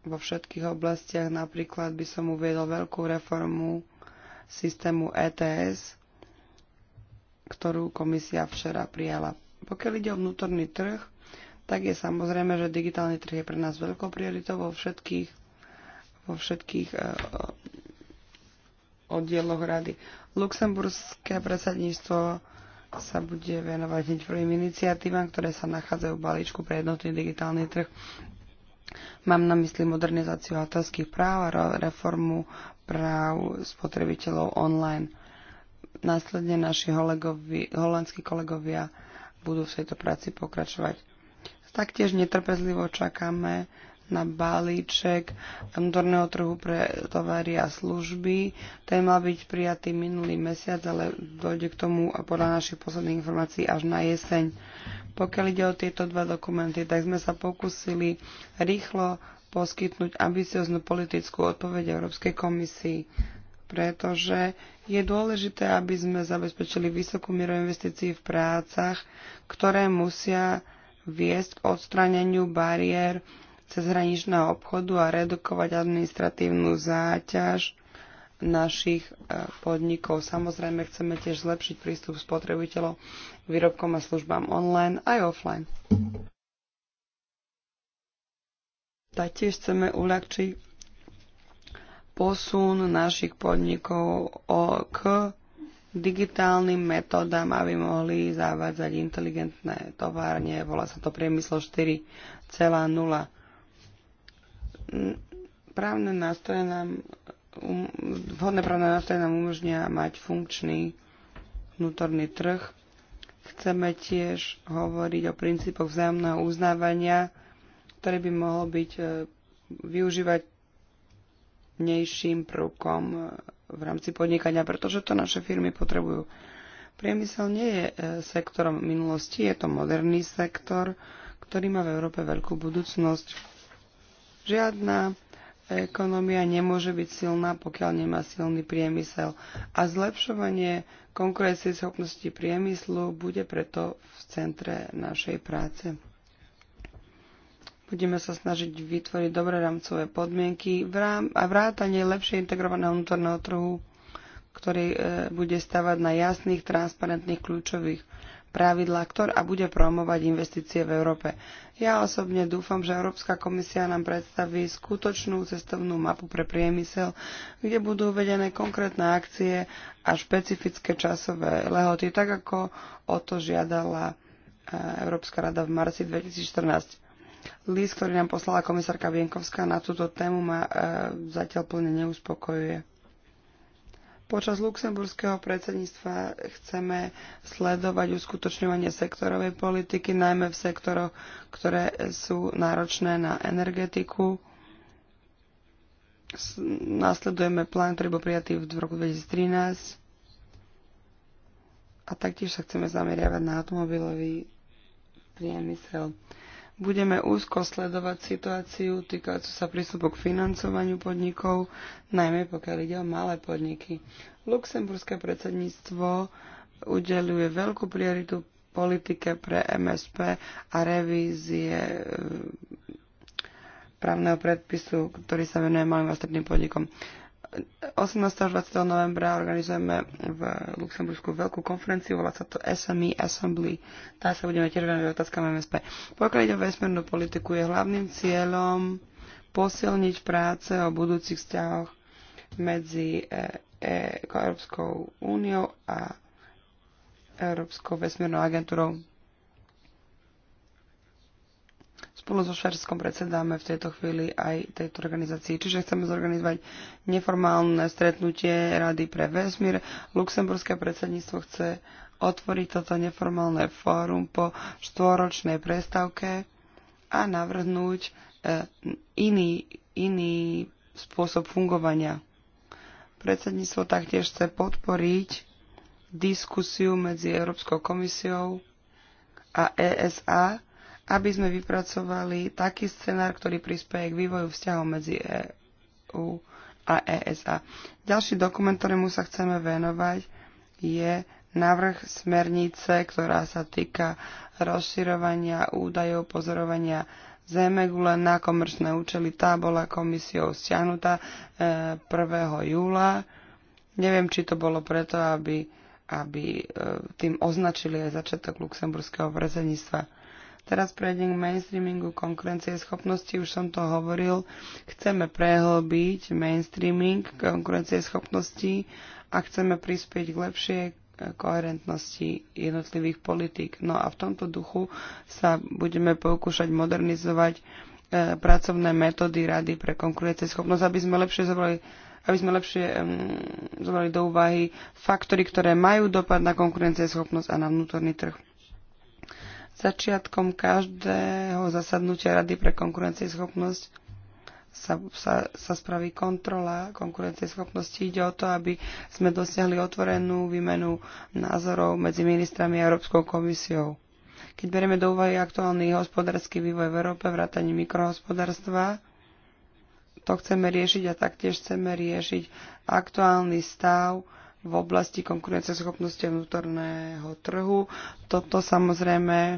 vo všetkých oblastiach. Napríklad by som uviedol veľkú reformu systému ETS, ktorú komisia včera prijala. Pokiaľ ide o vnútorný trh, tak je samozrejme, že digitálny trh je pre nás veľkou prioritou vo všetkých, vo všetkých e, oddieloch rady. Luxemburské predsedníctvo sa bude venovať hneď prvým iniciatívam, ktoré sa nachádzajú v balíčku pre jednotný digitálny trh. Mám na mysli modernizáciu autorských práv a reformu práv spotrebiteľov online. Následne naši holegovi, holandskí kolegovia budú v tejto práci pokračovať. Taktiež netrpezlivo čakáme na balíček vnútorného trhu pre tovary a služby. Ten mal byť prijatý minulý mesiac, ale dojde k tomu a podľa našich posledných informácií až na jeseň. Pokiaľ ide o tieto dva dokumenty, tak sme sa pokúsili rýchlo poskytnúť ambicioznú politickú odpoveď Európskej komisii pretože je dôležité, aby sme zabezpečili vysokú mieru investícií v prácach, ktoré musia viesť k odstraneniu bariér cezhraničného obchodu a redukovať administratívnu záťaž našich e, podnikov. Samozrejme, chceme tiež zlepšiť prístup spotrebiteľov k výrobkom a službám online aj offline. Taktiež chceme uľahčiť posun našich podnikov k digitálnym metodám, aby mohli zavádzať inteligentné továrne. Volá sa to priemysel 4,0 Právne nástroje nám, um, vhodné právne nástroje nám umožnia mať funkčný vnútorný trh. Chceme tiež hovoriť o princípoch vzájomného uznávania, ktoré by mohol byť e, využívať nejším prvkom e, v rámci podnikania, pretože to naše firmy potrebujú. Priemysel nie je e, sektorom minulosti, je to moderný sektor, ktorý má v Európe veľkú budúcnosť. Žiadna ekonomia nemôže byť silná, pokiaľ nemá silný priemysel. A zlepšovanie konkurencieschopnosti priemyslu bude preto v centre našej práce. Budeme sa snažiť vytvoriť dobré rámcové podmienky a vrátanie lepšie integrovaného vnútorného trhu, ktorý e, bude stavať na jasných, transparentných, kľúčových pravidlá, ktorá bude promovať investície v Európe. Ja osobne dúfam, že Európska komisia nám predstaví skutočnú cestovnú mapu pre priemysel, kde budú uvedené konkrétne akcie a špecifické časové lehoty, tak ako o to žiadala e, Európska rada v marci 2014. List, ktorý nám poslala komisárka Vienkovská na túto tému, ma e, zatiaľ plne neuspokojuje. Počas luxemburského predsedníctva chceme sledovať uskutočňovanie sektorovej politiky, najmä v sektoroch, ktoré sú náročné na energetiku. Nasledujeme plán, ktorý bol prijatý v roku 2013 a taktiež sa chceme zameriavať na automobilový priemysel. Budeme úzko sledovať situáciu týkajúcu sa prístupu k financovaniu podnikov, najmä pokiaľ ide o malé podniky. Luxemburské predsedníctvo udeluje veľkú prioritu politike pre MSP a revízie e, právneho predpisu, ktorý sa venuje malým a stredným podnikom. 18. až 20. novembra organizujeme v Luxembursku veľkú konferenciu, volá sa to SME Assembly. Tá sa budeme tiež venovať otázkam MSP. Pokiaľ ide o vesmírnu politiku, je hlavným cieľom posilniť práce o budúcich vzťahoch medzi eh, eh, Európskou úniou a Európskou vesmírnou agentúrou Spolu so Švedskom predsedáme v tejto chvíli aj tejto organizácii. Čiže chceme zorganizovať neformálne stretnutie Rady pre vesmír. Luxemburské predsedníctvo chce otvoriť toto neformálne fórum po štvoročnej prestávke a navrhnúť e, iný, iný spôsob fungovania. Predsedníctvo taktiež chce podporiť diskusiu medzi Európskou komisiou a ESA aby sme vypracovali taký scenár, ktorý prispieje k vývoju vzťahov medzi EU a ESA. Ďalší dokument, ktorému sa chceme venovať, je návrh smernice, ktorá sa týka rozširovania údajov pozorovania zemegule na komerčné účely. Tá bola komisiou stiahnutá 1. E, júla. Neviem, či to bolo preto, aby, aby e, tým označili aj začiatok luxemburského predsedníctva. Teraz prejdem k mainstreamingu konkurencie schopnosti, už som to hovoril. Chceme prehlbiť mainstreaming konkurencie schopnosti a chceme prispieť k lepšej koherentnosti jednotlivých politík. No a v tomto duchu sa budeme pokúšať modernizovať e, pracovné metódy Rady pre konkurencie schopnosť, aby sme lepšie zobrali aby sme lepšie um, zobrali do úvahy faktory, ktoré majú dopad na konkurencieschopnosť a na vnútorný trh. Začiatkom každého zasadnutia Rady pre konkurencieschopnosť sa, sa, sa spraví kontrola konkurencieschopnosti. Ide o to, aby sme dosiahli otvorenú výmenu názorov medzi ministrami a Európskou komisiou. Keď berieme do úvahy aktuálny hospodársky vývoj v Európe, vrátanie mikrohospodárstva, to chceme riešiť a taktiež chceme riešiť aktuálny stav v oblasti konkurenceschopnosti vnútorného trhu. Toto samozrejme e,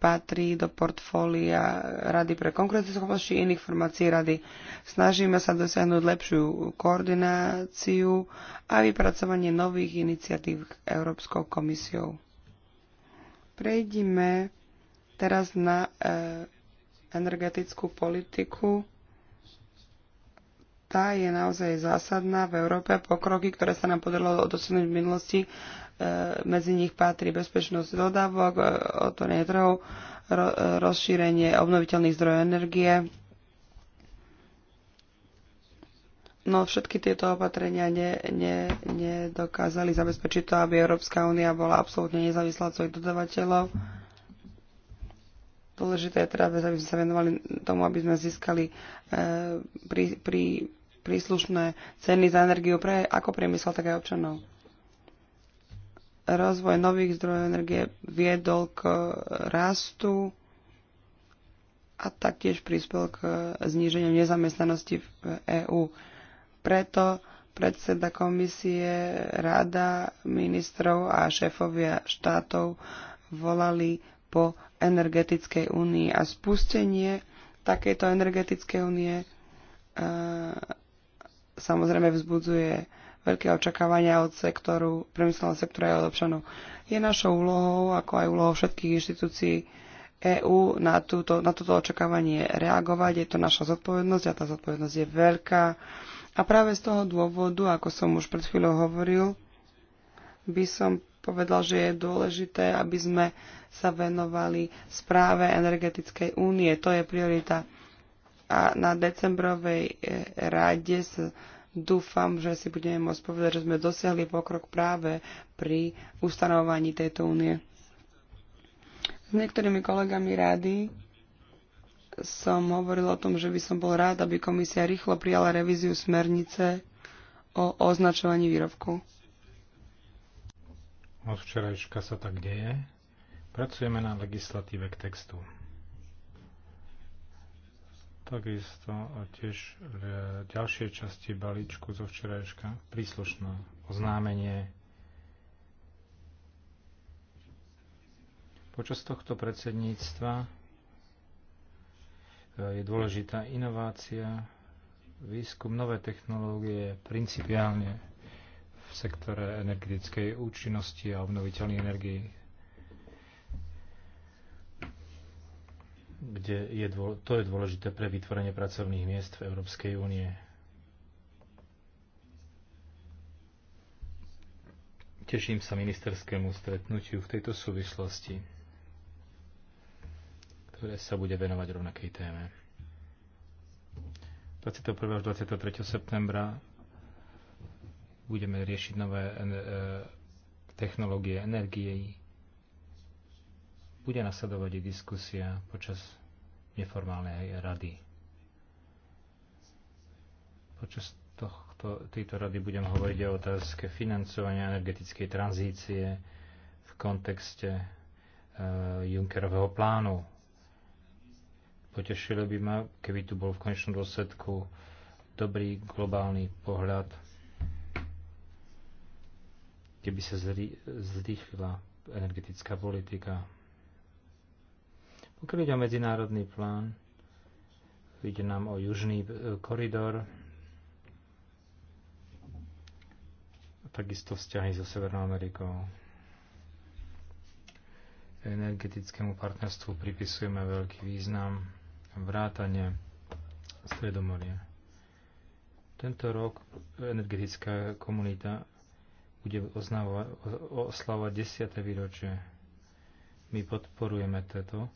patrí do portfólia Rady pre konkurenceschopnosť či iných formácií Rady. Snažíme sa dosiahnuť lepšiu koordináciu a vypracovanie nových iniciatív Európskou komisiou. Prejdime teraz na e, energetickú politiku tá je naozaj zásadná v Európe. Pokroky, ktoré sa nám podarilo dosiahnuť v minulosti, e, medzi nich patrí bezpečnosť dodávok, e, otvorenie trhov, e, rozšírenie obnoviteľných zdrojov energie. No všetky tieto opatrenia ne, ne, nedokázali zabezpečiť to, aby Európska únia bola absolútne nezávislá od svojich dodávateľov. Dôležité je teda, aby sme sa venovali tomu, aby sme získali e, pri, pri príslušné ceny za energiu pre ako priemysel, tak aj občanov. Rozvoj nových zdrojov energie viedol k rastu a taktiež prispel k zníženiu nezamestnanosti v EÚ. Preto predseda komisie, rada ministrov a šéfovia štátov volali po energetickej únii a spustenie takejto energetickej únie e, samozrejme vzbudzuje veľké očakávania od sektoru, priemyselného sektora aj od občanov. Je našou úlohou, ako aj úlohou všetkých inštitúcií EÚ na, na toto očakávanie reagovať. Je to naša zodpovednosť a tá zodpovednosť je veľká. A práve z toho dôvodu, ako som už pred chvíľou hovoril, by som povedal, že je dôležité, aby sme sa venovali správe energetickej únie. To je priorita a na decembrovej e, rade sa dúfam, že si budeme môcť povedať, že sme dosiahli pokrok práve pri ustanovaní tejto únie. S niektorými kolegami rady som hovoril o tom, že by som bol rád, aby komisia rýchlo prijala revíziu smernice o označovaní výrobkov. Od včerajška sa tak deje. Pracujeme na legislatíve k textu takisto tiež e, ďalšie časti balíčku zo včerajška, príslušné oznámenie. Počas tohto predsedníctva e, je dôležitá inovácia, výskum, nové technológie, principiálne v sektore energetickej účinnosti a obnoviteľnej energií. kde je, to je dôležité pre vytvorenie pracovných miest v Európskej únie. Teším sa ministerskému stretnutiu v tejto súvislosti, ktoré sa bude venovať rovnakej téme. 21. až 23. septembra budeme riešiť nové e, technológie energie, bude nasledovať i diskusia počas neformálnej rady. Počas tohto, tejto rady budem hovoriť o otázke financovania energetickej tranzície v kontekste e, Junckerového plánu. Potešilo by ma, keby tu bol v konečnom dôsledku dobrý globálny pohľad, keby sa zrýchlila energetická politika pokiaľ ide o medzinárodný plán, ide nám o južný e, koridor, takisto vzťahy so Severnou Amerikou. Energetickému partnerstvu pripisujeme veľký význam vrátane Stredomoria. Tento rok energetická komunita bude oslavovať 10. výročie. My podporujeme toto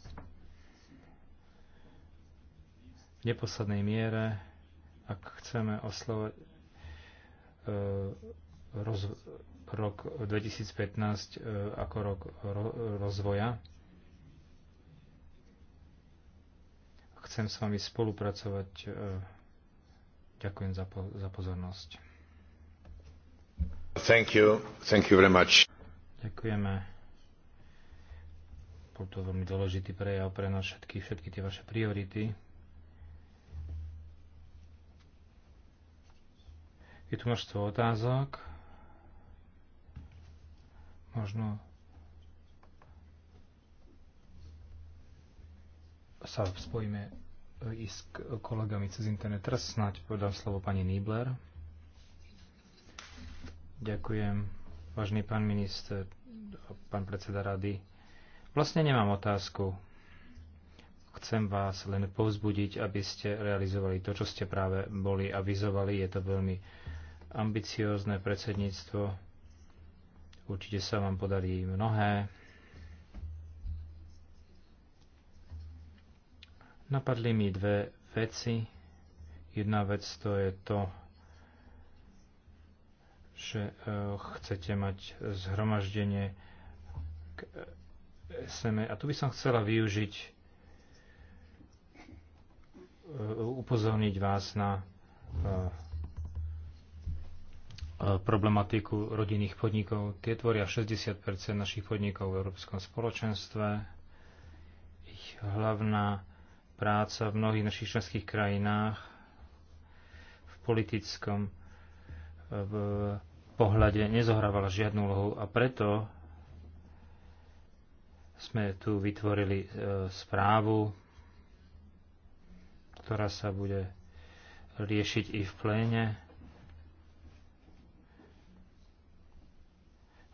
v neposlednej miere, ak chceme oslovať e, roz, rok 2015 e, ako rok rozvoja. Chcem s vami spolupracovať. E, ďakujem za, po, za pozornosť. Thank you. Thank you very much. Ďakujeme. Bol to veľmi dôležitý prejav pre nás všetky, všetky tie vaše priority. Je tu množstvo otázok. Možno sa spojíme eh, i s kolegami cez internet. Teraz snáď podám slovo pani Nibler. Ďakujem, vážny pán minister, pán predseda rady. Vlastne nemám otázku. Chcem vás len povzbudiť, aby ste realizovali to, čo ste práve boli avizovali. Je to veľmi ambiciózne predsedníctvo. Určite sa vám podarí mnohé. Napadli mi dve veci. Jedna vec to je to, že e, chcete mať zhromaždenie k SME. A tu by som chcela využiť, e, upozorniť vás na e, E, problematiku rodinných podnikov. Tie tvoria 60 našich podnikov v Európskom spoločenstve. Ich hlavná práca v mnohých našich členských krajinách v politickom e, v pohľade nezohrávala žiadnu úlohu a preto sme tu vytvorili e, správu, ktorá sa bude riešiť i v pléne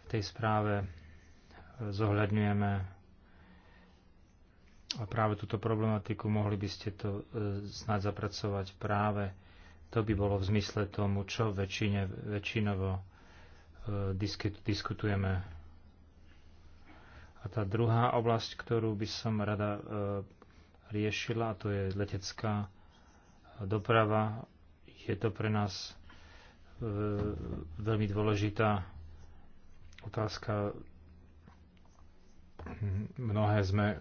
tej správe zohľadňujeme práve túto problematiku. Mohli by ste to e, snáď zapracovať práve. To by bolo v zmysle tomu, čo väčšine, väčšinovo e, diskutujeme. A tá druhá oblasť, ktorú by som rada e, riešila, a to je letecká doprava. Je to pre nás veľmi dôležitá Otázka. Mnohé sme e,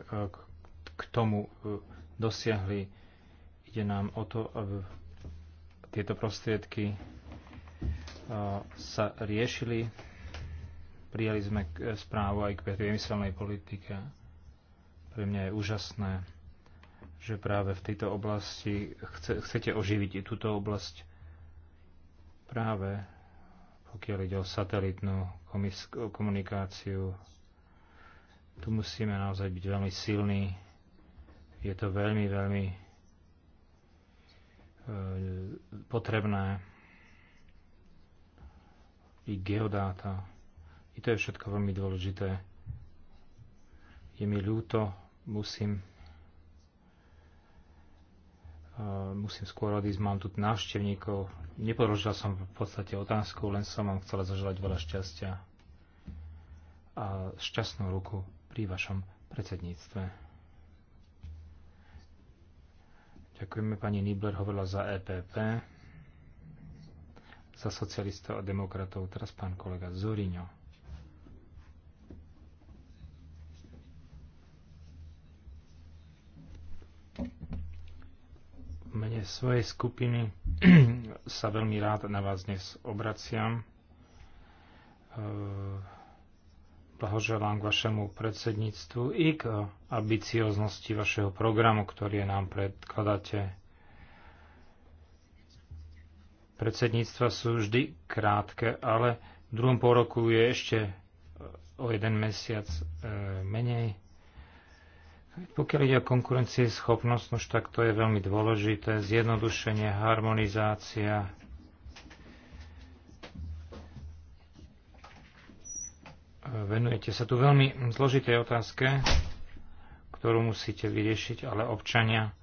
k tomu e, dosiahli. Ide nám o to, aby tieto prostriedky e, sa riešili. Prijali sme správu aj k priemyselnej politike. Pre mňa je úžasné, že práve v tejto oblasti chcete oživiť i túto oblasť práve pokiaľ ide o satelitnú komunikáciu. Tu musíme naozaj byť veľmi silní. Je to veľmi, veľmi e, potrebné. I geodáta. I to je všetko veľmi dôležité. Je mi ľúto, musím Eh, musím skôr odísť, mám tu návštevníkov. Nepoložil som v podstate otázku, len som vám chcela zaželať veľa šťastia a šťastnú ruku pri vašom predsedníctve. Ďakujeme pani Nibler, hovorila za EPP, za socialistov a demokratov, teraz pán kolega Zuriňo. mene svojej skupiny <clears throat> sa veľmi rád na vás dnes obraciam. E, blahoželám k vašemu predsedníctvu i k ambicioznosti vašeho programu, ktorý nám predkladáte. Predsedníctva sú vždy krátke, ale v druhom pôroku je ešte o jeden mesiac e, menej pokiaľ ide o schopnosť už tak to je veľmi dôležité. Zjednodušenie, harmonizácia. Venujete sa tu veľmi zložitej otázke, ktorú musíte vyriešiť, ale občania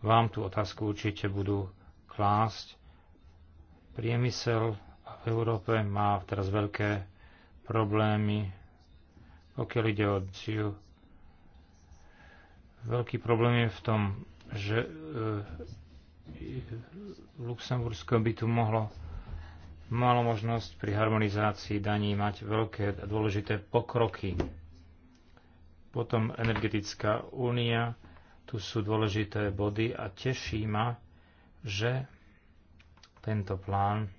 vám tú otázku určite budú klásť. Priemysel v Európe má teraz veľké problémy, pokiaľ ide o Veľký problém je v tom, že e, Luxembursko by tu mohlo malo možnosť pri harmonizácii daní mať veľké a dôležité pokroky. Potom energetická únia, tu sú dôležité body a teší ma, že tento plán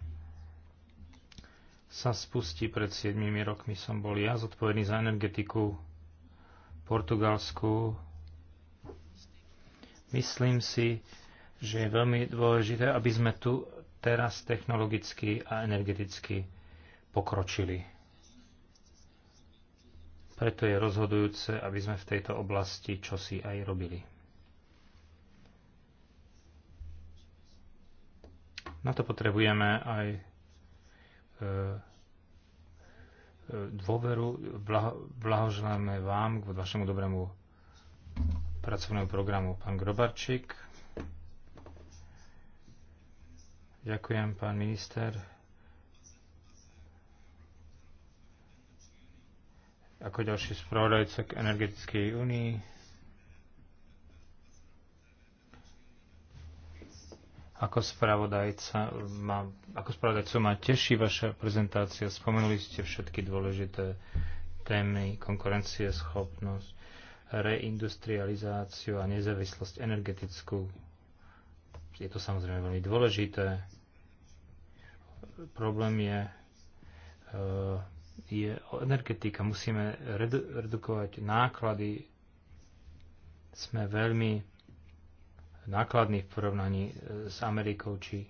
sa spustí pred 7 rokmi. Som bol ja zodpovedný za energetiku Portugalsku, Myslím si, že je veľmi dôležité, aby sme tu teraz technologicky a energeticky pokročili. Preto je rozhodujúce, aby sme v tejto oblasti čosi aj robili. Na to potrebujeme aj e, e, dôveru. blahoželáme vám k vašemu dobrému pracovného programu. Pán Grobarčík. Ďakujem, pán minister. Ako ďalší spravodajca k energetickej únii. Ako spravodajca ma, ako spravodajca ma teší vaša prezentácia. Spomenuli ste všetky dôležité témy, konkurencie, schopnosť, reindustrializáciu a nezávislosť energetickú. Je to samozrejme veľmi dôležité. Problém je, e, je energetika. Musíme redu- redukovať náklady. Sme veľmi nákladní v porovnaní e, s Amerikou či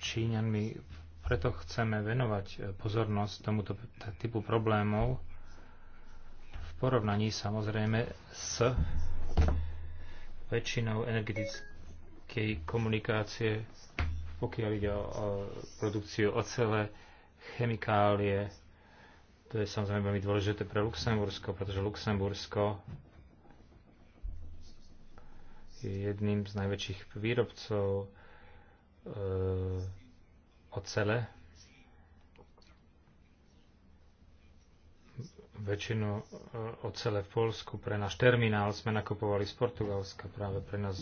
Číňanmi. Preto chceme venovať e, pozornosť tomuto typu problémov porovnaní samozrejme s väčšinou energetickej komunikácie, pokiaľ ide o produkciu ocele, chemikálie. To je samozrejme veľmi dôležité pre Luxembursko, pretože Luxembursko je jedným z najväčších výrobcov e, ocele väčšinu e, ocele v Polsku. Pre náš terminál sme nakupovali z Portugalska. Práve pre nás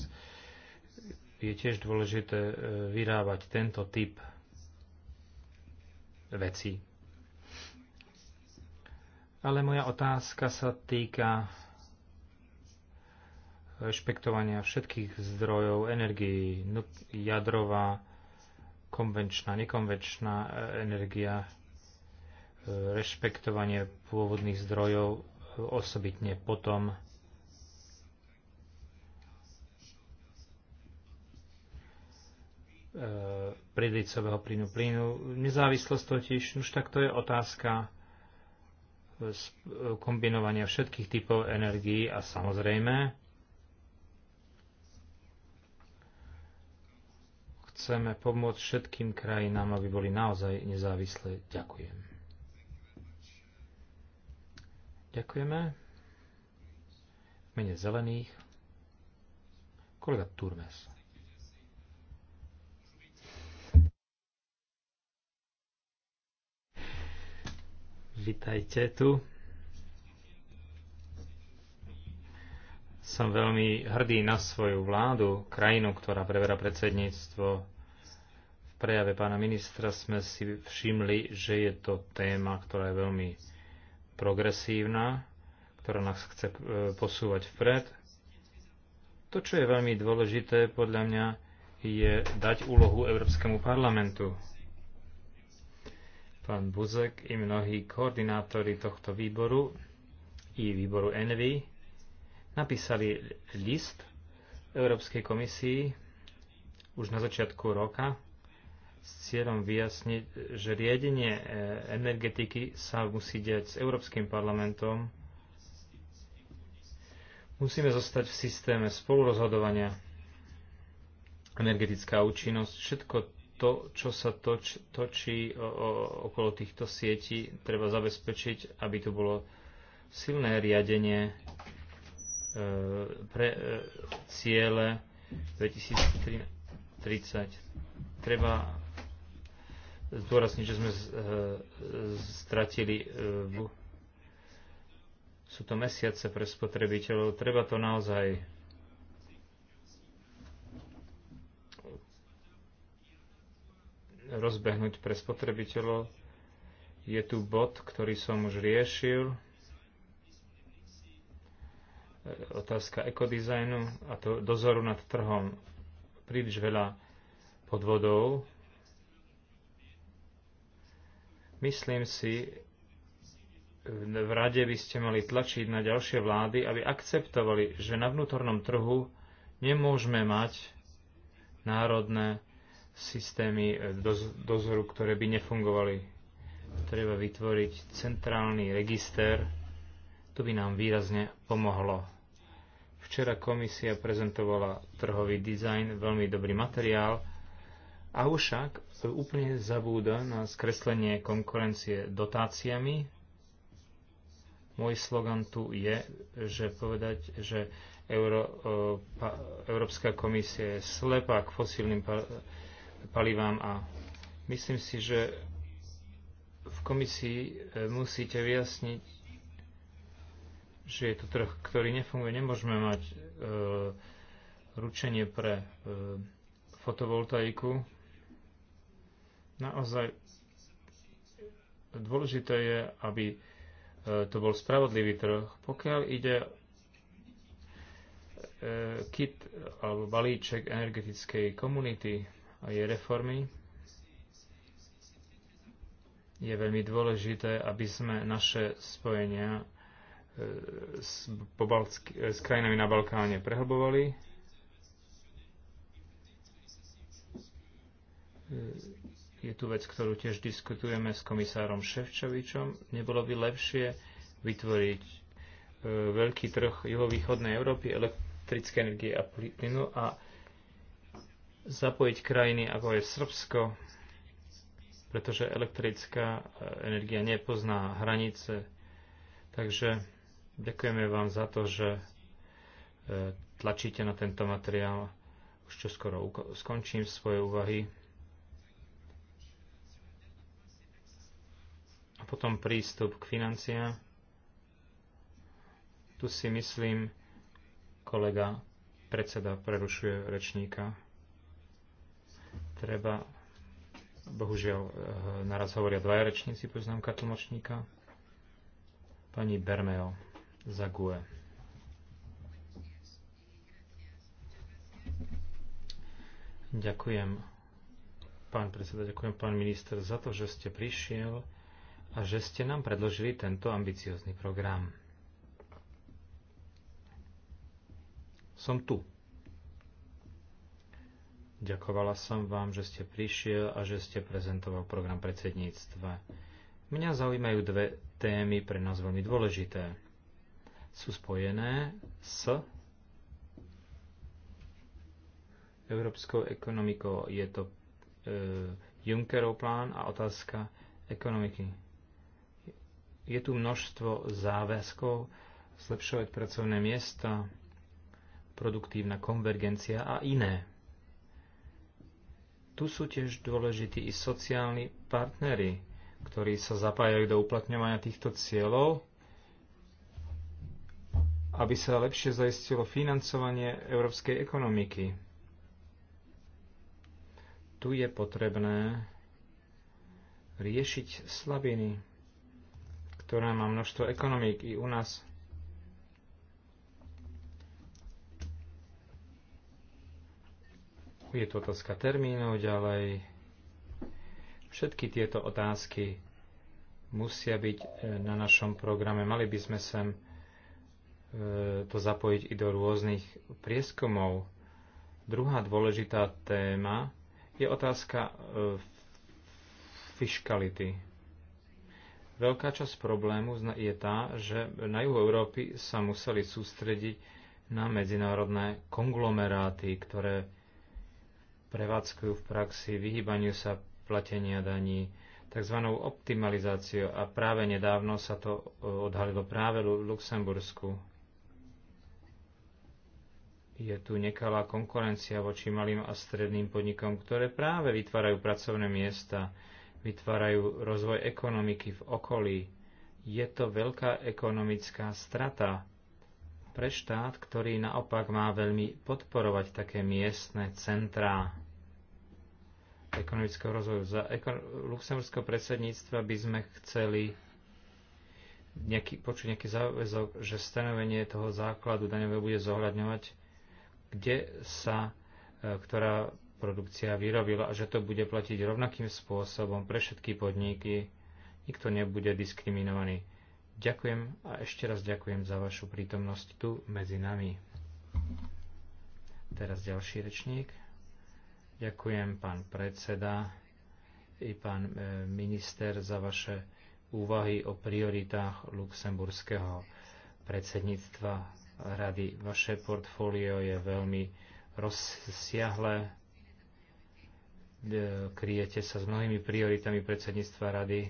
je tiež dôležité e, vyrábať tento typ vecí. Ale moja otázka sa týka rešpektovania všetkých zdrojov energii, jadrová, konvenčná, nekonvenčná e, energia, rešpektovanie pôvodných zdrojov, osobitne potom e, predlicového plynu. plynu. Nezávislosť totiž, už tak to je otázka e, e, kombinovania všetkých typov energií a samozrejme chceme pomôcť všetkým krajinám, aby boli naozaj nezávislé. Ďakujem. Ďakujeme. V mene zelených kolega Turmes. Vítajte tu. Som veľmi hrdý na svoju vládu, krajinu, ktorá preverá predsedníctvo. V prejave pána ministra sme si všimli, že je to téma, ktorá je veľmi progresívna, ktorá nás chce e, posúvať vpred. To, čo je veľmi dôležité podľa mňa, je dať úlohu Európskemu parlamentu. Pán Buzek i mnohí koordinátori tohto výboru i výboru Envy napísali list Európskej komisii už na začiatku roka, s cieľom vyjasniť, že riadenie e, energetiky sa musí diať s Európskym parlamentom. Musíme zostať v systéme spolurozhodovania. Energetická účinnosť, všetko to, čo sa toč, točí o, o, okolo týchto sietí, treba zabezpečiť, aby tu bolo silné riadenie e, pre e, ciele 2030. Treba zdôrazniť, že sme e, stratili. E, sú to mesiace pre spotrebiteľov. Treba to naozaj rozbehnúť pre spotrebiteľov. Je tu bod, ktorý som už riešil. E, otázka ekodizajnu a to dozoru nad trhom. Príliš veľa podvodov Myslím si, v rade by ste mali tlačiť na ďalšie vlády, aby akceptovali, že na vnútornom trhu nemôžeme mať národné systémy dozoru, ktoré by nefungovali. Treba vytvoriť centrálny register, to by nám výrazne pomohlo. Včera komisia prezentovala trhový dizajn, veľmi dobrý materiál, Avšak úplne zabúda na skreslenie konkurencie dotáciami. Môj slogan tu je, že povedať, že Euró, e, Európska komisia je slepá k fosílnym palivám a myslím si, že v komisii e, musíte vyjasniť, že je to trh, ktorý nefunguje. Nemôžeme mať e, ručenie pre e, fotovoltaiku, Naozaj dôležité je, aby e, to bol spravodlivý trh. Pokiaľ ide e, kit alebo balíček energetickej komunity a jej reformy, je veľmi dôležité, aby sme naše spojenia e, s, Balcky, s krajinami na Balkáne prehlbovali. Je tu vec, ktorú tiež diskutujeme s komisárom Ševčovičom. Nebolo by lepšie vytvoriť e, veľký trh juhovýchodnej Európy elektrické energie a plynu a zapojiť krajiny ako je Srbsko, pretože elektrická e, energia nepozná hranice. Takže ďakujeme vám za to, že e, tlačíte na tento materiál. Už čo skoro skončím svoje úvahy. potom prístup k financiám. Tu si myslím, kolega predseda prerušuje rečníka. Treba, bohužiaľ, eh, naraz hovoria dvaja rečníci, poznámka tlmočníka. Pani Bermeo Zague. Ďakujem, pán predseda, ďakujem, pán minister, za to, že ste prišiel a že ste nám predložili tento ambiciózny program. Som tu. Ďakovala som vám, že ste prišiel a že ste prezentoval program predsedníctva. Mňa zaujímajú dve témy pre nás veľmi dôležité. Sú spojené s európskou ekonomikou. Je to e, Junckerov plán a otázka ekonomiky je tu množstvo záväzkov, zlepšovať pracovné miesta, produktívna konvergencia a iné. Tu sú tiež dôležití i sociálni partnery, ktorí sa zapájajú do uplatňovania týchto cieľov, aby sa lepšie zaistilo financovanie európskej ekonomiky. Tu je potrebné riešiť slabiny ktorá má množstvo ekonomík i u nás. Je to otázka termínov ďalej. Všetky tieto otázky musia byť e, na našom programe. Mali by sme sem e, to zapojiť i do rôznych prieskumov. Druhá dôležitá téma je otázka e, fiskality. Veľká časť problému je tá, že na juhu Európy sa museli sústrediť na medzinárodné konglomeráty, ktoré prevádzkujú v praxi vyhýbaniu sa platenia daní, tzv. optimalizáciu a práve nedávno sa to e, odhalilo práve v Luxembursku. Je tu nekalá konkurencia voči malým a stredným podnikom, ktoré práve vytvárajú pracovné miesta, vytvárajú rozvoj ekonomiky v okolí. Je to veľká ekonomická strata pre štát, ktorý naopak má veľmi podporovať také miestne centrá ekonomického rozvoju. Za eko- luxemburského predsedníctva by sme chceli nejaký, počuť nejaký záväzok, že stanovenie toho základu daňového bude zohľadňovať, kde sa e, ktorá produkcia vyrobila a že to bude platiť rovnakým spôsobom pre všetky podniky. Nikto nebude diskriminovaný. Ďakujem a ešte raz ďakujem za vašu prítomnosť tu medzi nami. Teraz ďalší rečník. Ďakujem pán predseda i pán e, minister za vaše úvahy o prioritách luxemburského predsedníctva rady. Vaše portfólio je veľmi rozsiahle E, kryjete sa s mnohými prioritami predsedníctva rady.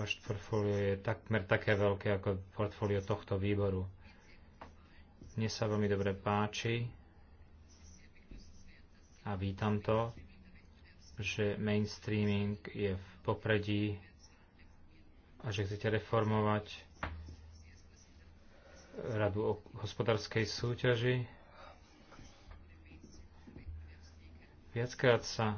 Vaš portfólio je takmer také veľké ako portfólio tohto výboru. Mne sa veľmi dobre páči a vítam to, že mainstreaming je v popredí a že chcete reformovať Radu o hospodárskej súťaži Viackrát sa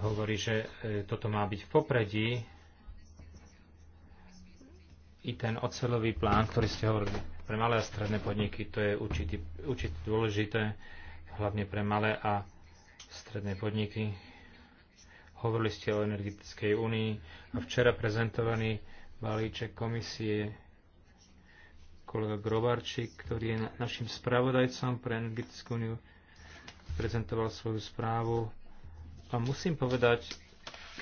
hovorí, že e, toto má byť v popredí i ten ocelový plán, ktorý ste hovorili pre malé a stredné podniky, to je určite, určite dôležité, hlavne pre malé a stredné podniky. Hovorili ste o energetickej únii a včera prezentovaný balíček komisie kolega Grobarčík, ktorý je našim spravodajcom pre Energetickú úniu, prezentoval svoju správu. A musím povedať,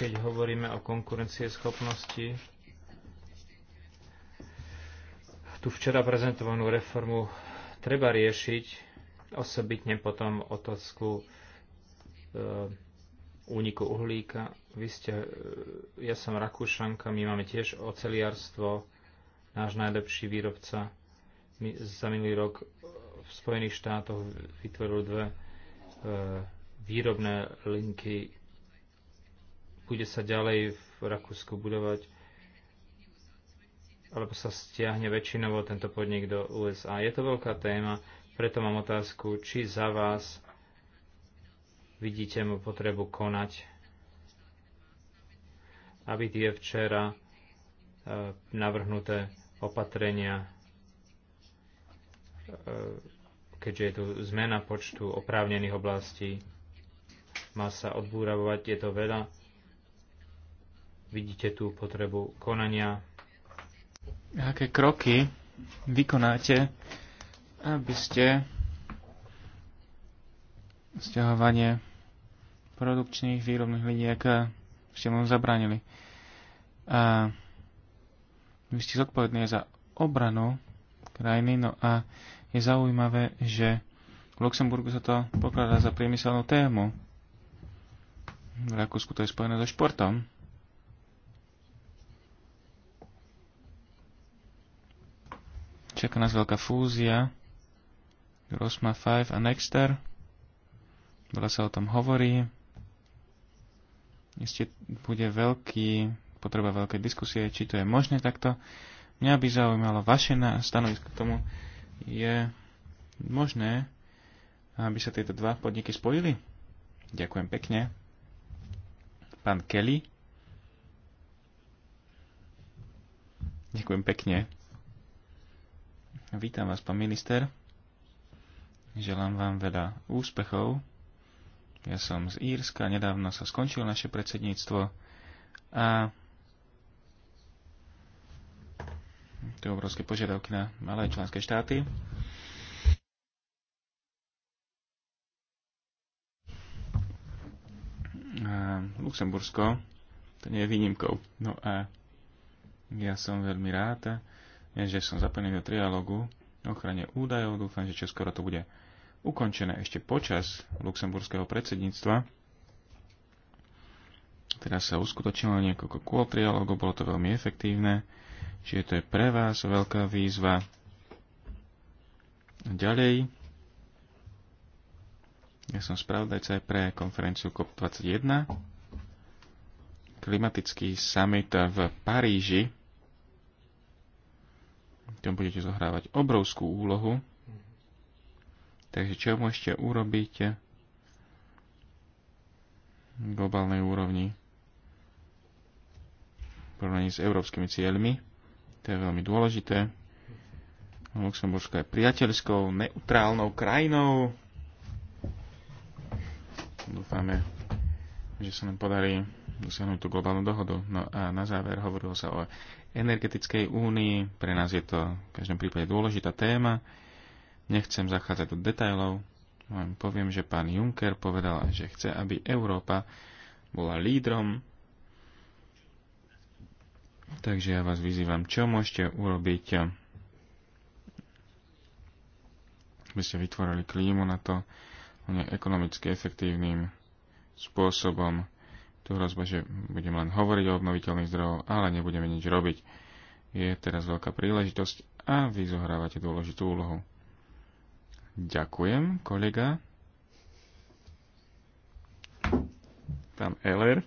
keď hovoríme o konkurencieschopnosti, tú včera prezentovanú reformu treba riešiť, osobitne potom otázku e, úniku uhlíka. Vy ste, e, ja som Rakúšanka, my máme tiež oceliarstvo, náš najlepší výrobca za minulý rok v Spojených štátoch vytvoril dve e, výrobné linky. Bude sa ďalej v Rakúsku budovať alebo sa stiahne väčšinovo tento podnik do USA. Je to veľká téma, preto mám otázku, či za vás vidíte mu potrebu konať, aby tie včera e, navrhnuté opatrenia E, keďže je tu zmena počtu oprávnených oblastí, má sa odbúravovať, je to veľa. Vidíte tú potrebu konania. Aké kroky vykonáte, aby ste stiahovanie produkčných výrobných liniek ste mu zabránili. A vy ste zodpovední za obranu krajiny, no a je zaujímavé, že v Luxemburgu sa to pokladá za priemyselnú tému. V Rakúsku to je spojené so športom. Čaká nás veľká fúzia. Rosma 5 a Nexter. Veľa sa o tom hovorí. Ešte bude veľký, potreba veľkej diskusie, či to je možné takto. Mňa by zaujímalo vaše stanovisko k tomu, je možné, aby sa tieto dva podniky spojili? Ďakujem pekne. Pán Kelly. Ďakujem pekne. Vítam vás, pán minister. Želám vám veľa úspechov. Ja som z Írska, nedávno sa skončilo naše predsedníctvo a tie obrovské požiadavky na malé členské štáty. A Luxembursko to nie je výnimkou. No a ja som veľmi rád, že som zapojený do trialógu ochrane údajov. Dúfam, že čoskoro to bude ukončené ešte počas luxemburského predsedníctva. Teraz sa uskutočnilo niekoľko kôl trialógu, bolo to veľmi efektívne. Čiže to je pre vás veľká výzva. Ďalej, ja som spravodajca aj pre konferenciu COP21, klimatický summit v Paríži. tom budete zohrávať obrovskú úlohu. Takže čo môžete urobiť v globálnej úrovni v porovnaní s európskymi cieľmi? To je veľmi dôležité. Luxembursko je priateľskou, neutrálnou krajinou. Dúfame, že sa nám podarí dosiahnuť tú globálnu dohodu. No a na záver hovorilo sa o energetickej únii. Pre nás je to v každom prípade dôležitá téma. Nechcem zachádzať do detajlov. Len poviem, že pán Juncker povedal, že chce, aby Európa bola lídrom Takže ja vás vyzývam, čo môžete urobiť, aby ste vytvorili klímu na to, ekonomicky efektívnym spôsobom. Tu hrozba, že budem len hovoriť o obnoviteľných zdrojoch, ale nebudeme nič robiť. Je teraz veľká príležitosť a vy zohrávate dôležitú úlohu. Ďakujem, kolega. Tam Eller.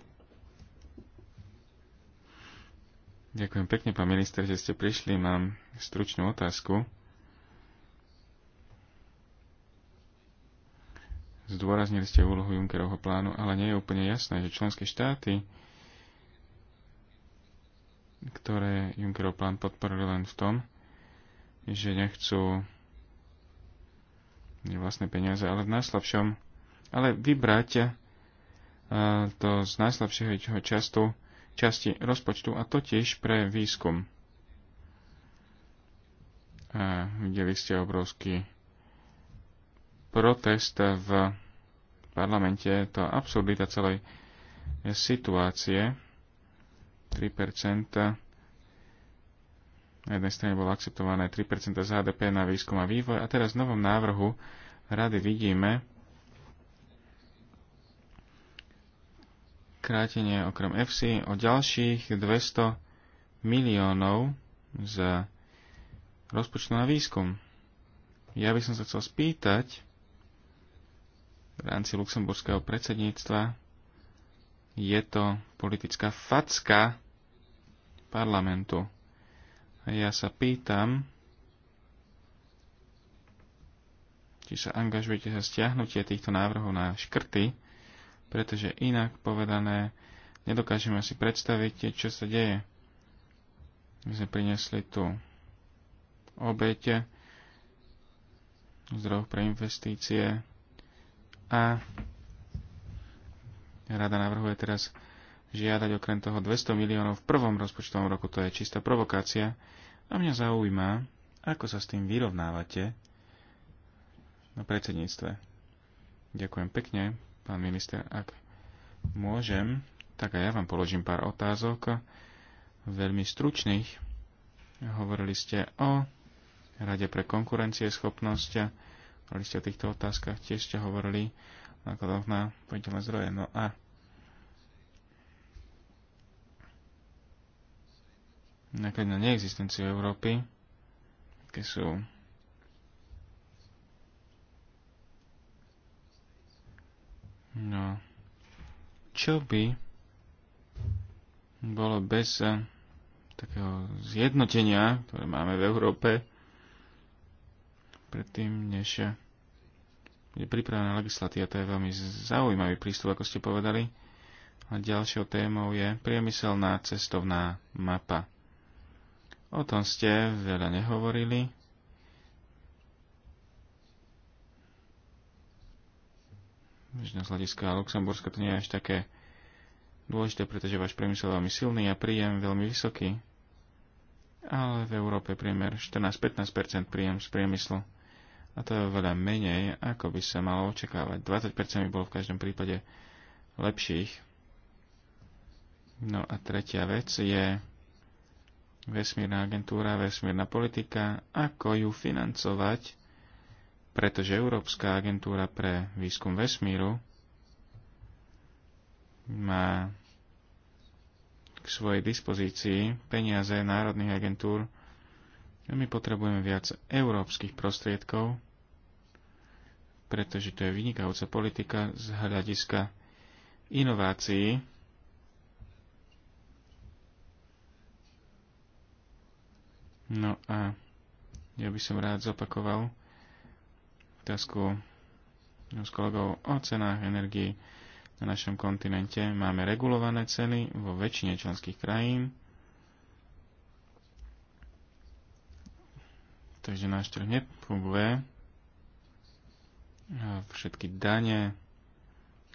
Ďakujem pekne, pán minister, že ste prišli. Mám stručnú otázku. Zdôraznili ste úlohu Junckerovho plánu, ale nie je úplne jasné, že členské štáty, ktoré Junckerov plán podporili len v tom, že nechcú vlastné peniaze, ale v najslabšom, ale vybrať eh, to z najslabšieho častu časti rozpočtu a totiž pre výskum. A videli ste obrovský protest v parlamente, to absurdita celej situácie. 3% na jednej strane bolo akceptované 3% z HDP na výskum a vývoj a teraz v novom návrhu rady vidíme, krátenie okrem FC o ďalších 200 miliónov z rozpočtu na výskum. Ja by som sa chcel spýtať v rámci luxemburského predsedníctva, je to politická facka parlamentu. A ja sa pýtam, či sa angažujete za stiahnutie týchto návrhov na škrty, pretože inak povedané nedokážeme si predstaviť, čo sa deje. My sme priniesli tu obete, zdroj pre investície a rada navrhuje teraz žiadať okrem toho 200 miliónov v prvom rozpočtovom roku, to je čistá provokácia. A mňa zaujíma, ako sa s tým vyrovnávate na predsedníctve. Ďakujem pekne, Pán minister, ak môžem, tak aj ja vám položím pár otázok, veľmi stručných. Hovorili ste o Rade pre konkurencie schopnosť, hovorili ste o týchto otázkach, tiež ste hovorili o nákladoch na podelené zdroje. No a na neexistenciu Európy, aké sú No. Čo by bolo bez eh, takého zjednotenia, ktoré máme v Európe, predtým, než eh, bude pripravená legislatíva. To je veľmi zaujímavý prístup, ako ste povedali. A ďalšou témou je priemyselná cestovná mapa. O tom ste veľa nehovorili. z hľadiska Luxemburska to nie je až také dôležité, pretože váš priemysel je veľmi silný a príjem veľmi vysoký. Ale v Európe je priemer 14-15% príjem z priemyslu. A to je veľa menej, ako by sa malo očakávať. 20% by bolo v každom prípade lepších. No a tretia vec je vesmírna agentúra, vesmírna politika, ako ju financovať pretože Európska agentúra pre výskum vesmíru má k svojej dispozícii peniaze národných agentúr, my potrebujeme viac európskych prostriedkov, pretože to je vynikajúca politika z hľadiska inovácií. No a ja by som rád zopakoval, otázku s kolegou o cenách energii na našom kontinente. Máme regulované ceny vo väčšine členských krajín. Takže náš trh nefunguje. Všetky dane,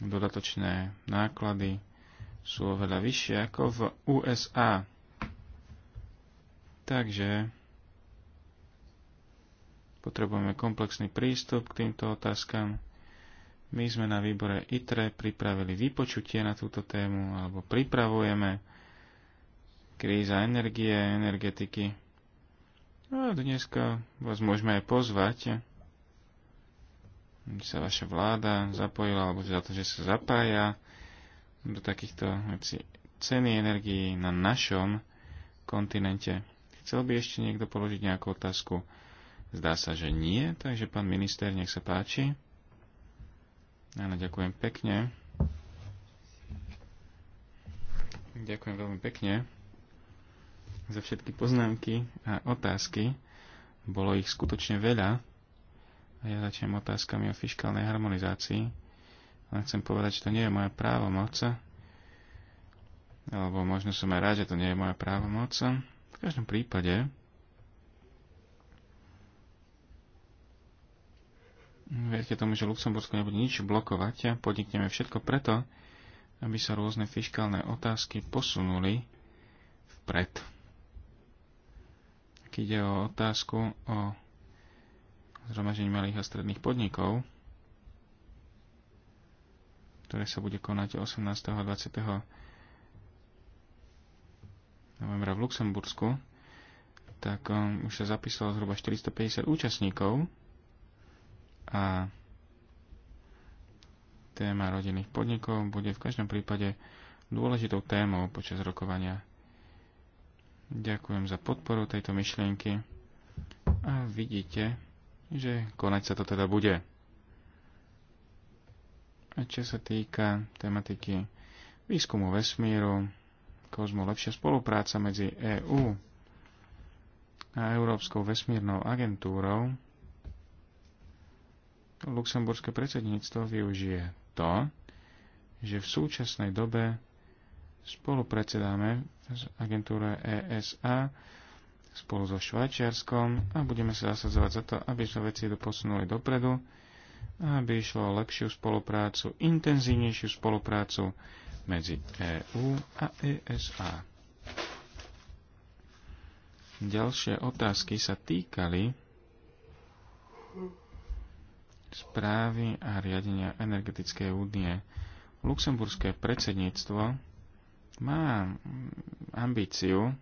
dodatočné náklady sú oveľa vyššie ako v USA. Takže Potrebujeme komplexný prístup k týmto otázkam. My sme na výbore ITRE pripravili vypočutie na túto tému, alebo pripravujeme kríza energie, energetiky. No a dnes vás môžeme aj pozvať, kde sa vaša vláda zapojila, alebo za to, že sa zapája do takýchto vecí ceny energií na našom kontinente. Chcel by ešte niekto položiť nejakú otázku? Zdá sa, že nie, takže pán minister, nech sa páči. Áno, ďakujem pekne. Ďakujem veľmi pekne za všetky poznámky a otázky. Bolo ich skutočne veľa. A ja začnem otázkami o fiskálnej harmonizácii. Len chcem povedať, že to nie je moja právomoc. Alebo možno som aj rád, že to nie je moja právomoc. V každom prípade Verte tomu, že Luxembursko nebude nič blokovať a podnikneme všetko preto, aby sa rôzne fiskálne otázky posunuli vpred. Ak ide o otázku o zhromaždení malých a stredných podnikov, ktoré sa bude konať 18. a 20. novembra v Luxembursku, tak um, už sa zapísalo zhruba 450 účastníkov a téma rodinných podnikov bude v každom prípade dôležitou témou počas rokovania. Ďakujem za podporu tejto myšlienky a vidíte, že konať sa to teda bude. A čo sa týka tematiky výskumu vesmíru, kozmu lepšia spolupráca medzi EÚ a Európskou vesmírnou agentúrou, luxemburské predsedníctvo využije to, že v súčasnej dobe spolupredsedáme s agentúre ESA spolu so Švajčiarskom a budeme sa zasadzovať za to, aby sa veci doposunuli dopredu, a aby išlo o lepšiu spoluprácu, intenzívnejšiu spoluprácu medzi EÚ a ESA. Ďalšie otázky sa týkali správy a riadenia energetickej únie. Luxemburské predsedníctvo má ambíciu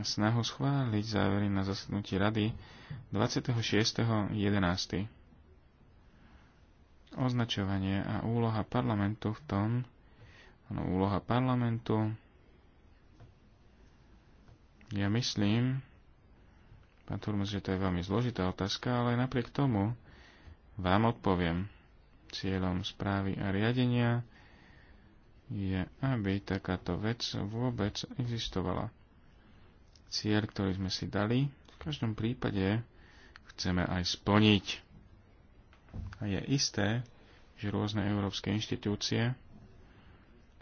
snahu schváliť závery na zasadnutí rady 26.11. Označovanie a úloha parlamentu v tom, no, úloha parlamentu, ja myslím, pán Turmus, že to je veľmi zložitá otázka, ale napriek tomu vám odpoviem. Cieľom správy a riadenia je, aby takáto vec vôbec existovala. Cieľ, ktorý sme si dali, v každom prípade chceme aj splniť. A je isté, že rôzne európske inštitúcie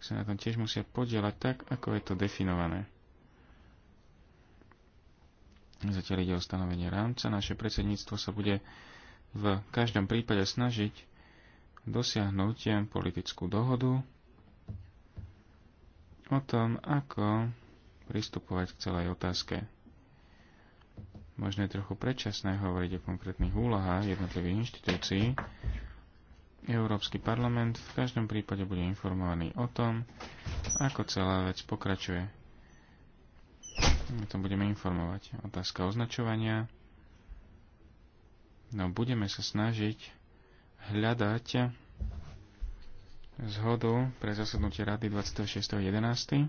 sa na tom tiež musia podielať tak, ako je to definované. Zatiaľ ide o stanovenie rámca. Naše predsedníctvo sa bude v každom prípade snažiť dosiahnuť politickú dohodu o tom, ako pristupovať k celej otázke. Možno je trochu predčasné hovoriť o konkrétnych úlohách jednotlivých inštitúcií. Európsky parlament v každom prípade bude informovaný o tom, ako celá vec pokračuje. My to budeme informovať. Otázka označovania. No, budeme sa snažiť hľadať zhodu pre zasadnutie rady 26.11.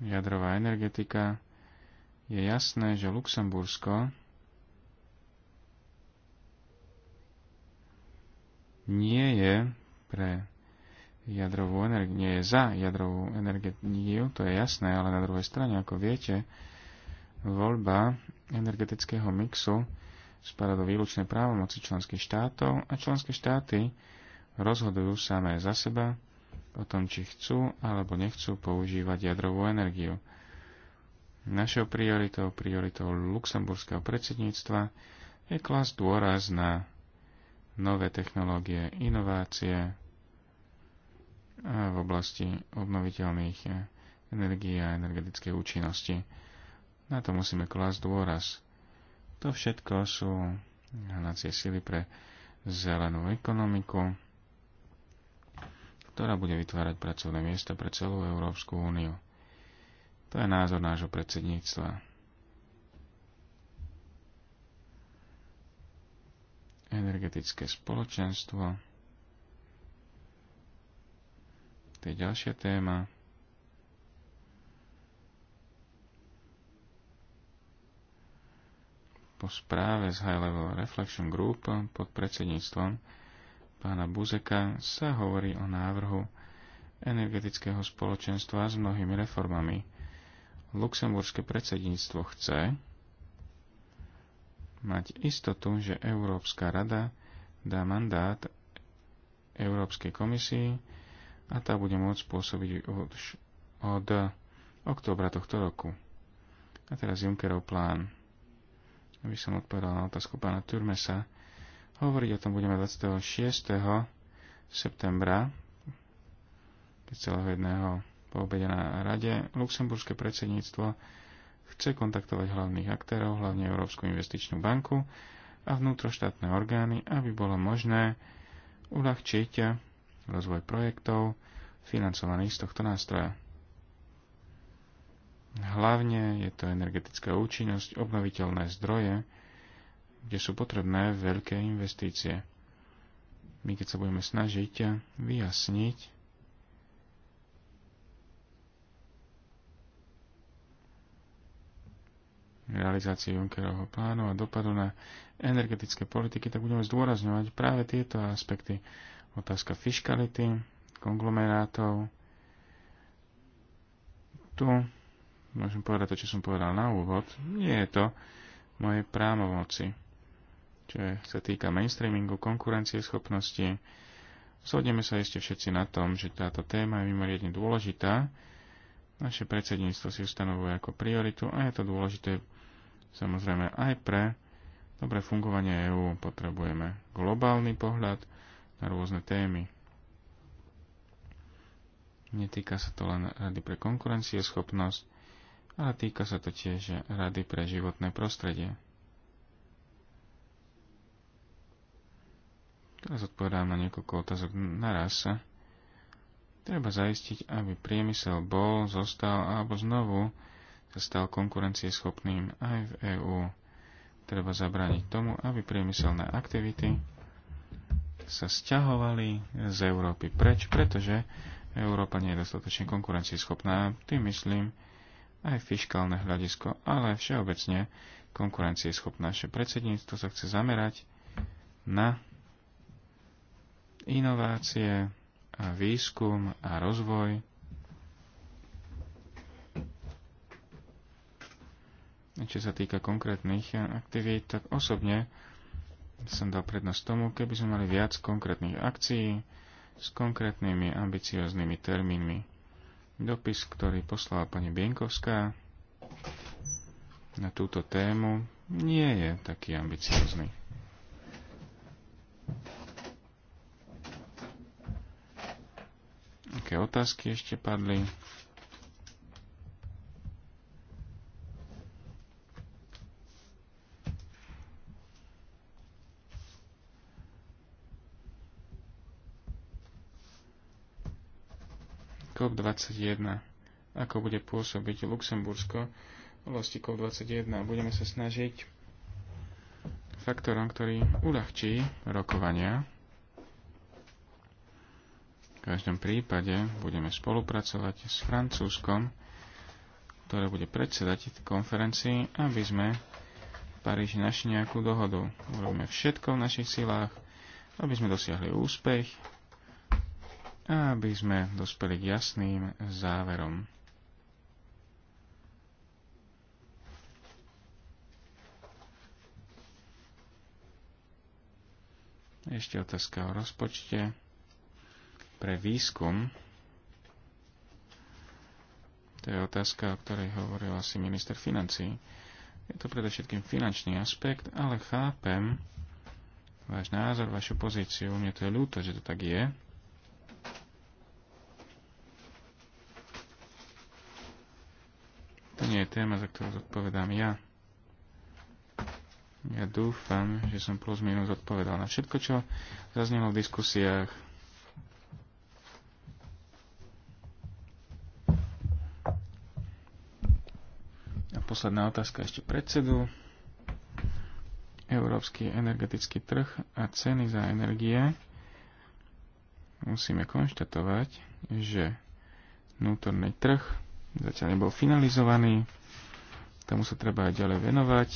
Jadrová energetika. Je jasné, že Luxembursko nie je pre jadrovú energiu, nie je za jadrovú energiu, to je jasné, ale na druhej strane, ako viete, voľba energetického mixu spada do výlučnej právomoci členských štátov a členské štáty rozhodujú samé za seba o tom, či chcú alebo nechcú používať jadrovú energiu. Našou prioritou, prioritou luxemburského predsedníctva je klas dôraz na nové technológie, inovácie, v oblasti obnoviteľných energií a energetickej účinnosti. Na to musíme klásť dôraz. To všetko sú hnacie sily pre zelenú ekonomiku, ktorá bude vytvárať pracovné miesta pre celú Európsku úniu. To je názor nášho predsedníctva. Energetické spoločenstvo To je ďalšia téma. Po správe z High Level Reflection Group pod predsedníctvom pána Buzeka sa hovorí o návrhu energetického spoločenstva s mnohými reformami. Luxemburské predsedníctvo chce mať istotu, že Európska rada dá mandát Európskej komisii a tá bude môcť pôsobiť od, od októbra tohto roku. A teraz Junckerov plán. Aby som odpovedal na otázku pána Turmesa, hovoriť o tom budeme 26. septembra celého po obede na rade. Luxemburské predsedníctvo chce kontaktovať hlavných aktérov, hlavne Európsku investičnú banku a vnútroštátne orgány, aby bolo možné uľahčiť rozvoj projektov financovaných z tohto nástroja. Hlavne je to energetická účinnosť, obnoviteľné zdroje, kde sú potrebné veľké investície. My keď sa budeme snažiť vyjasniť, realizácie Junckerovho plánu a dopadu na energetické politiky, tak budeme zdôrazňovať práve tieto aspekty otázka fiskality, konglomerátov. Tu môžem povedať to, čo som povedal na úvod. Nie je to moje právomoci, čo je, sa týka mainstreamingu, konkurencie schopnosti, Shodneme sa ešte všetci na tom, že táto téma je mimoriadne dôležitá. Naše predsedníctvo si ustanovuje ako prioritu a je to dôležité samozrejme aj pre dobre fungovanie EÚ. Potrebujeme globálny pohľad, na rôzne témy. Netýka sa to len rady pre konkurencieschopnosť, ale týka sa to tiež rady pre životné prostredie. Teraz odpovedám na niekoľko otázok naraz. Treba zaistiť, aby priemysel bol, zostal alebo znovu sa stal konkurencieschopným aj v EÚ. Treba zabrániť tomu, aby priemyselné aktivity sa sťahovali z Európy preč, pretože Európa nie je dostatočne konkurencieschopná. Tým myslím aj fiskálne hľadisko, ale všeobecne konkurencieschopná. Naše predsedníctvo sa chce zamerať na inovácie, a výskum a rozvoj. Čo sa týka konkrétnych aktivít, tak osobne som dal prednosť tomu, keby sme mali viac konkrétnych akcií s konkrétnymi ambicioznými termínmi. Dopis, ktorý poslala pani Bienkovská na túto tému, nie je taký ambiciozný. Aké otázky ešte padli? COP21. Ako bude pôsobiť Luxembursko v oblasti COP21. Budeme sa snažiť faktorom, ktorý uľahčí rokovania. V každom prípade budeme spolupracovať s Francúzskom, ktoré bude predsedať konferencii, aby sme v Paríži našli nejakú dohodu. Urobíme všetko v našich silách, aby sme dosiahli úspech aby sme dospeli k jasným záverom. Ešte otázka o rozpočte pre výskum. To je otázka, o ktorej hovoril asi minister financí. Je to predovšetkým finančný aspekt, ale chápem váš názor, vašu pozíciu. Mne to je ľúto, že to tak je. To nie je téma, za ktorú zodpovedám ja. Ja dúfam, že som plus minus odpovedal na všetko, čo zaznelo v diskusiách. A posledná otázka ešte predsedu. Európsky energetický trh a ceny za energie musíme konštatovať, že vnútorný trh zatiaľ nebol finalizovaný. Tomu sa treba aj ďalej venovať.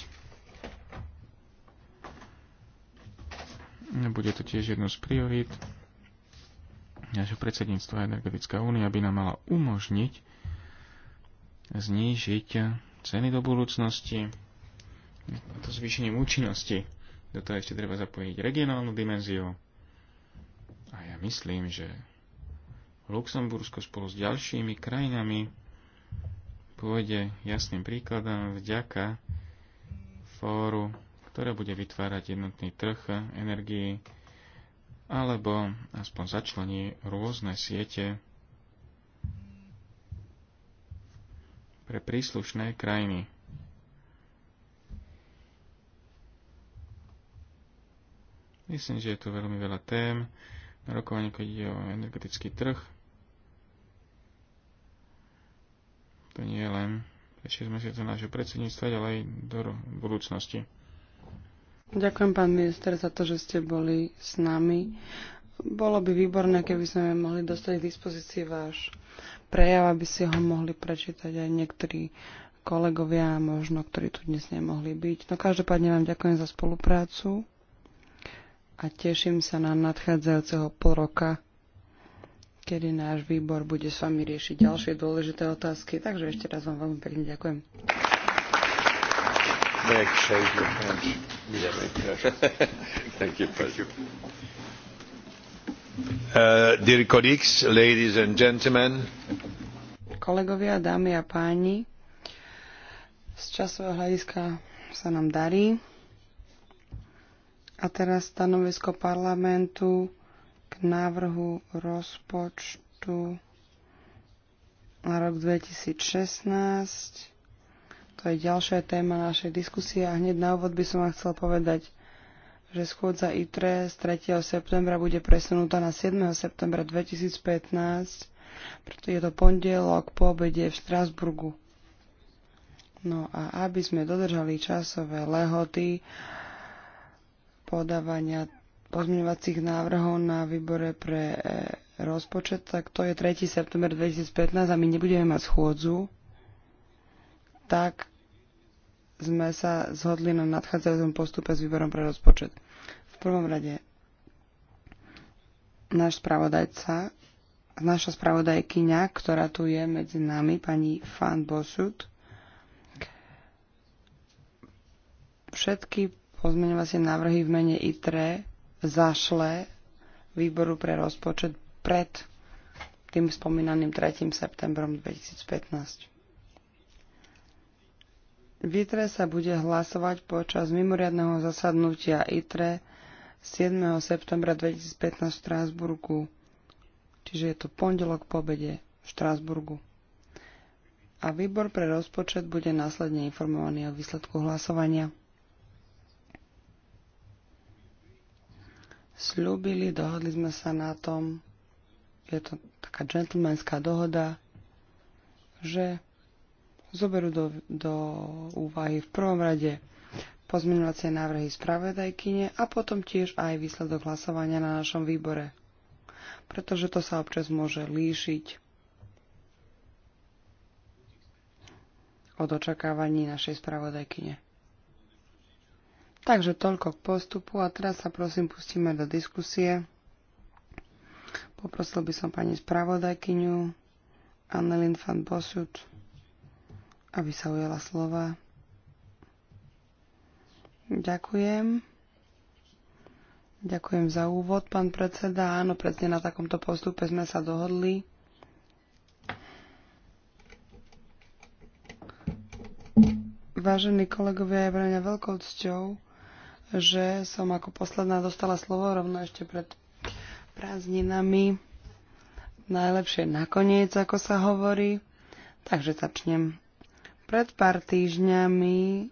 Bude to tiež jednou z priorit nášho predsedníctva Energetická únia by nám mala umožniť znížiť ceny do budúcnosti a to zvýšením účinnosti. Do toho ešte treba zapojiť regionálnu dimenziu. A ja myslím, že Luxembursko spolu s ďalšími krajinami pôjde jasným príkladom vďaka fóru, ktoré bude vytvárať jednotný trh energii alebo aspoň začlení rôzne siete pre príslušné krajiny. Myslím, že je tu veľmi veľa tém rokovanie, keď ide o energetický trh. to nie je len 6 mesiacov nášho predsedníctva, ale aj do budúcnosti. Ďakujem, pán minister, za to, že ste boli s nami. Bolo by výborné, keby sme mohli dostať k dispozícii váš prejav, aby si ho mohli prečítať aj niektorí kolegovia, možno, ktorí tu dnes nemohli byť. No každopádne vám ďakujem za spoluprácu a teším sa na nadchádzajúceho pol roka kedy náš výbor bude s vami riešiť ďalšie dôležité otázky. Takže ešte raz vám veľmi pekne ďakujem. Uh, Kolegovia, dámy a páni, z časového hľadiska sa nám darí. A teraz stanovisko parlamentu k návrhu rozpočtu na rok 2016. To je ďalšia téma našej diskusie a hneď na úvod by som vám chcel povedať, že schôdza ITRE z 3. septembra bude presunutá na 7. septembra 2015, preto je to pondelok po obede v Štrasburgu. No a aby sme dodržali časové lehoty podávania pozmeňovacích návrhov na výbore pre e, rozpočet, tak to je 3. september 2015 a my nebudeme mať schôdzu, tak sme sa zhodli na nadchádzajúcom postupe s výborom pre rozpočet. V prvom rade náš spravodajca, naša spravodajkyňa, ktorá tu je medzi nami, pani Fan Bosut, všetky pozmeňovacie návrhy v mene ITRE zašle výboru pre rozpočet pred tým spomínaným 3. septembrom 2015. V ITRE sa bude hlasovať počas mimoriadného zasadnutia ITRE 7. septembra 2015 v Štrásburgu, čiže je to pondelok po obede v Štrásburgu. A výbor pre rozpočet bude následne informovaný o výsledku hlasovania. slúbili, dohodli sme sa na tom, je to taká džentlmenská dohoda, že zoberú do, do úvahy v prvom rade pozmeňovacie návrhy spravodajkyne a potom tiež aj výsledok hlasovania na našom výbore. Pretože to sa občas môže líšiť od očakávaní našej spravodajkyne. Takže toľko k postupu a teraz sa prosím pustíme do diskusie. Poprosil by som pani spravodajkyňu Annelin van Bosut, aby sa ujela slova. Ďakujem. Ďakujem za úvod, pán predseda. Áno, presne na takomto postupe sme sa dohodli. Vážení kolegovia, je pre mňa veľkou cťou, že som ako posledná dostala slovo rovno ešte pred prázdninami. Najlepšie nakoniec, ako sa hovorí. Takže začnem. Pred pár týždňami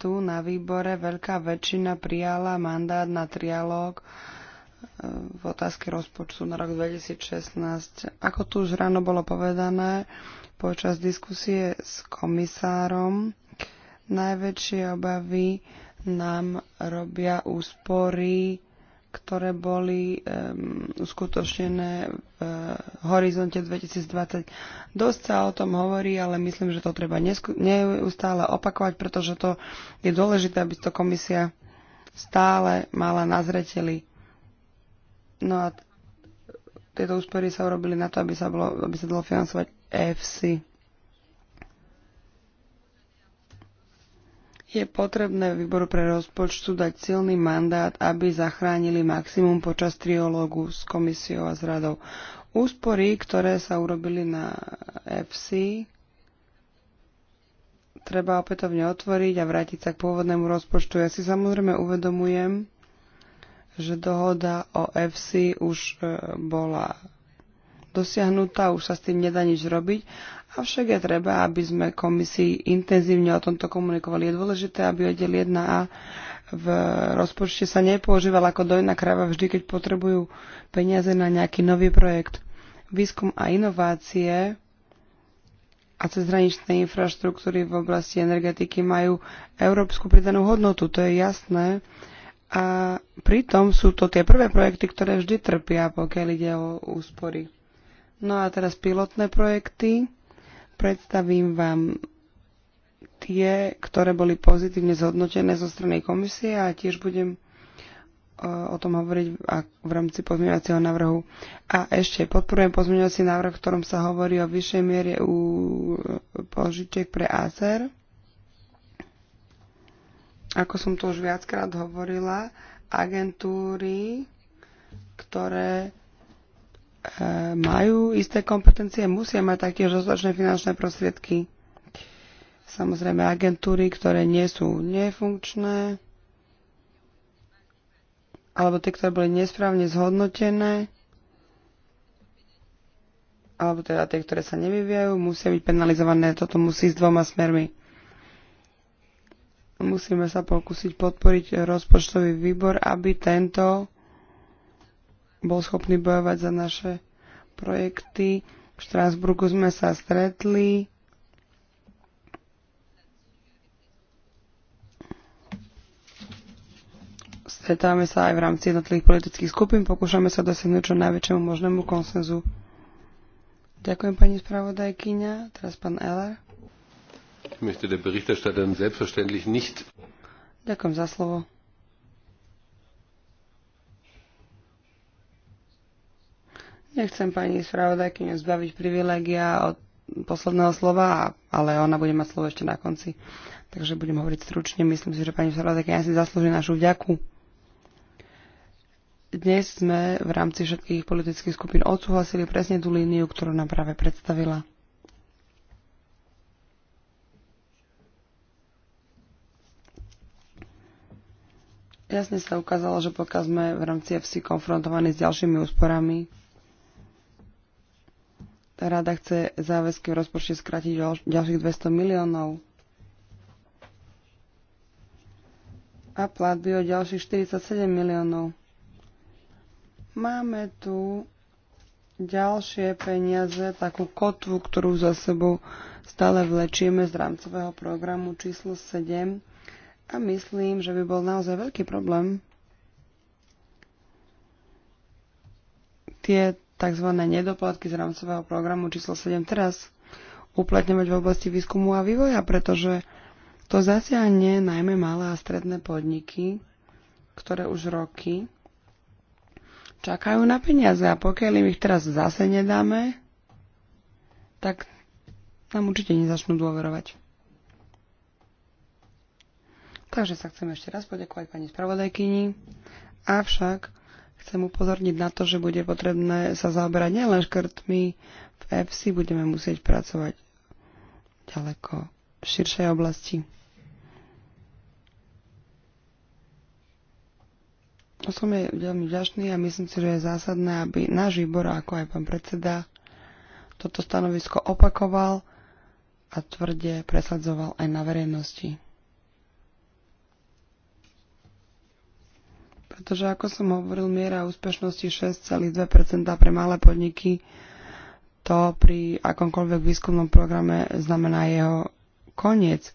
tu na výbore veľká väčšina prijala mandát na trialóg e, v otázke rozpočtu na rok 2016. Ako tu už ráno bolo povedané, počas diskusie s komisárom najväčšie obavy nám robia úspory, ktoré boli um, uskutočnené v uh, horizonte 2020. Dosť sa o tom hovorí, ale myslím, že to treba neustále opakovať, pretože to je dôležité, aby to komisia stále mala na zreteli. No a tieto úspory sa urobili na to, aby sa, bolo, aby sa dalo financovať EFSI. Je potrebné výboru pre rozpočtu dať silný mandát, aby zachránili maximum počas triológu s komisiou a s radou. Úspory, ktoré sa urobili na FC, treba opätovne otvoriť a vrátiť sa k pôvodnému rozpočtu. Ja si samozrejme uvedomujem, že dohoda o FC už e, bola dosiahnutá, už sa s tým nedá nič robiť, Avšak je treba, aby sme komisii intenzívne o tomto komunikovali. Je dôležité, aby oddel 1A v rozpočte sa nepoužíval ako dojná kráva, vždy, keď potrebujú peniaze na nejaký nový projekt. Výskum a inovácie a cezhraničné infraštruktúry v oblasti energetiky majú európsku pridanú hodnotu, to je jasné. A pritom sú to tie prvé projekty, ktoré vždy trpia, pokiaľ ide o úspory. No a teraz pilotné projekty Predstavím vám tie, ktoré boli pozitívne zhodnotené zo strany komisie a tiež budem e, o tom hovoriť v rámci pozmeňovacieho návrhu. A ešte podporujem pozmeňovací návrh, v ktorom sa hovorí o vyššej miere u požičiek pre ACER. Ako som to už viackrát hovorila, agentúry, ktoré majú isté kompetencie, musia mať taktiež dostatočné finančné prostriedky. Samozrejme agentúry, ktoré nie sú nefunkčné, alebo tie, ktoré boli nesprávne zhodnotené, alebo teda tie, ktoré sa nevyvíjajú, musia byť penalizované. Toto musí s dvoma smermi. Musíme sa pokúsiť podporiť rozpočtový výbor, aby tento bol schopný bojovať za naše projekty. V Štrásburgu sme sa stretli. Stretáme sa aj v rámci jednotlivých politických skupín, pokúšame sa dosiahnuť čo najväčšiemu možnému konsenzu. Ďakujem pani spravodajkyňa. Teraz pán Eller. Ich möchte der Berichterstatterin selbstverständlich nicht. Ďakujem za slovo. Nechcem pani spravodajkyňu zbaviť privilégia od posledného slova, ale ona bude mať slovo ešte na konci. Takže budem hovoriť stručne. Myslím si, že pani spravodajkyňa si zaslúži našu vďaku. Dnes sme v rámci všetkých politických skupín odsúhlasili presne tú líniu, ktorú nám práve predstavila. Jasne sa ukázalo, že pokiaľ sme v rámci FC konfrontovaní s ďalšími úsporami, Rada chce záväzky v rozpočte skrátiť o ďalších 200 miliónov a platby o ďalších 47 miliónov. Máme tu ďalšie peniaze, takú kotvu, ktorú za sebou stále vlečieme z rámcového programu číslo 7 a myslím, že by bol naozaj veľký problém tie tzv. nedoplatky z rámcového programu číslo 7 teraz uplatňovať v oblasti výskumu a vývoja, pretože to zasiahne najmä malé a stredné podniky, ktoré už roky čakajú na peniaze a pokiaľ im ich teraz zase nedáme, tak nám určite nezačnú dôverovať. Takže sa chcem ešte raz poďakovať pani spravodajkyni. Avšak Chcem upozorniť na to, že bude potrebné sa zaoberať nielen škrtmi v EFSI, budeme musieť pracovať ďaleko v širšej oblasti. Som je veľmi vďačný a myslím si, že je zásadné, aby náš výbor, ako aj pán predseda, toto stanovisko opakoval a tvrde presadzoval aj na verejnosti. Pretože, ako som hovoril, miera úspešnosti 6,2% pre malé podniky to pri akomkoľvek výskumnom programe znamená jeho koniec.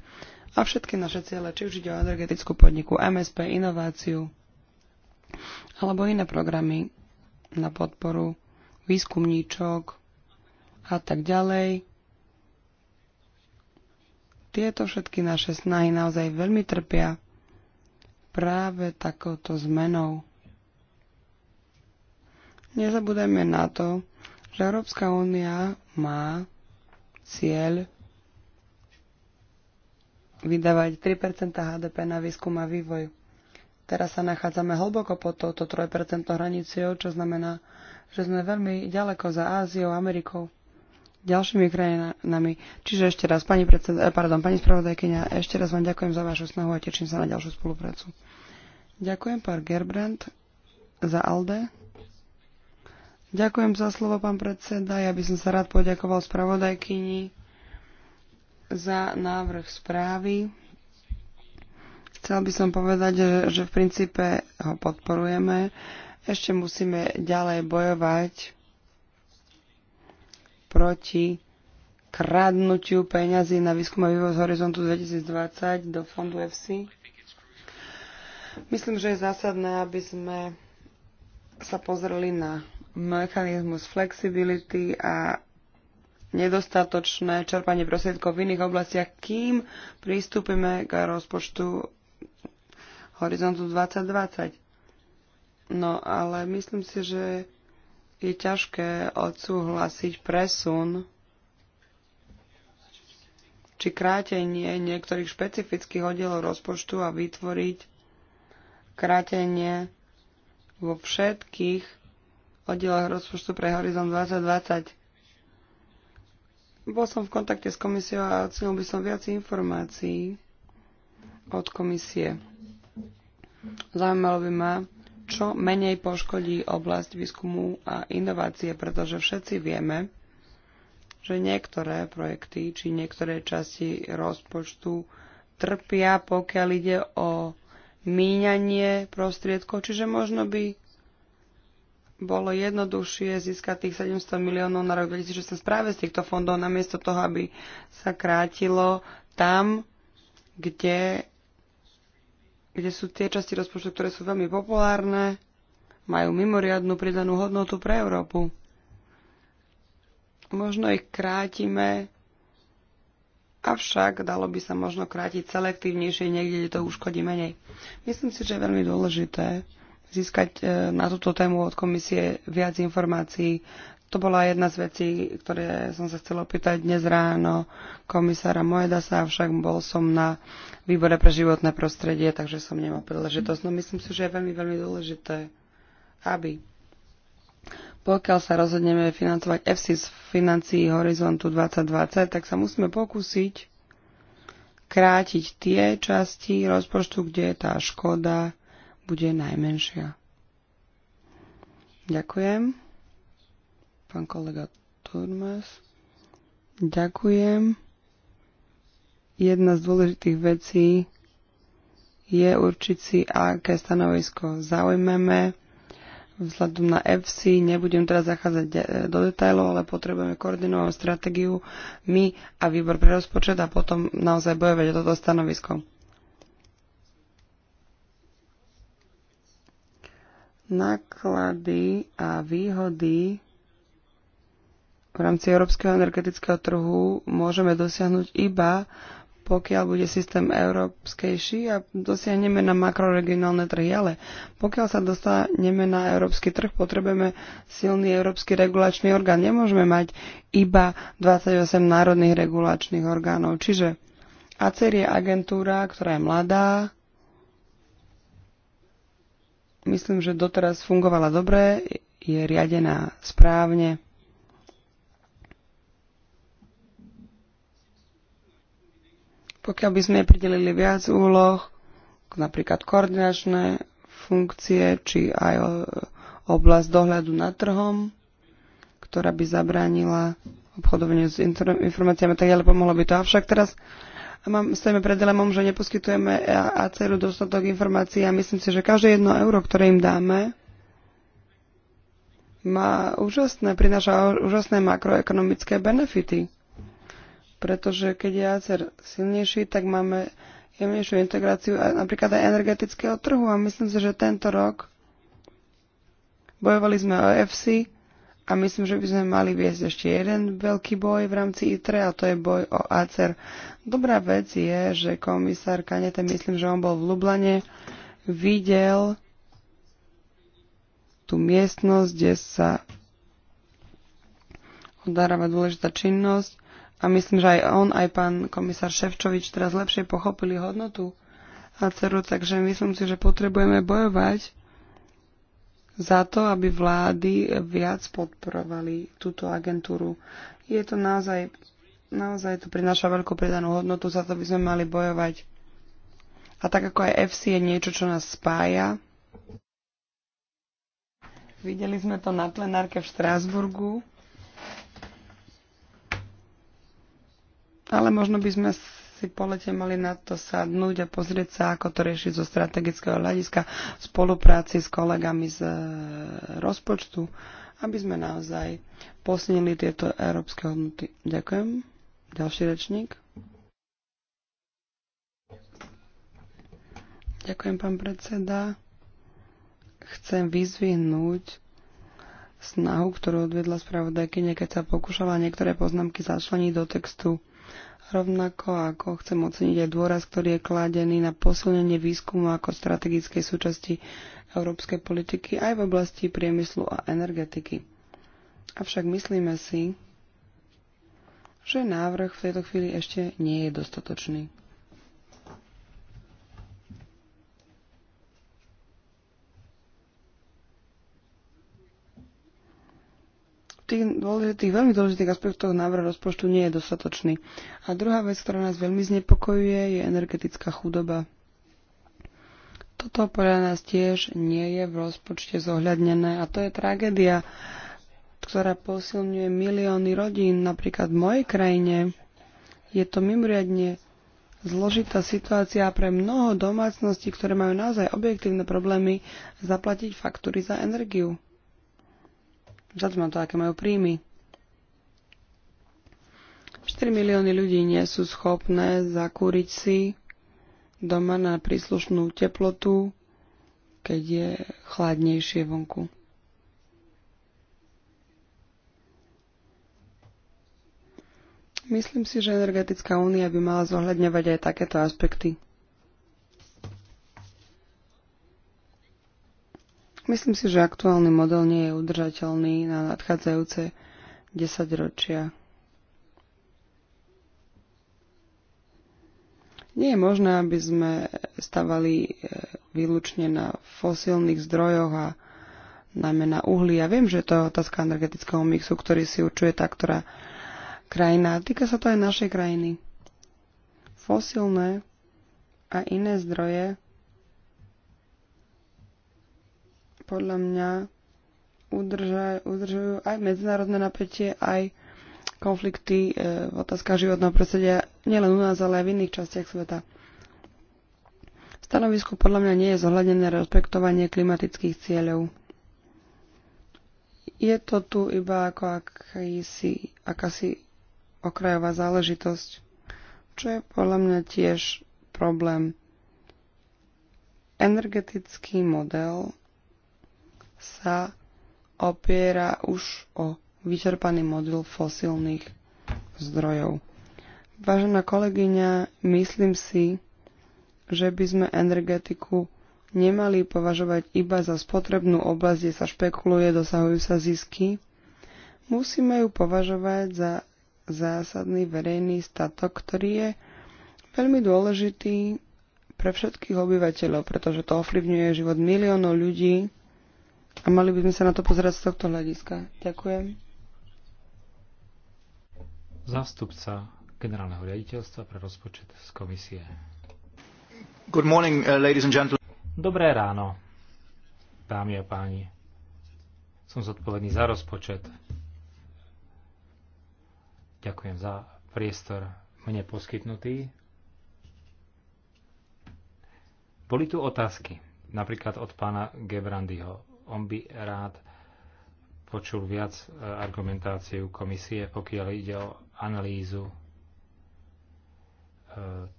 A všetky naše ciele, či už ide o energetickú podniku, MSP, inováciu, alebo iné programy na podporu výskumníčok a tak ďalej. Tieto všetky naše snahy naozaj veľmi trpia práve takouto zmenou. Nezabúdajme na to, že Európska únia má cieľ vydávať 3 HDP na výskum a vývoj. Teraz sa nachádzame hlboko pod touto 3 hraniciou, čo znamená, že sme veľmi ďaleko za Áziou, Amerikou ďalšími krajinami. Čiže ešte raz, pani, predsed, eh, pardon, pani spravodajkynia, ešte raz vám ďakujem za vašu snahu a teším sa na ďalšiu spoluprácu. Ďakujem, pán Gerbrand, za ALDE. Ďakujem za slovo, pán predseda. Ja by som sa rád poďakoval spravodajkyni za návrh správy. Chcel by som povedať, že, že v princípe ho podporujeme. Ešte musíme ďalej bojovať proti kradnutiu peňazí na výskum a vývoj z horizontu 2020 do fondu FC. Myslím, že je zásadné, aby sme sa pozreli na mechanizmus flexibility a nedostatočné čerpanie prostriedkov v iných oblastiach, kým pristúpime k rozpočtu Horizontu 2020. No, ale myslím si, že je ťažké odsúhlasiť presun či krátenie niektorých špecifických oddielov rozpočtu a vytvoriť krátenie vo všetkých oddieloch rozpočtu pre Horizon 2020. Bol som v kontakte s komisiou a ocenil by som viac informácií od komisie. Zaujímalo by ma, čo menej poškodí oblasť výskumu a inovácie, pretože všetci vieme, že niektoré projekty či niektoré časti rozpočtu trpia, pokiaľ ide o míňanie prostriedkov, čiže možno by bolo jednoduchšie získať tých 700 miliónov na rok 2016 práve z týchto fondov, namiesto toho, aby sa krátilo tam, kde kde sú tie časti rozpočtu, ktoré sú veľmi populárne, majú mimoriadnu pridanú hodnotu pre Európu. Možno ich krátime, avšak dalo by sa možno krátiť selektívnejšie niekde, kde to uškodí menej. Myslím si, že je veľmi dôležité získať eh, na túto tému od komisie viac informácií. To bola jedna z vecí, ktoré som sa chcela opýtať dnes ráno komisára Moedasa, avšak bol som na výbore pre životné prostredie, takže som nemal príležitosť. No myslím si, že je veľmi, veľmi dôležité, aby pokiaľ sa rozhodneme financovať EFSI z financií Horizontu 2020, tak sa musíme pokúsiť krátiť tie časti rozpočtu, kde tá škoda bude najmenšia. Ďakujem. Pán kolega Turmes. Ďakujem. Jedna z dôležitých vecí je určiť si, aké stanovisko zaujmeme. Vzhľadom na FC nebudem teraz zachádzať do detajlov, ale potrebujeme koordinovanú stratégiu my a výbor pre rozpočet a potom naozaj bojovať o toto stanovisko. Náklady a výhody v rámci európskeho energetického trhu môžeme dosiahnuť iba pokiaľ bude systém európskejší a dosiahneme na makroregionálne trhy. Ale pokiaľ sa dostaneme na európsky trh, potrebujeme silný európsky regulačný orgán. Nemôžeme mať iba 28 národných regulačných orgánov. Čiže ACER je agentúra, ktorá je mladá. Myslím, že doteraz fungovala dobre, je riadená správne. Pokiaľ by sme pridelili viac úloh, napríklad koordinačné funkcie, či aj e, oblasť dohľadu nad trhom, ktorá by zabránila obchodovaniu s informáciami tak ale pomohlo by to. Avšak teraz mám, stojíme pred dilemom, že neposkytujeme ACERu dostatok informácií a myslím si, že každé jedno euro, ktoré im dáme, má úžasné, prináša úžasné makroekonomické benefity pretože keď je ACER silnejší, tak máme jemnejšiu integráciu a napríklad aj energetického trhu a myslím si, že tento rok bojovali sme o FC a myslím, že by sme mali viesť ešte jeden veľký boj v rámci ITRE a to je boj o ACER. Dobrá vec je, že komisár Kanete, myslím, že on bol v Lublane, videl tú miestnosť, kde sa odáva dôležitá činnosť a myslím, že aj on, aj pán komisár Ševčovič teraz lepšie pochopili hodnotu ACERu, takže myslím si, že potrebujeme bojovať za to, aby vlády viac podporovali túto agentúru. Je to naozaj, naozaj to prináša veľkú pridanú hodnotu, za to by sme mali bojovať. A tak ako aj FC je niečo, čo nás spája, Videli sme to na plenárke v Štrásburgu. Ale možno by sme si po lete mali na to sadnúť a pozrieť sa, ako to riešiť zo strategického hľadiska v spolupráci s kolegami z e, rozpočtu, aby sme naozaj posnili tieto európske hodnoty. Ďakujem. Ďalší rečník. Ďakujem, pán predseda. Chcem vyzvihnúť snahu, ktorú odvedla spravodajkyne, keď sa pokúšala niektoré poznámky začleniť do textu Rovnako ako chcem oceniť aj dôraz, ktorý je kladený na posilnenie výskumu ako strategickej súčasti európskej politiky aj v oblasti priemyslu a energetiky. Avšak myslíme si, že návrh v tejto chvíli ešte nie je dostatočný. tých dôležitých, veľmi dôležitých aspektoch návrh rozpočtu nie je dostatočný. A druhá vec, ktorá nás veľmi znepokojuje, je energetická chudoba. Toto podľa nás tiež nie je v rozpočte zohľadnené a to je tragédia, ktorá posilňuje milióny rodín. Napríklad v mojej krajine je to mimoriadne zložitá situácia pre mnoho domácností, ktoré majú naozaj objektívne problémy zaplatiť faktúry za energiu. Vzhľadom na to, aké majú príjmy. 4 milióny ľudí nie sú schopné zakúriť si doma na príslušnú teplotu, keď je chladnejšie vonku. Myslím si, že energetická únia by mala zohľadňovať aj takéto aspekty. Myslím si, že aktuálny model nie je udržateľný na nadchádzajúce 10 ročia. Nie je možné, aby sme stavali e, výlučne na fosílnych zdrojoch a najmä na uhli. Ja viem, že to je otázka energetického mixu, ktorý si určuje tá, ktorá krajina. Týka sa to aj našej krajiny. Fosílne a iné zdroje podľa mňa udrža, udržujú aj medzinárodné napätie, aj konflikty e, v otázkach životného prostredia nielen u nás, ale aj v iných častiach sveta. V stanovisku podľa mňa nie je zohľadené rešpektovanie klimatických cieľov. Je to tu iba ako akýsi, akási okrajová záležitosť, čo je podľa mňa tiež problém. Energetický model sa opiera už o vyčerpaný model fosílnych zdrojov. Vážená kolegyňa, myslím si, že by sme energetiku nemali považovať iba za spotrebnú oblasť, kde sa špekuluje, dosahujú sa zisky. Musíme ju považovať za zásadný verejný statok, ktorý je veľmi dôležitý pre všetkých obyvateľov, pretože to ovplyvňuje život miliónov ľudí a mali by sme sa na to pozerať z tohto hľadiska. Ďakujem. Zástupca generálneho riaditeľstva pre rozpočet z komisie. Good morning, uh, ladies and gentlemen. Dobré ráno, dámy a páni. Som zodpovedný za rozpočet. Ďakujem za priestor mne poskytnutý. Boli tu otázky, napríklad od pána Gebrandyho on by rád počul viac e, argumentáciu komisie, pokiaľ ide o analýzu e,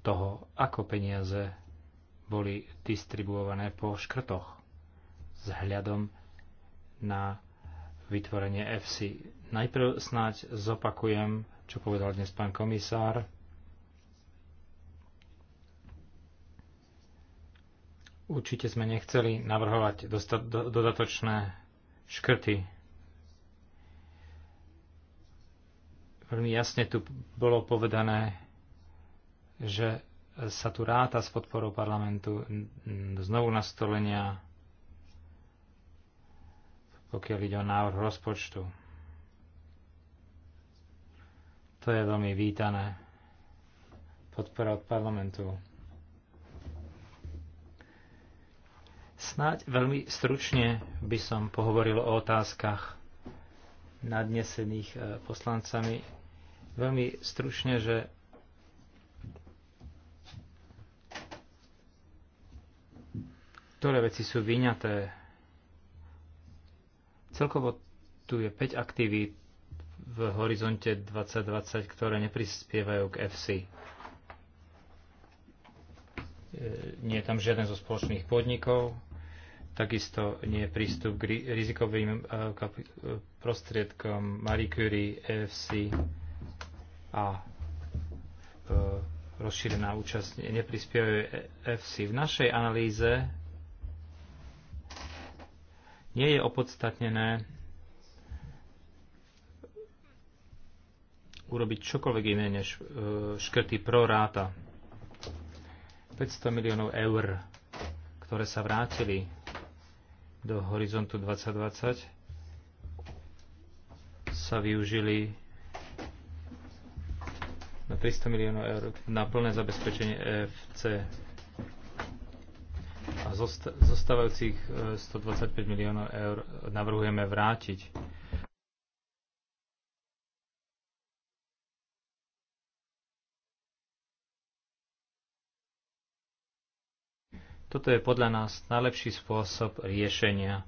toho, ako peniaze boli distribuované po škrtoch s hľadom na vytvorenie FC. Najprv snáď zopakujem, čo povedal dnes pán komisár. Určite sme nechceli navrhovať dodatočné škrty. Veľmi jasne tu bolo povedané, že sa tu ráta s podporou parlamentu znovu nastolenia, pokiaľ ide o návrh rozpočtu. To je veľmi vítané podpora od parlamentu. Snáď veľmi stručne by som pohovoril o otázkach nadnesených eh, poslancami. Veľmi stručne, že ktoré veci sú vyňaté. Celkovo tu je 5 aktivít v horizonte 2020, ktoré neprispievajú k FC eh, nie je tam žiaden zo spoločných podnikov, takisto nie je prístup k rizikovým e, e, prostriedkom Marie Curie, EFC a e, rozšírená účasť neprispievajú EFC. V našej analýze nie je opodstatnené urobiť čokoľvek iné než škrty pro ráta. 500 miliónov eur, ktoré sa vrátili do horizontu 2020 sa využili na 300 miliónov eur na plné zabezpečenie EFC a zostávajúcich 125 e, miliónov eur navrhujeme vrátiť Toto je podľa nás najlepší spôsob riešenia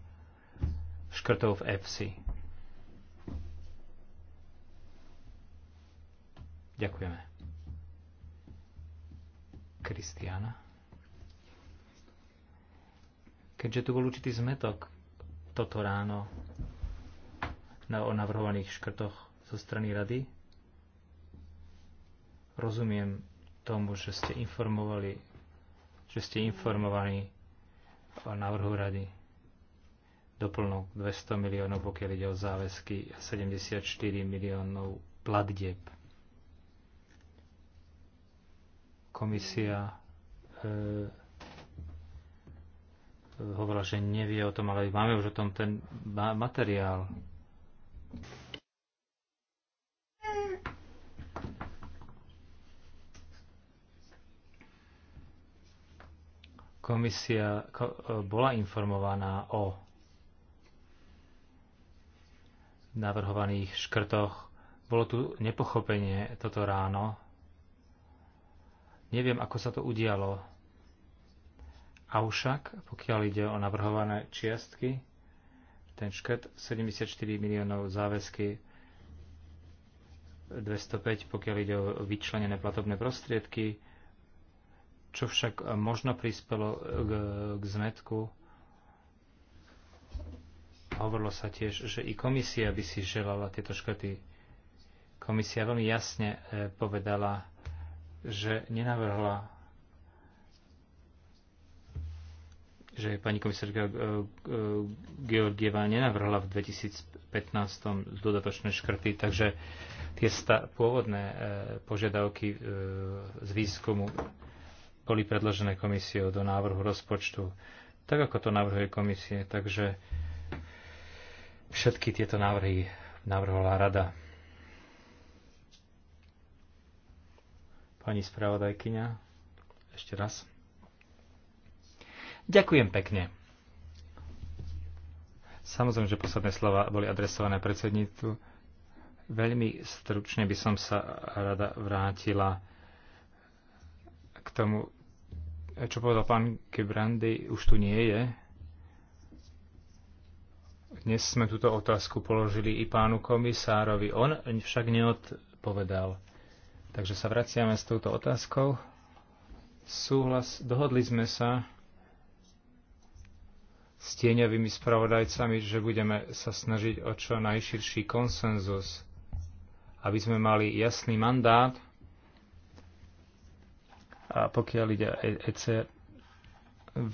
škrtov v EFSI. Ďakujeme. Kristiana. Keďže tu bol určitý zmetok toto ráno na, o navrhovaných škrtoch zo strany rady, rozumiem tomu, že ste informovali že ste informovaní o návrhu rady doplnok 200 miliónov, pokiaľ ide o záväzky a 74 miliónov platdeb. Komisia e, hovorila, že nevie o tom, ale máme už o tom ten materiál. Komisia e, bola informovaná o navrhovaných škrtoch. Bolo tu nepochopenie toto ráno. Neviem, ako sa to udialo. Avšak, pokiaľ ide o navrhované čiastky, ten škrt 74 miliónov záväzky 205, pokiaľ ide o vyčlenené platobné prostriedky, čo však e, možno prispelo e, k, k zmetku. Hovorilo sa tiež, že i komisia by si želala tieto škrty. Komisia veľmi jasne e, povedala, že nenavrhla že pani komisárka Georgieva nenavrhla v 2015 dodatočné škrty, takže tie pôvodné požiadavky z výskumu boli predložené komisiou do návrhu rozpočtu, tak ako to navrhuje komisie. Takže všetky tieto návrhy navrhovala rada. Pani spravodajkyňa, ešte raz. Ďakujem pekne. Samozrejme, že posledné slova boli adresované predsedníctvu. Veľmi stručne by som sa rada vrátila k tomu, čo povedal pán Gebrandy, už tu nie je. Dnes sme túto otázku položili i pánu komisárovi. On však neodpovedal. Takže sa vraciame s touto otázkou. Súhlas, dohodli sme sa s tieňovými spravodajcami, že budeme sa snažiť o čo najširší konsenzus, aby sme mali jasný mandát a pokiaľ ide ECR,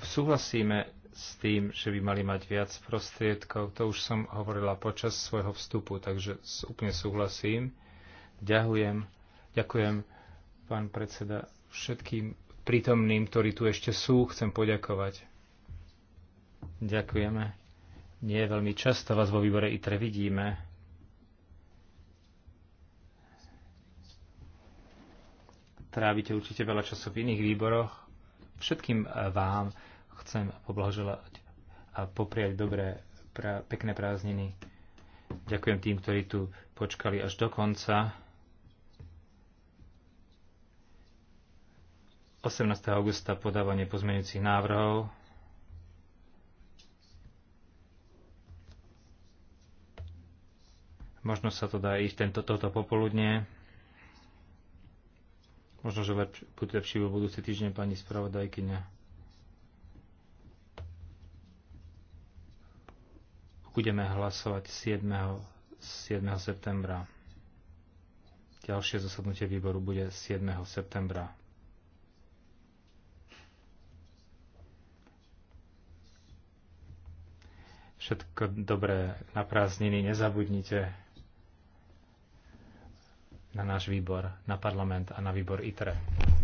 súhlasíme s tým, že by mali mať viac prostriedkov. To už som hovorila počas svojho vstupu, takže úplne súhlasím. Ďakujem, ďakujem pán predseda, všetkým prítomným, ktorí tu ešte sú, chcem poďakovať. Ďakujeme. Nie veľmi často vás vo výbore ITRE vidíme. trávite určite veľa času v iných výboroch. Všetkým eh, vám chcem poblahoželať a popriať dobré, pra, pekné prázdniny. Ďakujem tým, ktorí tu počkali až do konca. 18. augusta podávanie pozmeňujúcich návrhov. Možno sa to dá ísť tento, toto popoludne. Možno, že lep, bude lepší vo budúci týždeň pani spravodajkyňa. Budeme hlasovať 7. 7. septembra. Ďalšie zasadnutie výboru bude 7. septembra. Všetko dobré na prázdniny, nezabudnite na náš výbor, na parlament a na výbor ITRE.